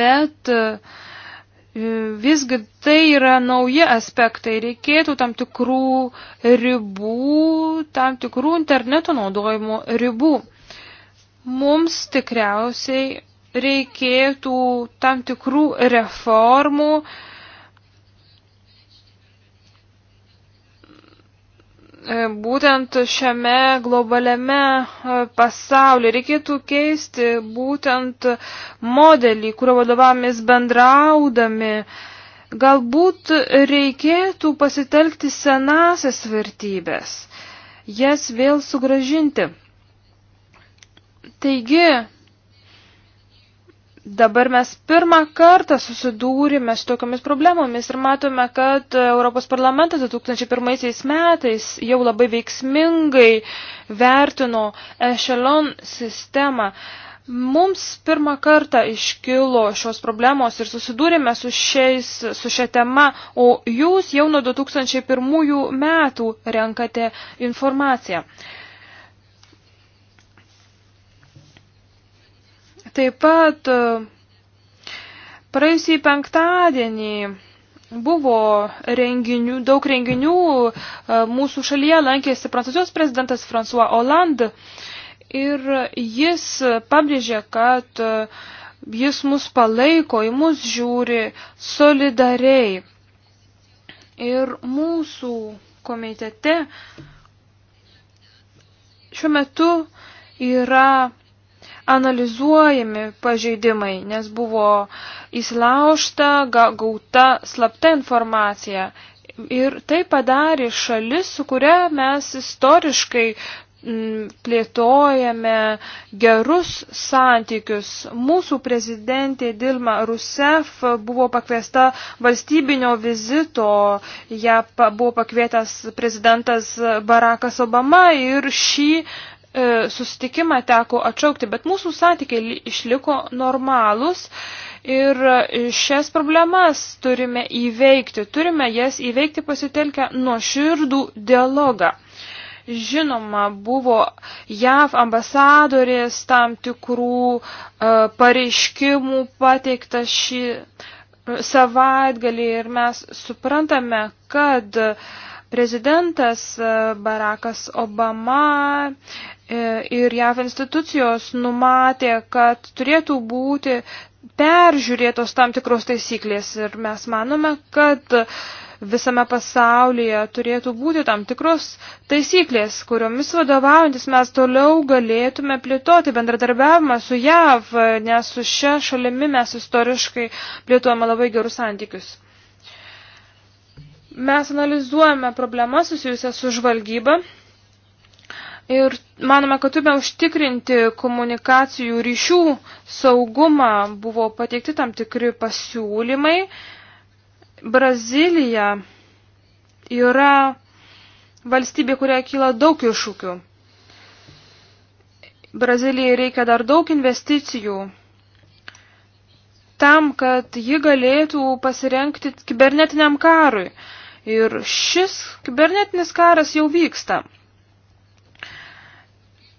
Bet uh, Visgi tai yra nauji aspektai, reikėtų tam tikrų ribų, tam tikrų interneto naudojimo ribų. Mums tikriausiai reikėtų tam tikrų reformų, E, būtent šiame globaliame e, pasaulyje reikėtų keisti būtent modelį, kurio vadovavomės bendraudami. Galbūt reikėtų pasitelkti senasias vertybės, jas vėl sugražinti. Taigi, Dabar mes pirmą kartą susidūrime su tokiamis problemomis ir matome, kad Europos parlamentas 2001 metais jau labai veiksmingai vertino echelon sistemą. Mums pirmą kartą iškilo šios problemos ir susidūrėme su, šiais, su šia tema, o jūs jau nuo 2001 metų renkate informaciją. Taip pat praėjusį penktadienį buvo renginių, daug renginių, mūsų šalyje lankėsi prancūzijos prezidentas François Hollande ir jis pabrėžė, kad jis mus palaiko, į mus žiūri solidariai. Ir mūsų komitete šiuo metu yra analizuojami pažeidimai, nes buvo įsilaužta, gauta slapta informacija. Ir tai padarė šalis, su kuria mes istoriškai plėtojame gerus santykius. Mūsų prezidentė Dilma Rusef buvo pakviesta valstybinio vizito, ją buvo pakvietęs prezidentas Barackas Obama ir šį E, susitikimą teko atšaukti, bet mūsų santykiai išliko normalūs ir e, šias problemas turime įveikti, turime jas įveikti pasitelkę nuoširdų dialogą. Žinoma, buvo JAV ambasadorės tam tikrų e, pareiškimų pateikta šį e, savaitgalį ir mes suprantame, kad e, prezidentas Barakas Obama E, ir JAV institucijos numatė, kad turėtų būti peržiūrėtos tam tikros taisyklės ir mes manome, kad visame pasaulyje turėtų būti tam tikros taisyklės, kuriomis vadovaujantis mes toliau galėtume plėtoti bendradarbiavimą su JAV, nes su šia šalimi mes istoriškai plėtojame labai gerus santykius. Mes analizuojame problemas susijusias su žvalgyba Ir manome, kad turime užtikrinti komunikacijų ryšių saugumą. Buvo pateikti tam tikri pasiūlymai. Brazilija yra valstybė, kurioje kyla daug iššūkių. Brazilijai reikia dar daug investicijų tam, kad ji galėtų pasirenkti kibernetiniam karui. Ir šis kibernetinis karas jau vyksta.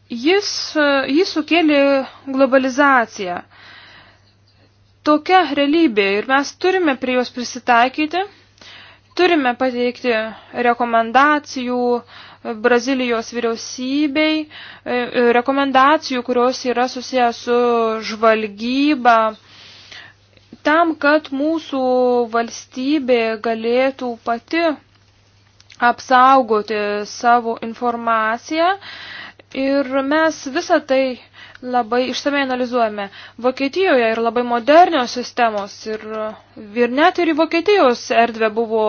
Jis, e, jis sukėlė globalizaciją. Tokia realybė ir mes turime prie jos prisitaikyti, turime pateikti rekomendacijų Brazilijos vyriausybei, e, e, rekomendacijų, kurios yra susijęs su žvalgyba, tam, kad mūsų valstybė galėtų pati apsaugoti savo informaciją, Ir mes visą tai labai išsamei analizuojame. Vokietijoje yra labai modernios sistemos ir Ir net ir į Vokietijos erdvę buvo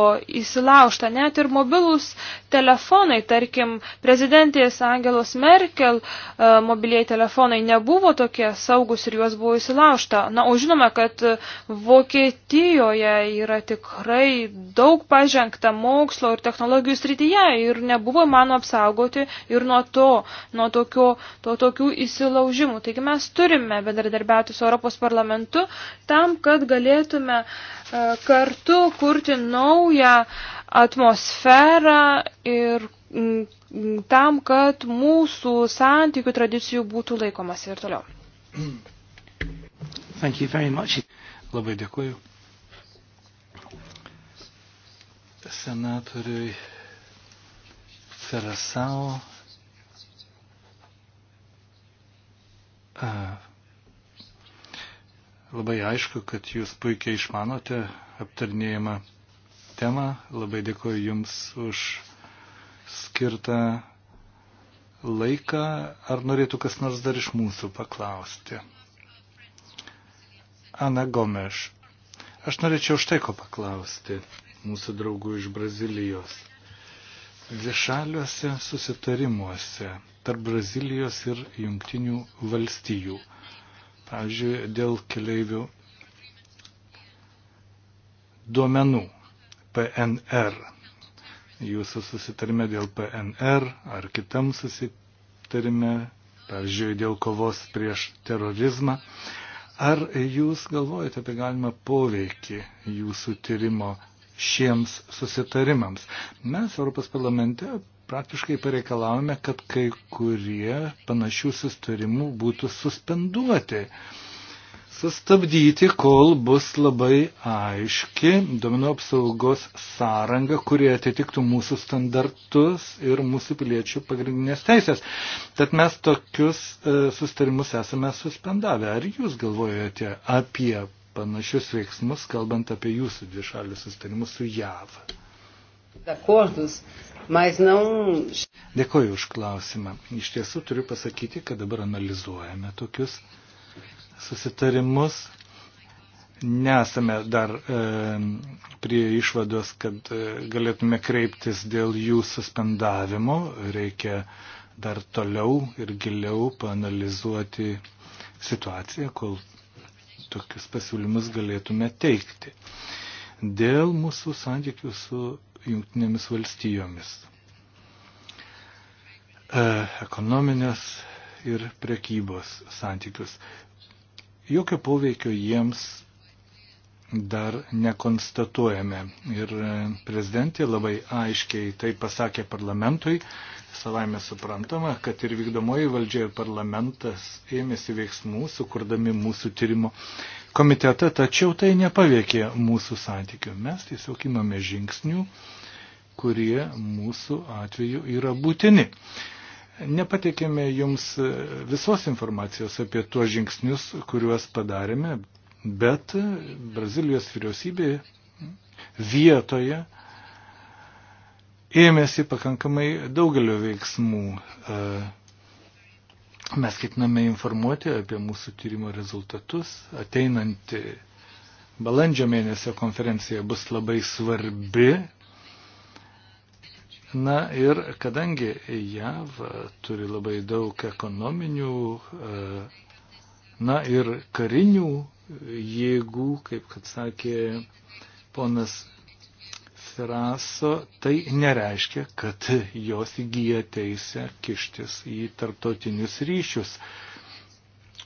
įsilaužta, net ir mobilus telefonai, tarkim, prezidentės Angelos Merkel e, mobiliai telefonai nebuvo tokie saugus ir juos buvo įsilaužta. Na, o žinome, kad Vokietijoje yra tikrai daug pažengta mokslo ir technologijų srityje ir nebuvo mano apsaugoti ir nuo to, nuo tokio, to tokių įsilaužimų. Taigi mes turime bendradarbiauti su Europos parlamentu tam, kad galėtume uh, E, kartu kurti naują atmosferą ir mm, tam, kad mūsų santykių tradicijų būtų laikomas ir toliau. Thank you very much. Labai dėkuoju. Senatoriui Ferasao. Uh, Labai aišku, kad jūs puikiai išmanote aptarnėjimą temą. Labai dėkuoju Jums už skirtą laiką. Ar norėtų kas nors dar iš mūsų paklausti? Ana Gomeš. Aš norėčiau štai ko paklausti mūsų draugų iš Brazilijos. Dvišaliuose susitarimuose tarp Brazilijos ir jungtinių valstijų pavyzdžiui, dėl keleivių duomenų PNR. Jūsų susitarime dėl PNR ar kitam susitarime, pavyzdžiui, dėl kovos prieš terorizmą. Ar jūs galvojate apie galimą poveikį jūsų tyrimo šiems susitarimams? Mes Europos parlamente praktiškai pareikalavome, kad kai kurie panašių sustarimų būtų suspenduoti, sustabdyti, kol bus labai aiški duomenų apsaugos sąranga, kurie atitiktų mūsų standartus ir mūsų piliečių pagrindinės teisės. Tad mes tokius e, sustarimus esame suspendavę. Ar jūs galvojate apie panašius veiksmus, kalbant apie jūsų dvišalius sustarimus su JAV? acordos mas não. Dėkoju už klausimą. Iš tiesų turiu pasakyti, kad dabar analizuojame tokius susitarimus. Nesame dar e, prie išvados, kad e, galėtume kreiptis dėl jų suspendavimo. Reikia dar toliau ir giliau panalizuoti situaciją, kol tokius pasiūlymus galėtume teikti. Dėl mūsų santykių su jungtinėmis valstijomis. E, ekonominės ir prekybos santykius. Jokio poveikio jiems dar nekonstatuojame. Ir e, prezidentė labai aiškiai tai pasakė parlamentui. Savaime suprantama, kad ir vykdomoji valdžia ir parlamentas ėmėsi veiksmų, sukurdami mūsų tyrimo komitete, tačiau tai nepaveikė mūsų santykių. Mes tiesiog imame žingsnių, kurie mūsų atveju yra būtini. Nepateikėme jums visos informacijos apie tuos žingsnius, kuriuos padarėme, bet Brazilijos vyriausybė vietoje ėmėsi pakankamai daugelio veiksmų. E, Mes ketiname informuoti apie mūsų tyrimo rezultatus. Ateinanti balandžio mėnesio konferencija bus labai svarbi. Na ir kadangi JAV turi labai daug ekonominių, e, na ir karinių jėgų, kaip kad sakė ponas pasiraso, tai nereiškia, kad jos įgyja teisę kištis į tarptautinius ryšius,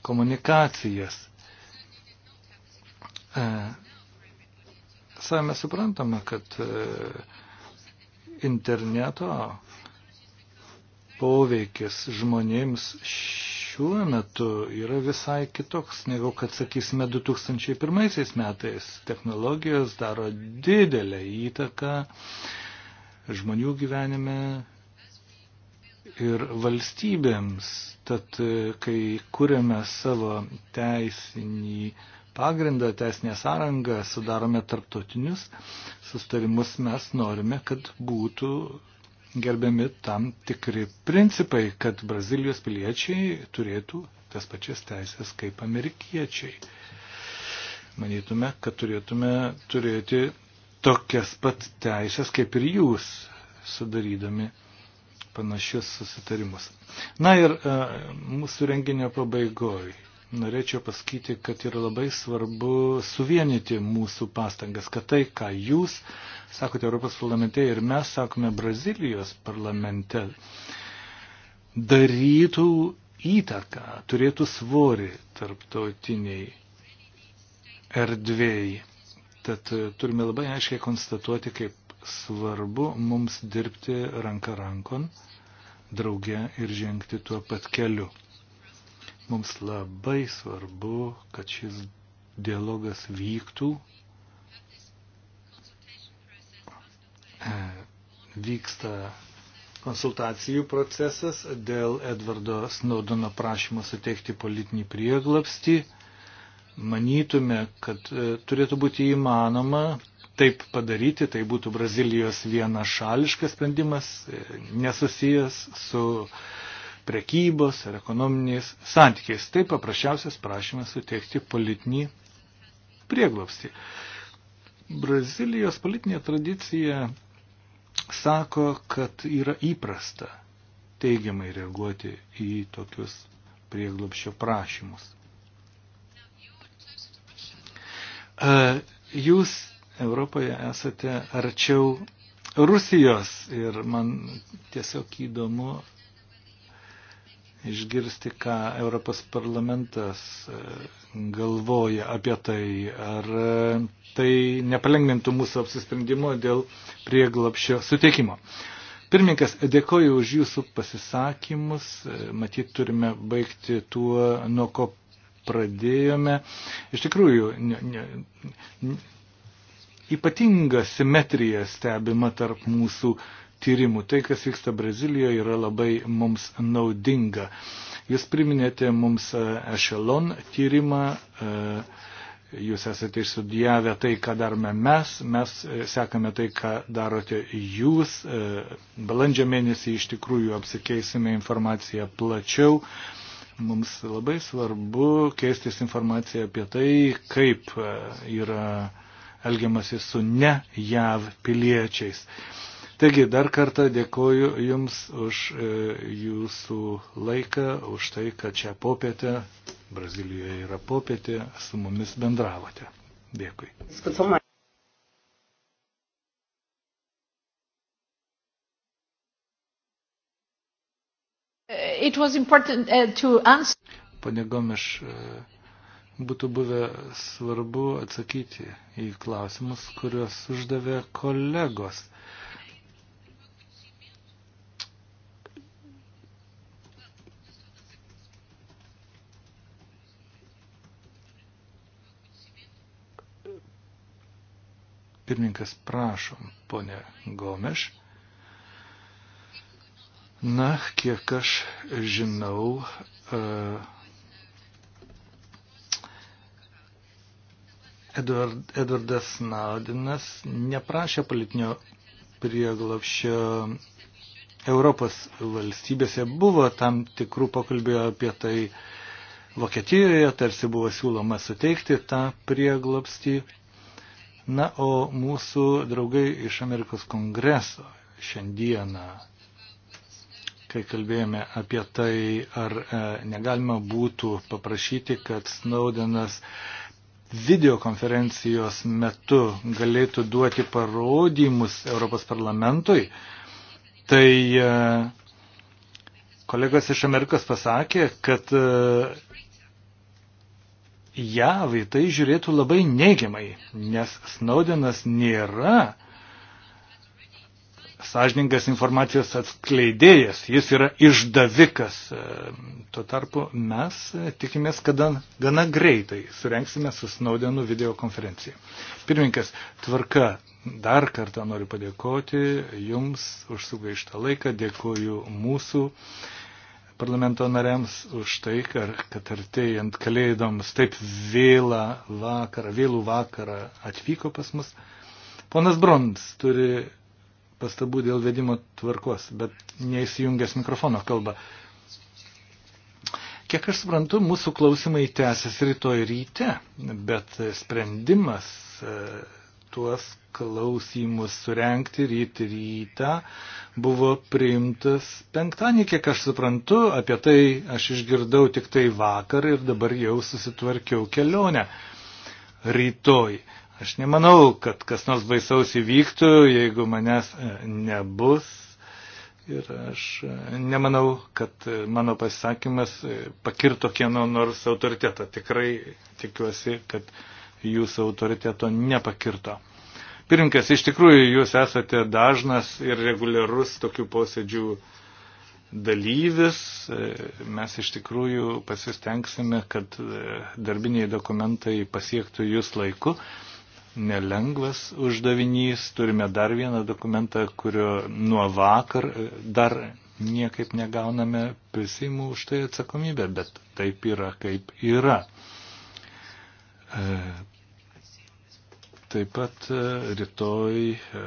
komunikacijas. E, Savame suprantama, kad e, interneto poveikis žmonėms š šiuo metu yra visai kitoks, negu kad, sakysime, 2001 metais. Technologijos daro didelę įtaką žmonių gyvenime ir valstybėms. Tad, kai kuriame savo teisinį pagrindą, teisinę sąrangą, sudarome tarptautinius sustarimus, mes norime, kad būtų gerbiami tam tikri principai, kad Brazilijos piliečiai turėtų tas pačias teisės kaip amerikiečiai. Manytume, kad turėtume turėti tokias pat teisės kaip ir jūs, sudarydami panašius susitarimus. Na ir e, mūsų renginio pabaigoje norėčiau pasakyti, kad yra labai svarbu suvienyti mūsų pastangas, kad tai, ką jūs sakote Europos parlamente ir mes sakome Brazilijos parlamente, darytų įtaką, turėtų svorį tarptautiniai erdvėjai. Tad turime labai aiškiai konstatuoti, kaip svarbu mums dirbti ranka rankon, drauge ir žengti tuo pat keliu. Mums labai svarbu, kad šis dialogas vyktų. E, vyksta konsultacijų procesas dėl Edvardo Snowdono prašymo suteikti politinį prieglapstį. Manytume, kad e, turėtų būti įmanoma taip padaryti, tai būtų Brazilijos vienašališkas sprendimas, e, nesusijęs su prekybos ar ekonominiais santykiais. Tai paprasčiausias prašymas suteikti politinį prieglopstį. Brazilijos politinė tradicija sako, kad yra įprasta teigiamai reaguoti į tokius prieglopščio prašymus. Jūs Europoje esate arčiau Rusijos ir man tiesiog įdomu, išgirsti, ką Europos parlamentas e, galvoja apie tai. Ar e, tai nepalengvintų mūsų apsisprendimo dėl prieglapšio suteikimo. Pirmininkas, dėkoju už jūsų pasisakymus. E, matyt, turime baigti tuo, nuo ko pradėjome. Iš tikrųjų, ne, ne, ypatinga simetrija stebima tarp mūsų tyrimų. Tai, kas vyksta Brazilijoje, yra labai mums naudinga. Jūs priminėte mums Echelon tyrimą, e, jūs esate išstudijavę tai, ką darome mes, mes e, sekame tai, ką darote jūs. E, balandžio mėnesį iš tikrųjų apsikeisime informaciją plačiau. Mums labai svarbu keistis informaciją apie tai, kaip yra elgiamasi su ne JAV piliečiais. Taigi dar kartą dėkoju Jums už e, Jūsų laiką, už tai, kad čia popietę, Brazilijoje yra popietė, su mumis bendravote. Dėkui. Pane uh, Gomeš, e, būtų buvę svarbu atsakyti į klausimus, kuriuos uždavė kolegos. Pirmininkas, prašom, ponė Gomeš. Na, kiek aš žinau, e, Edvard, Edvardas Naudinas neprašė politinio prieglapščio Europos valstybėse. Buvo tam tikrų pokalbėjo apie tai Vokietijoje, tarsi buvo siūloma suteikti tą prieglapstį Na, o mūsų draugai iš Amerikos kongreso šiandieną, kai kalbėjome apie tai, ar e, negalima būtų paprašyti, kad Snowdenas videokonferencijos metu galėtų duoti parodymus Europos parlamentui, tai e, kolegos iš Amerikos pasakė, kad e, JAV į tai žiūrėtų labai neigiamai, nes Snowdenas nėra sąžiningas informacijos atskleidėjas, jis yra išdavikas. E, tuo tarpu mes tikimės, kad gana greitai surenksime su Snowdenu videokonferenciją. Pirmininkas, tvarka, dar kartą noriu padėkoti Jums už sugaištą laiką, dėkoju mūsų parlamento nariams už tai, kad artėjant kalėdoms taip vėlą vakarą, vėlų vakarą atvyko pas mus. Ponas Brons turi pastabų dėl vedimo tvarkos, bet neįsijungęs mikrofono kalba. Kiek aš suprantu, mūsų klausimai tęsis rytoj ryte, bet sprendimas e, tuos klausimus surenkti ryt rytą buvo priimtas penktadienį, kiek aš suprantu, apie tai aš išgirdau tik tai vakar ir dabar jau susitvarkiau kelionę rytoj. Aš nemanau, kad kas nors baisaus įvyktų, jeigu manęs e, nebus. Ir aš e, nemanau, kad e, mano pasisakymas pakirto kieno nors autoritetą. Tikrai tikiuosi, kad jūsų autoriteto nepakirto. Pirinkas, iš tikrųjų jūs esate dažnas ir reguliarus tokių posėdžių dalyvis. Mes iš tikrųjų pasistengsime, kad darbiniai dokumentai pasiektų jūs laiku. Nelengvas uždavinys. Turime dar vieną dokumentą, kurio nuo vakar dar niekaip negauname prisimų už tai atsakomybę, bet taip yra, kaip yra. Taip pat e, rytoj e,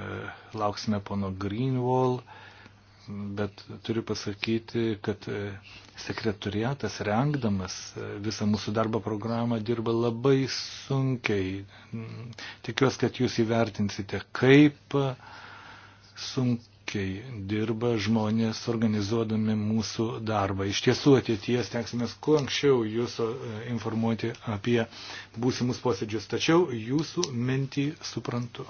lauksime pono Greenwall, bet turiu pasakyti, kad e, sekretoriatas rengdamas visą mūsų darbo programą dirba labai sunkiai. Tikiuosi, kad jūs įvertinsite, kaip sunku puikiai dirba žmonės organizuodami mūsų darbą. Iš tiesų ateities tenksimės kuo anksčiau jūs e, informuoti apie būsimus posėdžius, tačiau jūsų mintį suprantu.